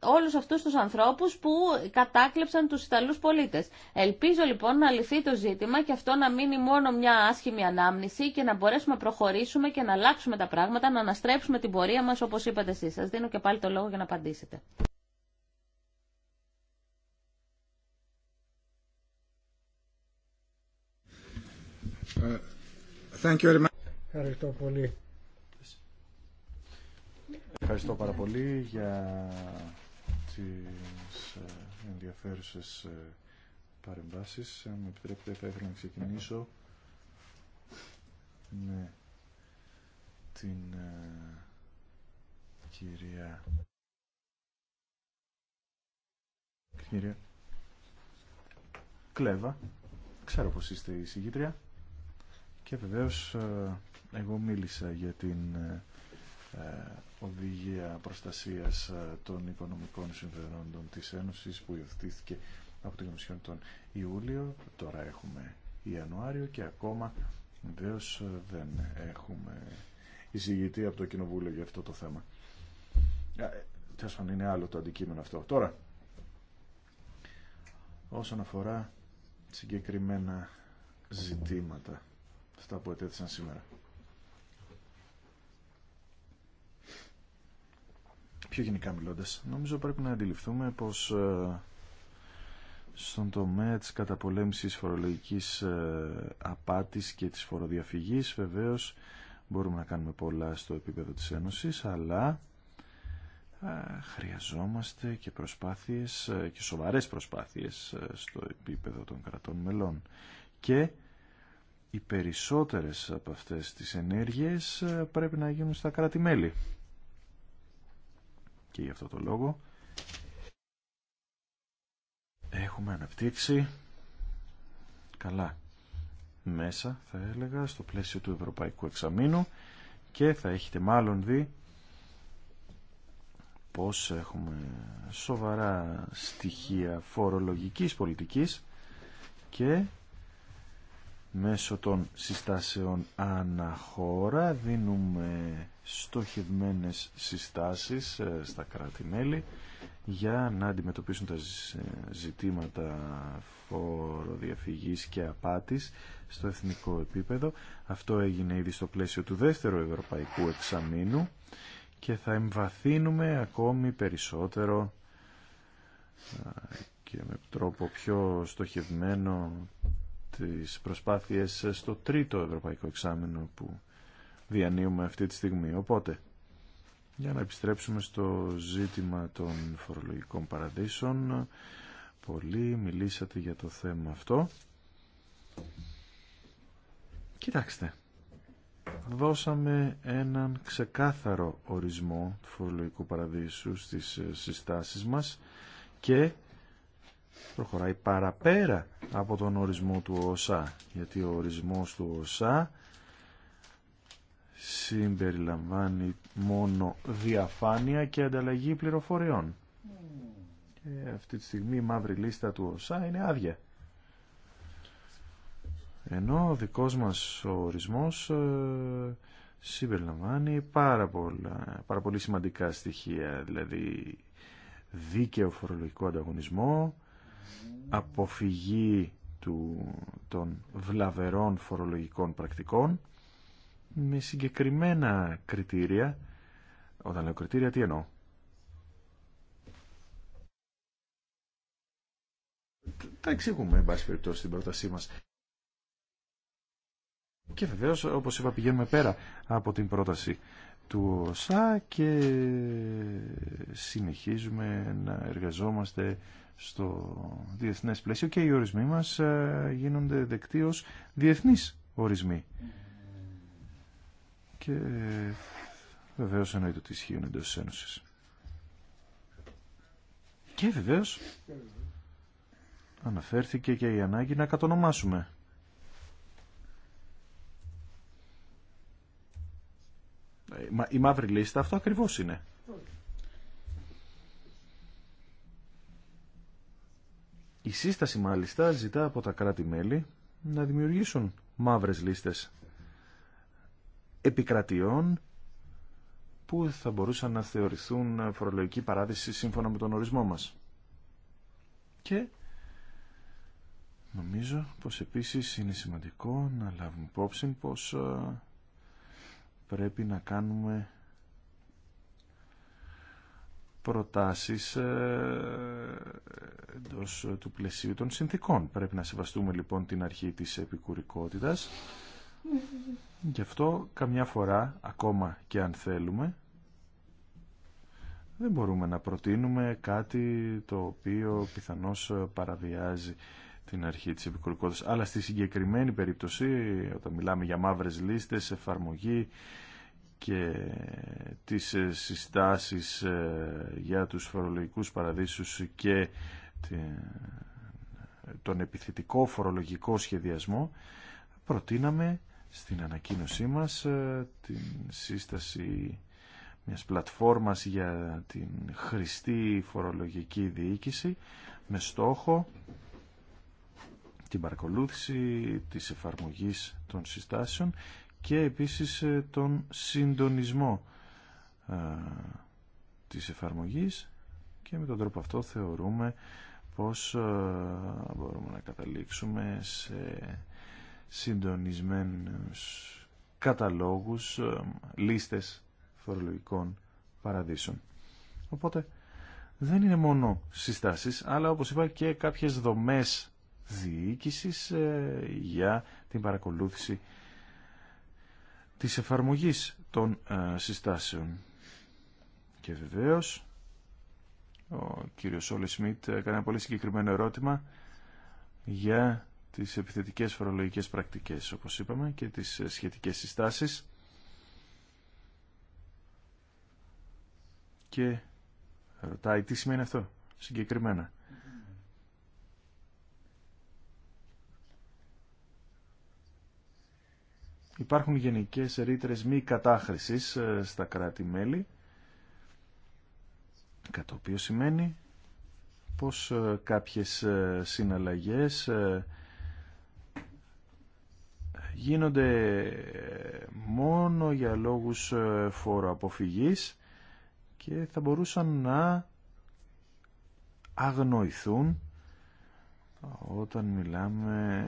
όλους αυτούς τους ανθρώπους που κατάκλεψαν τους Ιταλούς πολίτες. Ελπίζω λοιπόν να λυθεί το ζήτημα και αυτό να μείνει μόνο μια άσχημη ανάμνηση και να μπορέσουμε να προχωρήσουμε και να αλλάξουμε τα πράγματα, να αναστρέψουμε την πορεία μας όπως είπατε εσείς. Σας δίνω και πάλι το λόγο για να απαντήσετε. Ε, Ευχαριστώ πολύ. Ευχαριστώ πάρα πολύ για τις ε, ενδιαφέρουσες ε, παρεμβάσεις. Αν με επιτρέπετε θα ήθελα να ξεκινήσω με την ε, κυρία κυρία Κλέβα. Ξέρω πως είστε η συγκήτρια. Και βεβαίως ε, εγώ μίλησα για την ε, ε, οδηγία προστασίας των οικονομικών συμφερόντων της Ένωσης που υιοθετήθηκε από την Κομισιόν τον Ιούλιο. Τώρα έχουμε Ιανουάριο και ακόμα βεβαίω δεν έχουμε εισηγητή από το Κοινοβούλιο για αυτό το θέμα. Τέσσερα να είναι άλλο το αντικείμενο αυτό. Τώρα, όσον αφορά συγκεκριμένα ζητήματα αυτά που ετέθησαν σήμερα. Πιο γενικά μιλώντας, νομίζω πρέπει να αντιληφθούμε πως ε, στον τομέα της καταπολέμησης φορολογικής ε, απάτης και της φοροδιαφυγής βεβαίως μπορούμε να κάνουμε πολλά στο επίπεδο της Ένωσης αλλά ε, χρειαζόμαστε και προσπάθειες και σοβαρές προσπάθειες στο επίπεδο των κρατών μελών και οι περισσότερες από αυτές τις ενέργειες ε, πρέπει να γίνουν στα κράτη-μέλη. Και γι' αυτό το λόγο έχουμε αναπτύξει καλά μέσα, θα έλεγα, στο πλαίσιο του Ευρωπαϊκού Εξαμήνου και θα έχετε μάλλον δει πως έχουμε σοβαρά στοιχεία φορολογικής πολιτικής και μέσω των συστάσεων αναχώρα δίνουμε στοχευμένες συστάσεις ε, στα κράτη-μέλη για να αντιμετωπίσουν τα ε, ζητήματα φοροδιαφυγής και απάτης στο εθνικό επίπεδο. Αυτό έγινε ήδη στο πλαίσιο του δεύτερου ευρωπαϊκού εξαμήνου και θα εμβαθύνουμε ακόμη περισσότερο ε, και με τρόπο πιο στοχευμένο τις προσπάθειες στο τρίτο ευρωπαϊκό εξάμεινο που διανύουμε αυτή τη στιγμή. Οπότε, για να επιστρέψουμε στο ζήτημα των φορολογικών παραδείσων, πολύ μιλήσατε για το θέμα αυτό. Κοιτάξτε, δώσαμε έναν ξεκάθαρο ορισμό του φορολογικού παραδείσου στις συστάσεις μας και προχωράει παραπέρα από τον ορισμό του ΩΣΑ, γιατί ο ορισμός του ΩΣΑ συμπεριλαμβάνει μόνο διαφάνεια και ανταλλαγή πληροφοριών και αυτή τη στιγμή η μαύρη λίστα του ΩΣΑ είναι άδεια ενώ ο δικός μας ορισμός ε, συμπεριλαμβάνει πάρα, πολλά, πάρα πολύ σημαντικά στοιχεία δηλαδή δίκαιο φορολογικό ανταγωνισμό αποφυγή του, των βλαβερών φορολογικών πρακτικών με συγκεκριμένα κριτήρια. Όταν λέω κριτήρια, τι εννοώ. Τα εξηγούμε, εν πάση περιπτώσει, στην πρότασή μας. Και βεβαίως, όπως είπα, πηγαίνουμε πέρα από την πρόταση του ΩΣΑ και συνεχίζουμε να εργαζόμαστε στο διεθνές πλαίσιο και οι ορισμοί μας ε, γίνονται δεκτοί ως διεθνείς ορισμοί. Και βεβαίως εννοείται ότι ισχύουν εντός της Και βεβαίως αναφέρθηκε και η ανάγκη να κατονομάσουμε. Ε, η μαύρη λίστα αυτό ακριβώς είναι. Η σύσταση μάλιστα ζητά από τα κράτη-μέλη να δημιουργήσουν μαύρες λίστες επικρατιών που θα μπορούσαν να θεωρηθούν φορολογική παράδειση σύμφωνα με τον ορισμό μας. Και νομίζω πως επίσης είναι σημαντικό να λάβουμε υπόψη πως ε, πρέπει να κάνουμε προτάσεις ε, εντό ε, του πλαισίου των συνθήκων. Πρέπει να σεβαστούμε λοιπόν την αρχή της επικουρικότητας. Γι' αυτό καμιά φορά, ακόμα και αν θέλουμε, δεν μπορούμε να προτείνουμε κάτι το οποίο πιθανώς παραβιάζει την αρχή της επικουρικότητας. Αλλά στη συγκεκριμένη περίπτωση, όταν μιλάμε για μαύρες λίστες, εφαρμογή, και τις ε, συστάσεις ε, για τους φορολογικούς παραδείσους και τον επιθετικό φορολογικό σχεδιασμό προτείναμε στην ανακοίνωσή μας ε, την σύσταση μιας πλατφόρμας για την χρηστή φορολογική διοίκηση με στόχο την παρακολούθηση της εφαρμογής των συστάσεων και επίσης ε, τον συντονισμό ε, της εφαρμογής και με τον τρόπο αυτό θεωρούμε πως ε, μπορούμε να καταλήξουμε σε συντονισμένους καταλόγους, λίστες φορολογικών παραδείσων. Οπότε δεν είναι μόνο συστάσεις, αλλά όπως είπα και κάποιες δομές διοίκησης για την παρακολούθηση της εφαρμογής των ε, συστάσεων. Και βεβαίως, ο κύριος Όλε Σμιτ έκανε ένα πολύ συγκεκριμένο ερώτημα για τις επιθετικές φορολογικές πρακτικές, όπως είπαμε, και τις σχετικές συστάσεις. Και ρωτάει τι σημαίνει αυτό συγκεκριμένα. Υπάρχουν γενικές ρήτρες μη κατάχρησης ε, στα κράτη-μέλη, κατά οποίο σημαίνει πως ε, κάποιες ε, συναλλαγές γίνονται μόνο για λόγους φοροαποφυγής και θα μπορούσαν να αγνοηθούν όταν μιλάμε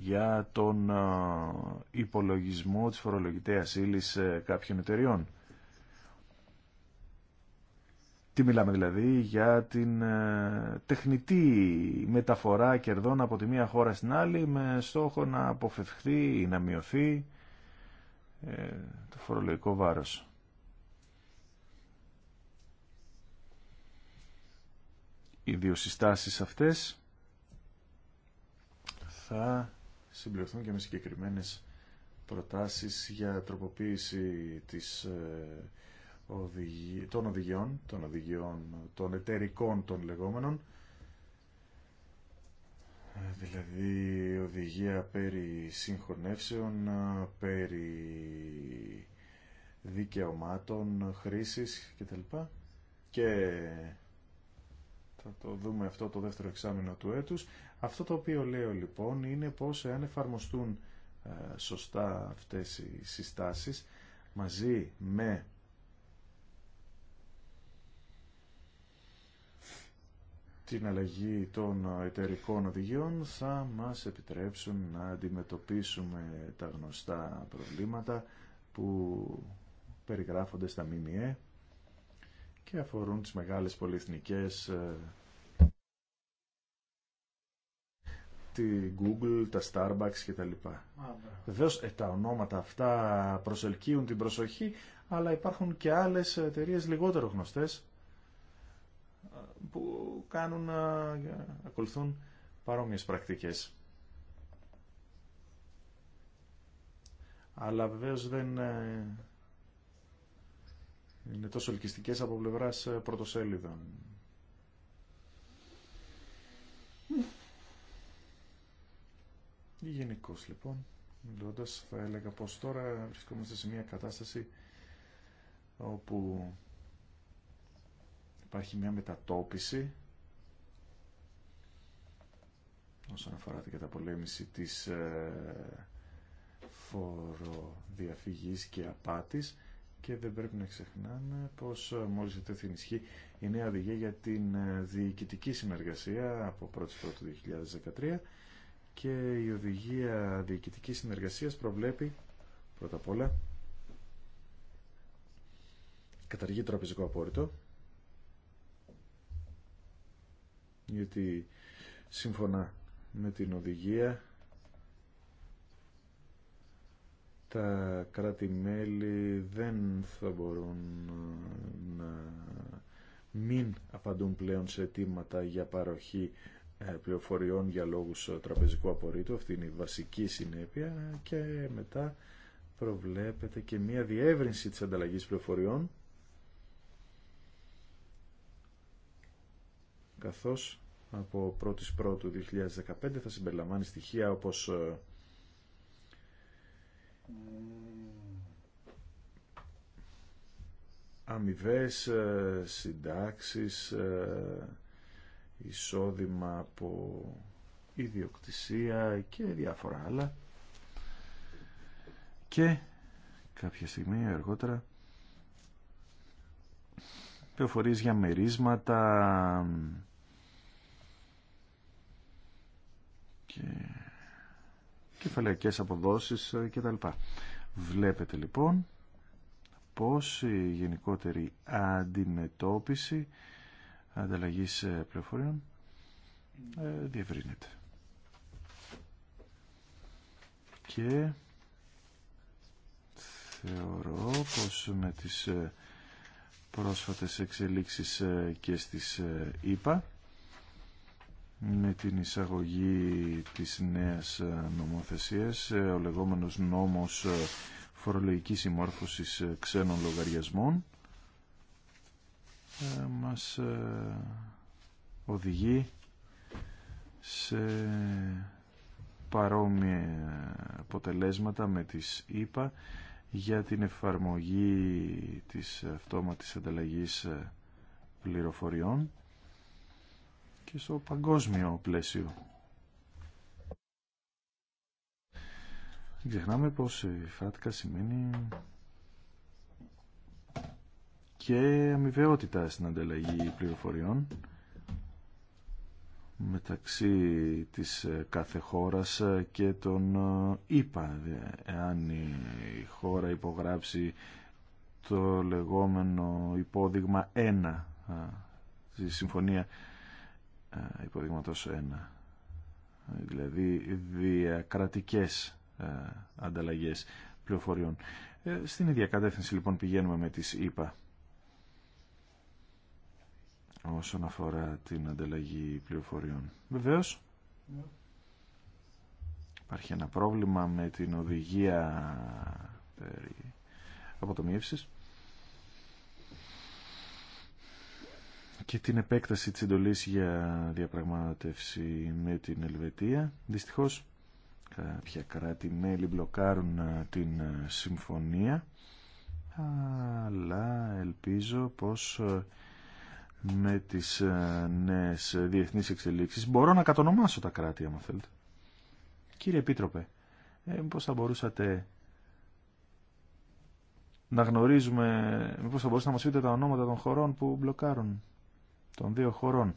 για τον υπολογισμό της φορολογητέας ύλης κάποιων εταιριών. Τι μιλάμε δηλαδή για την τεχνητή μεταφορά κερδών από τη μία χώρα στην άλλη με στόχο να αποφευχθεί ή να μειωθεί ε, το φορολογικό βάρος. Οι δύο συστάσεις αυτές θα συμπληρωθούν και με συγκεκριμένες προτάσεις για τροποποίηση της, ε, των οδηγιών, των οδηγιών, των εταιρικών των λεγόμενων, ε, δηλαδή οδηγία περί συγχωνεύσεων, ε, περί δικαιωμάτων χρήσης κτλ. Και θα το δούμε αυτό το δεύτερο εξάμεινο του έτους. Αυτό το οποίο λέω λοιπόν είναι πως εάν εφαρμοστούν ε, σωστά αυτές οι συστάσεις μαζί με την αλλαγή των εταιρικών οδηγιών θα μας επιτρέψουν να αντιμετωπίσουμε τα γνωστά προβλήματα που περιγράφονται στα ΜΜΕ και αφορούν τις μεγάλες πολυεθνικές ε, τη Google, τα Starbucks και τα λοιπά. Βεβαίω ε, τα ονόματα αυτά προσελκύουν την προσοχή, αλλά υπάρχουν και άλλες εταιρείε λιγότερο γνωστές ε, που κάνουν, ακολουθούν παρόμοιες πρακτικές. Αλλά βεβαίως δεν είναι τόσο ελκυστικές από πλευράς ε, πρωτοσέλιδων. Γενικώ λοιπόν, μιλώντα, θα έλεγα πως τώρα βρισκόμαστε σε μια κατάσταση όπου υπάρχει μια μετατόπιση όσον αφορά την καταπολέμηση της ε, φοροδιαφυγής και απάτης και δεν πρέπει να ξεχνάμε πως ε, μόλις ετέθη ενισχύ η νέα οδηγία για την ε, διοικητική συνεργασία από 1η του 2013 και η οδηγία διοικητική συνεργασίας προβλέπει πρώτα απ' όλα καταργεί τραπεζικό απόρριτο γιατί σύμφωνα με την οδηγία τα κράτη-μέλη δεν θα μπορούν ε, να μην απαντούν πλέον σε αιτήματα για παροχή ε, πληροφοριών για λόγους ε, τραπεζικού απορρίτου. Αυτή είναι η βασική συνέπεια και μετά προβλέπεται και μία διεύρυνση της ανταλλαγής πληροφοριών καθώς από 1ης Πρώτου 2015 θα συμπεριλαμβάνει στοιχεία όπως ε, αμοιβέ ε, συντάξεις, ε, εισόδημα από ιδιοκτησία και διάφορα άλλα. Και κάποια στιγμή αργότερα πληροφορίες για μερίσματα και κεφαλαϊκές αποδόσεις ε, κτλ. Βλέπετε λοιπόν πως η γενικότερη αντιμετώπιση ανταλλαγής ε, πληροφοριών ε, διευρύνεται. Και θεωρώ πως με τις πρόσφατες εξελίξεις και στις ΕΠΑ με την εισαγωγή της νέας ε, νομοθεσίας, ε, ο λεγόμενος νόμος ε, φορολογικής συμμόρφωσης ξένων λογαριασμών, μας οδηγεί σε παρόμοια αποτελέσματα με τις ΙΠΑ για την εφαρμογή της αυτόματης ανταλλαγής πληροφοριών και στο παγκόσμιο πλαίσιο. Ξεχνάμε πως η φάτκα σημαίνει και αμοιβαιότητα στην ανταλλαγή πληροφοριών μεταξύ της ε, κάθε χώρας ε, και των ε, ΙΠΑ. Εάν η χώρα υπογράψει το λεγόμενο υπόδειγμα 1 στη συμφωνία υποδείγματος 1 δηλαδή διακρατικές ανταλλαγές πληροφοριών ε, στην ίδια κατεύθυνση λοιπόν πηγαίνουμε με τις ΙΠΑ όσον αφορά την ανταλλαγή πληροφοριών βεβαίως υπάρχει ένα πρόβλημα με την οδηγία περί αποτομίευσης και την επέκταση της εντολής για διαπραγμάτευση με την Ελβετία. Δυστυχώς κάποια κράτη-μέλη μπλοκάρουν ε, την ε, συμφωνία αλλά ελπίζω πως ε, με τις νέες διεθνείς εξελίξεις μπορώ να κατονομάσω τα κράτη άμα θέλετε. Κύριε Επίτροπε, θα μπορούσατε να γνωρίζουμε, μήπως θα μπορούσατε να μας πείτε τα ονόματα των χωρών που μπλοκάρουν των δύο χωρών.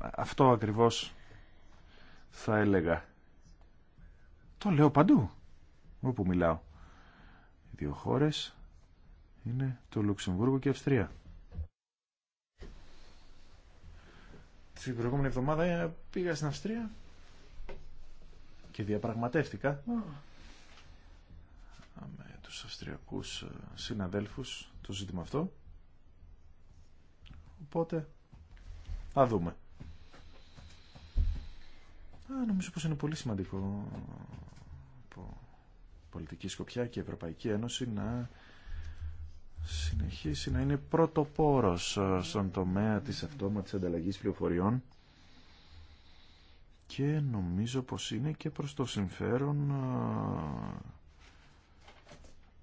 Αυτό ακριβώς θα έλεγα. Το λέω παντού, όπου μιλάω. Οι δύο χώρες είναι το Λουξεμβούργο και η Αυστρία. Την προηγούμενη εβδομάδα ε, πήγα στην Αυστρία και διαπραγματεύτηκα με τους αυστριακούς ε, συναδέλφους το ζήτημα αυτό Οπότε θα δούμε. νομίζω πως είναι πολύ σημαντικό από πολιτική σκοπιά και η Ευρωπαϊκή Ένωση να συνεχίσει να είναι πρωτοπόρος ε, στον τομέα της αυτόματης ανταλλαγής πληροφοριών και νομίζω πως είναι και προς το συμφέρον ε,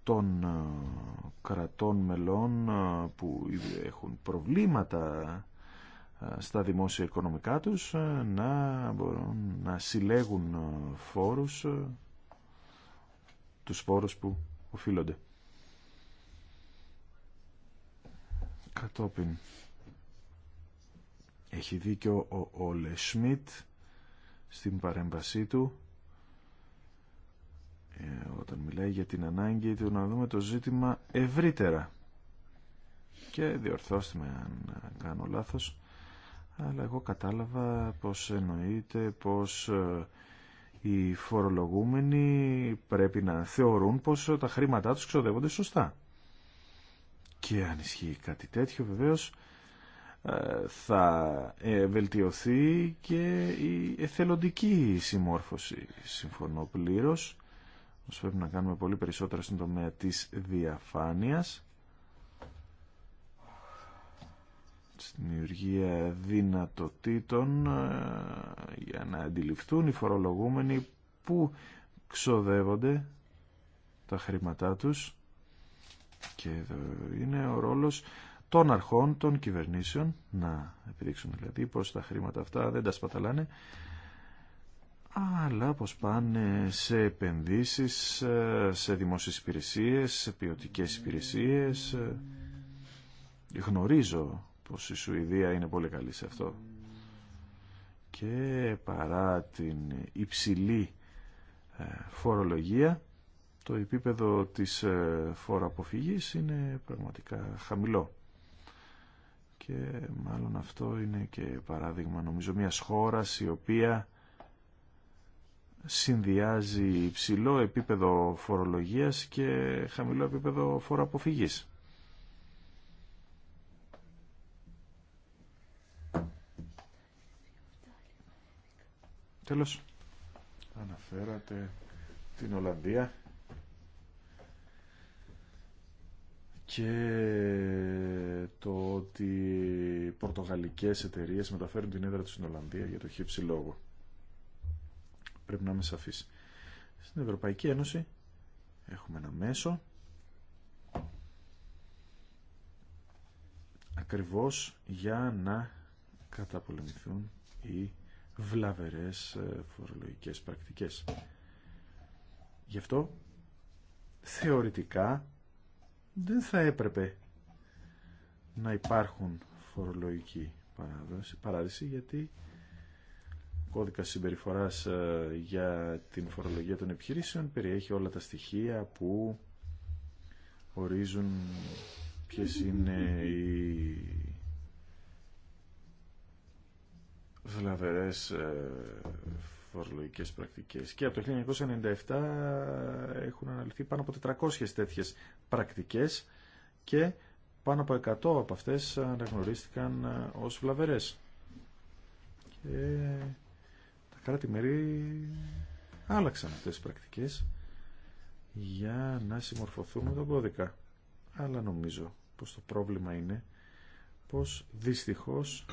των ε, κρατών μελών ε, που έχουν προβλήματα ε, στα δημόσια οικονομικά τους να μπορούν να συλλέγουν φόρους τους φόρους που οφείλονται κατόπιν έχει δίκιο ο Όλε στην παρέμβασή του ε, όταν μιλάει για την ανάγκη του να δούμε το ζήτημα ευρύτερα. Και διορθώστε με αν κάνω λάθος, αλλά εγώ κατάλαβα πως εννοείται πως ε, οι φορολογούμενοι πρέπει να θεωρούν πως τα χρήματά τους ξοδεύονται σωστά. Και αν ισχύει κάτι τέτοιο βεβαίως ε, θα βελτιωθεί και η εθελοντική συμμόρφωση. Συμφωνώ πλήρως πρέπει να κάνουμε πολύ περισσότερα στην τομέα της διαφάνειας στην δημιουργία δυνατοτήτων ε, για να αντιληφθούν οι φορολογούμενοι που ξοδεύονται τα χρήματά τους και εδώ είναι ο ρόλος των αρχών των κυβερνήσεων να επιδείξουν δηλαδή πως τα χρήματα αυτά δεν τα σπαταλάνε αλλά πως πάνε σε επενδύσεις, ε, σε δημόσιες υπηρεσίες, σε ποιοτικές υπηρεσίες. Ε, γνωρίζω πως η Σουηδία είναι πολύ καλή σε αυτό. Και παρά την υψηλή ε, φορολογία, το επίπεδο της φοροαποφυγής είναι πραγματικά χαμηλό. Και μάλλον αυτό είναι και παράδειγμα νομίζω μιας χώρας η οποία συνδυάζει υψηλό επίπεδο φορολογίας και χαμηλό επίπεδο φοροαποφυγής. Τέλος, αναφέρατε την Ολλανδία και το ότι πορτογαλικές εταιρείες μεταφέρουν την έδρα τους στην Ολλανδία για το χύψη λόγο. Πρέπει να είμαι σαφής. Στην Ευρωπαϊκή Ένωση έχουμε ένα μέσο ακριβώς για να καταπολεμηθούν οι βλαβερές ε, φορολογικές πρακτικές. Γι' αυτό θεωρητικά δεν θα έπρεπε να υπάρχουν φορολογική παράδεισοι γιατί κώδικα συμπεριφοράς ε, για την φορολογία των επιχειρήσεων περιέχει όλα τα στοιχεία που ορίζουν ποιες είναι οι βλαβερές ε, φορολογικές πρακτικές. Και από το 1997 έχουν αναλυθεί πάνω από 400 τέτοιες πρακτικές και πάνω από 100 από αυτές αναγνωρίστηκαν ε, ως βλαβερές. Και κράτη-μερή άλλαξαν αυτές τις πρακτικές για να συμμορφωθούν με τον κώδικα. Αλλά νομίζω πως το πρόβλημα είναι πως δυστυχώς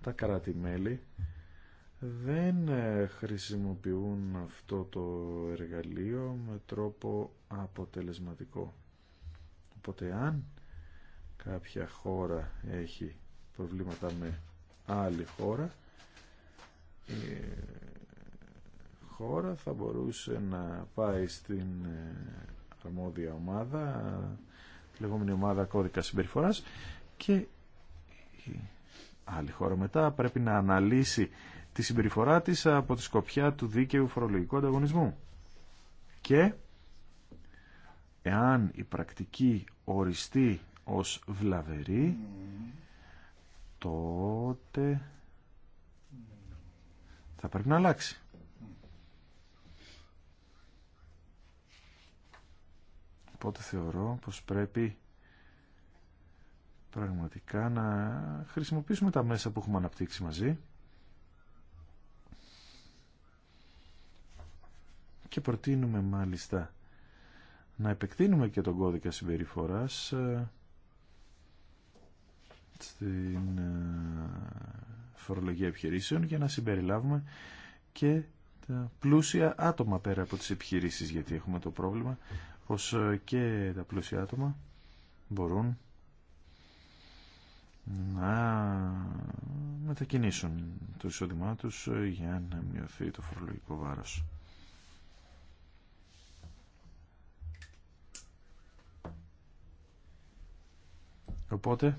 τα κράτη-μέλη δεν ε, χρησιμοποιούν αυτό το εργαλείο με τρόπο αποτελεσματικό. Οπότε αν κάποια χώρα έχει προβλήματα με άλλη χώρα, χώρα θα μπορούσε να πάει στην ε, αρμόδια ομάδα, τη ε, λεγόμενη ομάδα κώδικα συμπεριφοράς και η άλλη χώρα μετά πρέπει να αναλύσει τη συμπεριφορά της από τη σκοπιά του δίκαιου φορολογικού ανταγωνισμού. Και εάν η πρακτική οριστεί ως βλαβερή, τότε θα πρέπει να αλλάξει. Οπότε θεωρώ πως πρέπει πραγματικά να χρησιμοποιήσουμε τα μέσα που έχουμε αναπτύξει μαζί και προτείνουμε μάλιστα να επεκτείνουμε και τον κώδικα συμπεριφοράς ε, στην ε, φορολογία επιχειρήσεων για να συμπεριλάβουμε και τα πλούσια άτομα πέρα από τις επιχειρήσεις γιατί έχουμε το πρόβλημα πως ε, και τα πλούσια άτομα μπορούν να μετακινήσουν το εισόδημά τους ε, για να μειωθεί το φορολογικό βάρος. Οπότε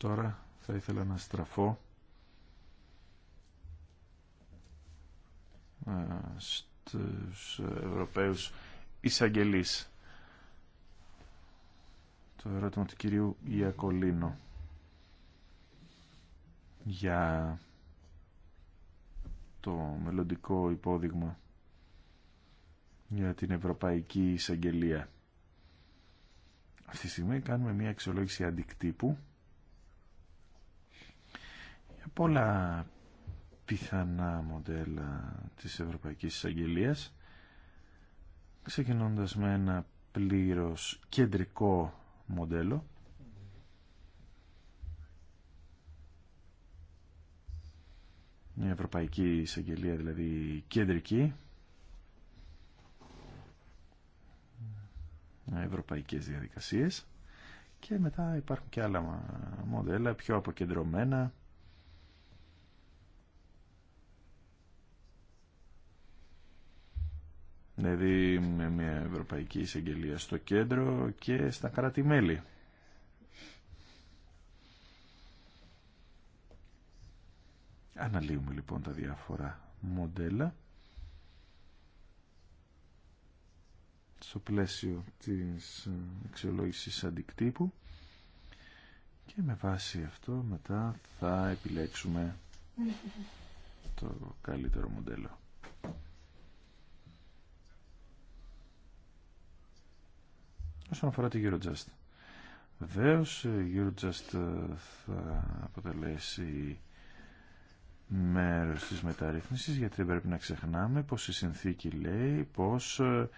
Τώρα θα ήθελα να στραφώ ε, στους Ευρωπαίους εισαγγελείς. Το ερώτημα του κυρίου Ιακολίνο για το μελλοντικό υπόδειγμα για την Ευρωπαϊκή Εισαγγελία. Αυτή τη στιγμή κάνουμε μια εξολόγηση αντικτύπου πολλά πιθανά μοντέλα της Ευρωπαϊκής Εισαγγελίας ξεκινώντας με ένα πλήρως κεντρικό μοντέλο μια Ευρωπαϊκή Εισαγγελία δηλαδή κεντρική ευρωπαϊκές διαδικασίες και μετά υπάρχουν και άλλα μοντέλα πιο αποκεντρωμένα δηλαδή με μια Ευρωπαϊκή Εισαγγελία στο κέντρο και στα κράτη-μέλη. Αναλύουμε λοιπόν τα διάφορα μοντέλα στο πλαίσιο της αξιολόγησης αντικτύπου και με βάση αυτό μετά θα επιλέξουμε το καλύτερο μοντέλο. όσον αφορά τη Eurojust. Βεβαίω, η Eurojust ε, θα αποτελέσει μέρο τη μεταρρύθμισης γιατί δεν πρέπει να ξεχνάμε πω η συνθήκη λέει πως ε,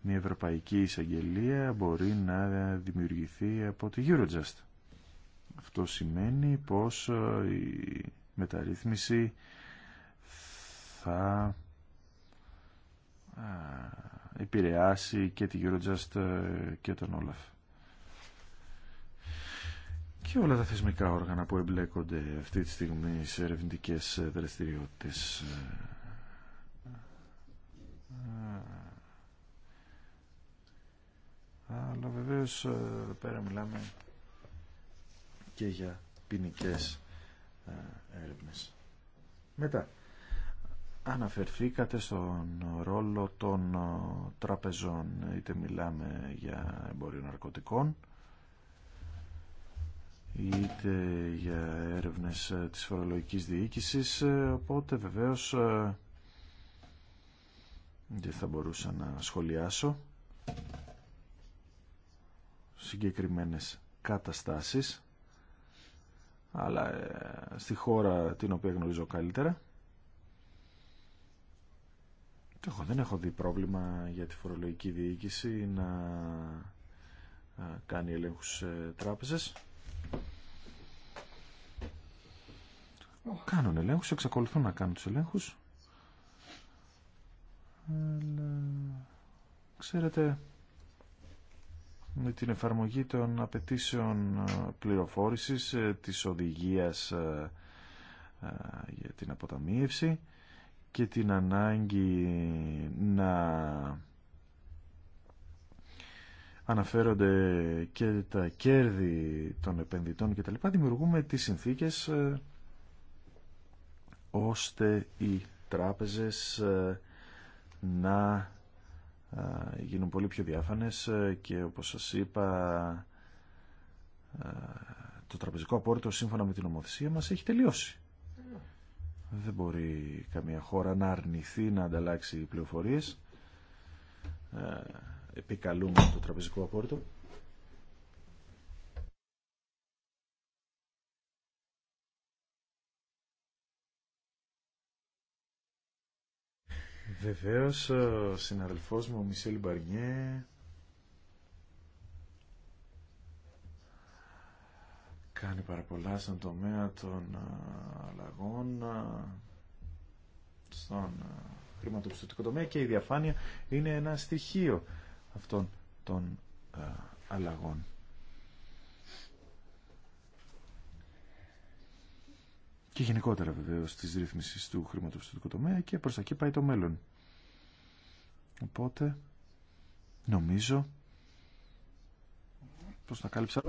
μια ευρωπαϊκή εισαγγελία μπορεί να δημιουργηθεί από τη Eurojust. Αυτό σημαίνει πως ε, η μεταρρύθμιση θα επηρεάσει και τη Eurojust ε, και τον Όλαφ. Και όλα τα θεσμικά όργανα που εμπλέκονται αυτή τη στιγμή σε ερευνητικές δραστηριότητες. Ε, αλλά βεβαίως ε, πέρα μιλάμε και για ποινικέ έρευνες. Μετά αναφερθήκατε στον ρόλο των ε, τραπεζών είτε μιλάμε για εμπόριο ναρκωτικών είτε για έρευνες ε, της φορολογικής διοίκησης ε, οπότε βεβαίως δεν θα μπορούσα να σχολιάσω συγκεκριμένες καταστάσεις αλλά στη χώρα την οποία γνωρίζω καλύτερα δεν έχω δει πρόβλημα για τη φορολογική διοίκηση να κάνει ελέγχους σε τράπεζες. Κάνουν ελέγχους, εξακολουθούν να κάνουν τους ελέγχους. Αλλά, ξέρετε, με την εφαρμογή των απαιτήσεων πληροφόρησης ε, της οδηγίας ε, ε, για την αποταμίευση και την ανάγκη να αναφέρονται και τα κέρδη των επενδυτών και τα λοιπά, δημιουργούμε τις συνθήκες ε, ώστε οι τράπεζες ε, να ε, γίνουν πολύ πιο διάφανες και όπως σας είπα το τραπεζικό απόρριτο σύμφωνα με την ομοθεσία μας έχει τελειώσει. Δεν μπορεί καμία χώρα να αρνηθεί να ανταλλάξει πληροφορίες. Ε, επικαλούμε το τραπεζικό απόρριτο. Βεβαίως, ο συναδελφός μου, ο Μισελ Μπαρνιέ, κάνει πάρα πολλά στον τομέα των αλλαγών, στον χρηματοπιστωτικό τομέα και η διαφάνεια είναι ένα στοιχείο αυτών των αλλαγών. Και γενικότερα βεβαίως της ρύθμισης του χρηματοπιστωτικού τομέα και προς εκεί πάει το μέλλον. Οπότε νομίζω Πώς να κάλυψα.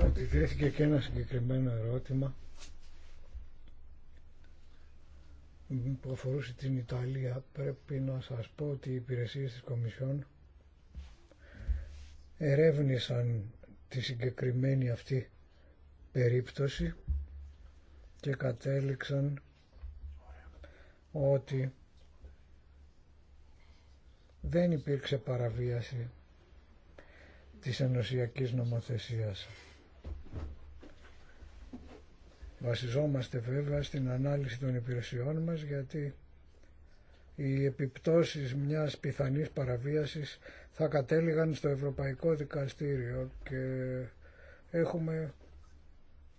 και ένα συγκεκριμένο ερώτημα που αφορούσε την Ιταλία. Πρέπει να σας πω ότι οι υπηρεσίες της Κομισιόν ερεύνησαν τη συγκεκριμένη αυτή περίπτωση και κατέληξαν ότι δεν υπήρξε παραβίαση της ενωσιακής νομοθεσίας. Βασιζόμαστε βέβαια στην ανάλυση των υπηρεσιών μας γιατί οι επιπτώσεις μιας πιθανής παραβίασης θα κατέληγαν στο Ευρωπαϊκό Δικαστήριο και έχουμε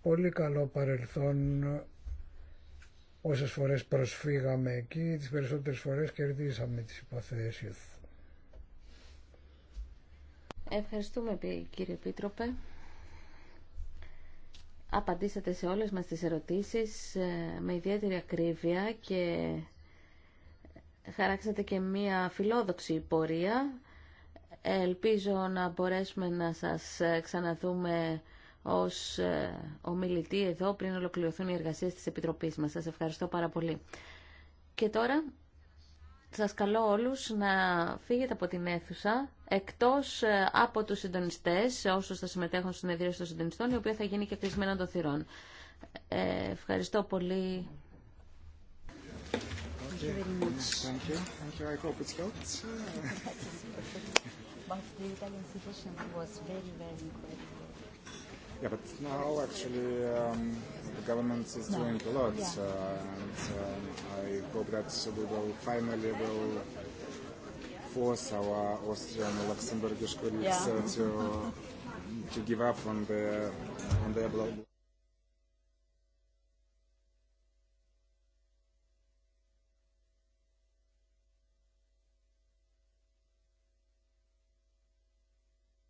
πολύ καλό παρελθόν όσες φορές προσφύγαμε εκεί, τις περισσότερες φορές κερδίσαμε τις υποθέσεις. Ευχαριστούμε κύριε πίτροπε. Απαντήσατε σε όλες μας τις ερωτήσεις ε, με ιδιαίτερη ακρίβεια και χαράξατε και μία φιλόδοξη πορεία. Ελπίζω να μπορέσουμε να σας ε, ξαναδούμε ως ε, ομιλητή εδώ πριν ολοκληρωθούν οι εργασίες της Επιτροπής μας. Σας ευχαριστώ πάρα πολύ. Και τώρα σας καλώ όλους να φύγετε από την αίθουσα, εκτός ε, από τους συντονιστές, όσους θα συμμετέχουν στην εδρίαση των συντονιστών, η οποία θα γίνει και κλεισμένα των θυρών. Ε, ευχαριστώ πολύ. Thank you Yeah, but now actually um, the government is doing a lot, uh, and um, I hope that we will finally will force our Austrian and Luxembourgish colleagues uh, to to give up on the on their blood.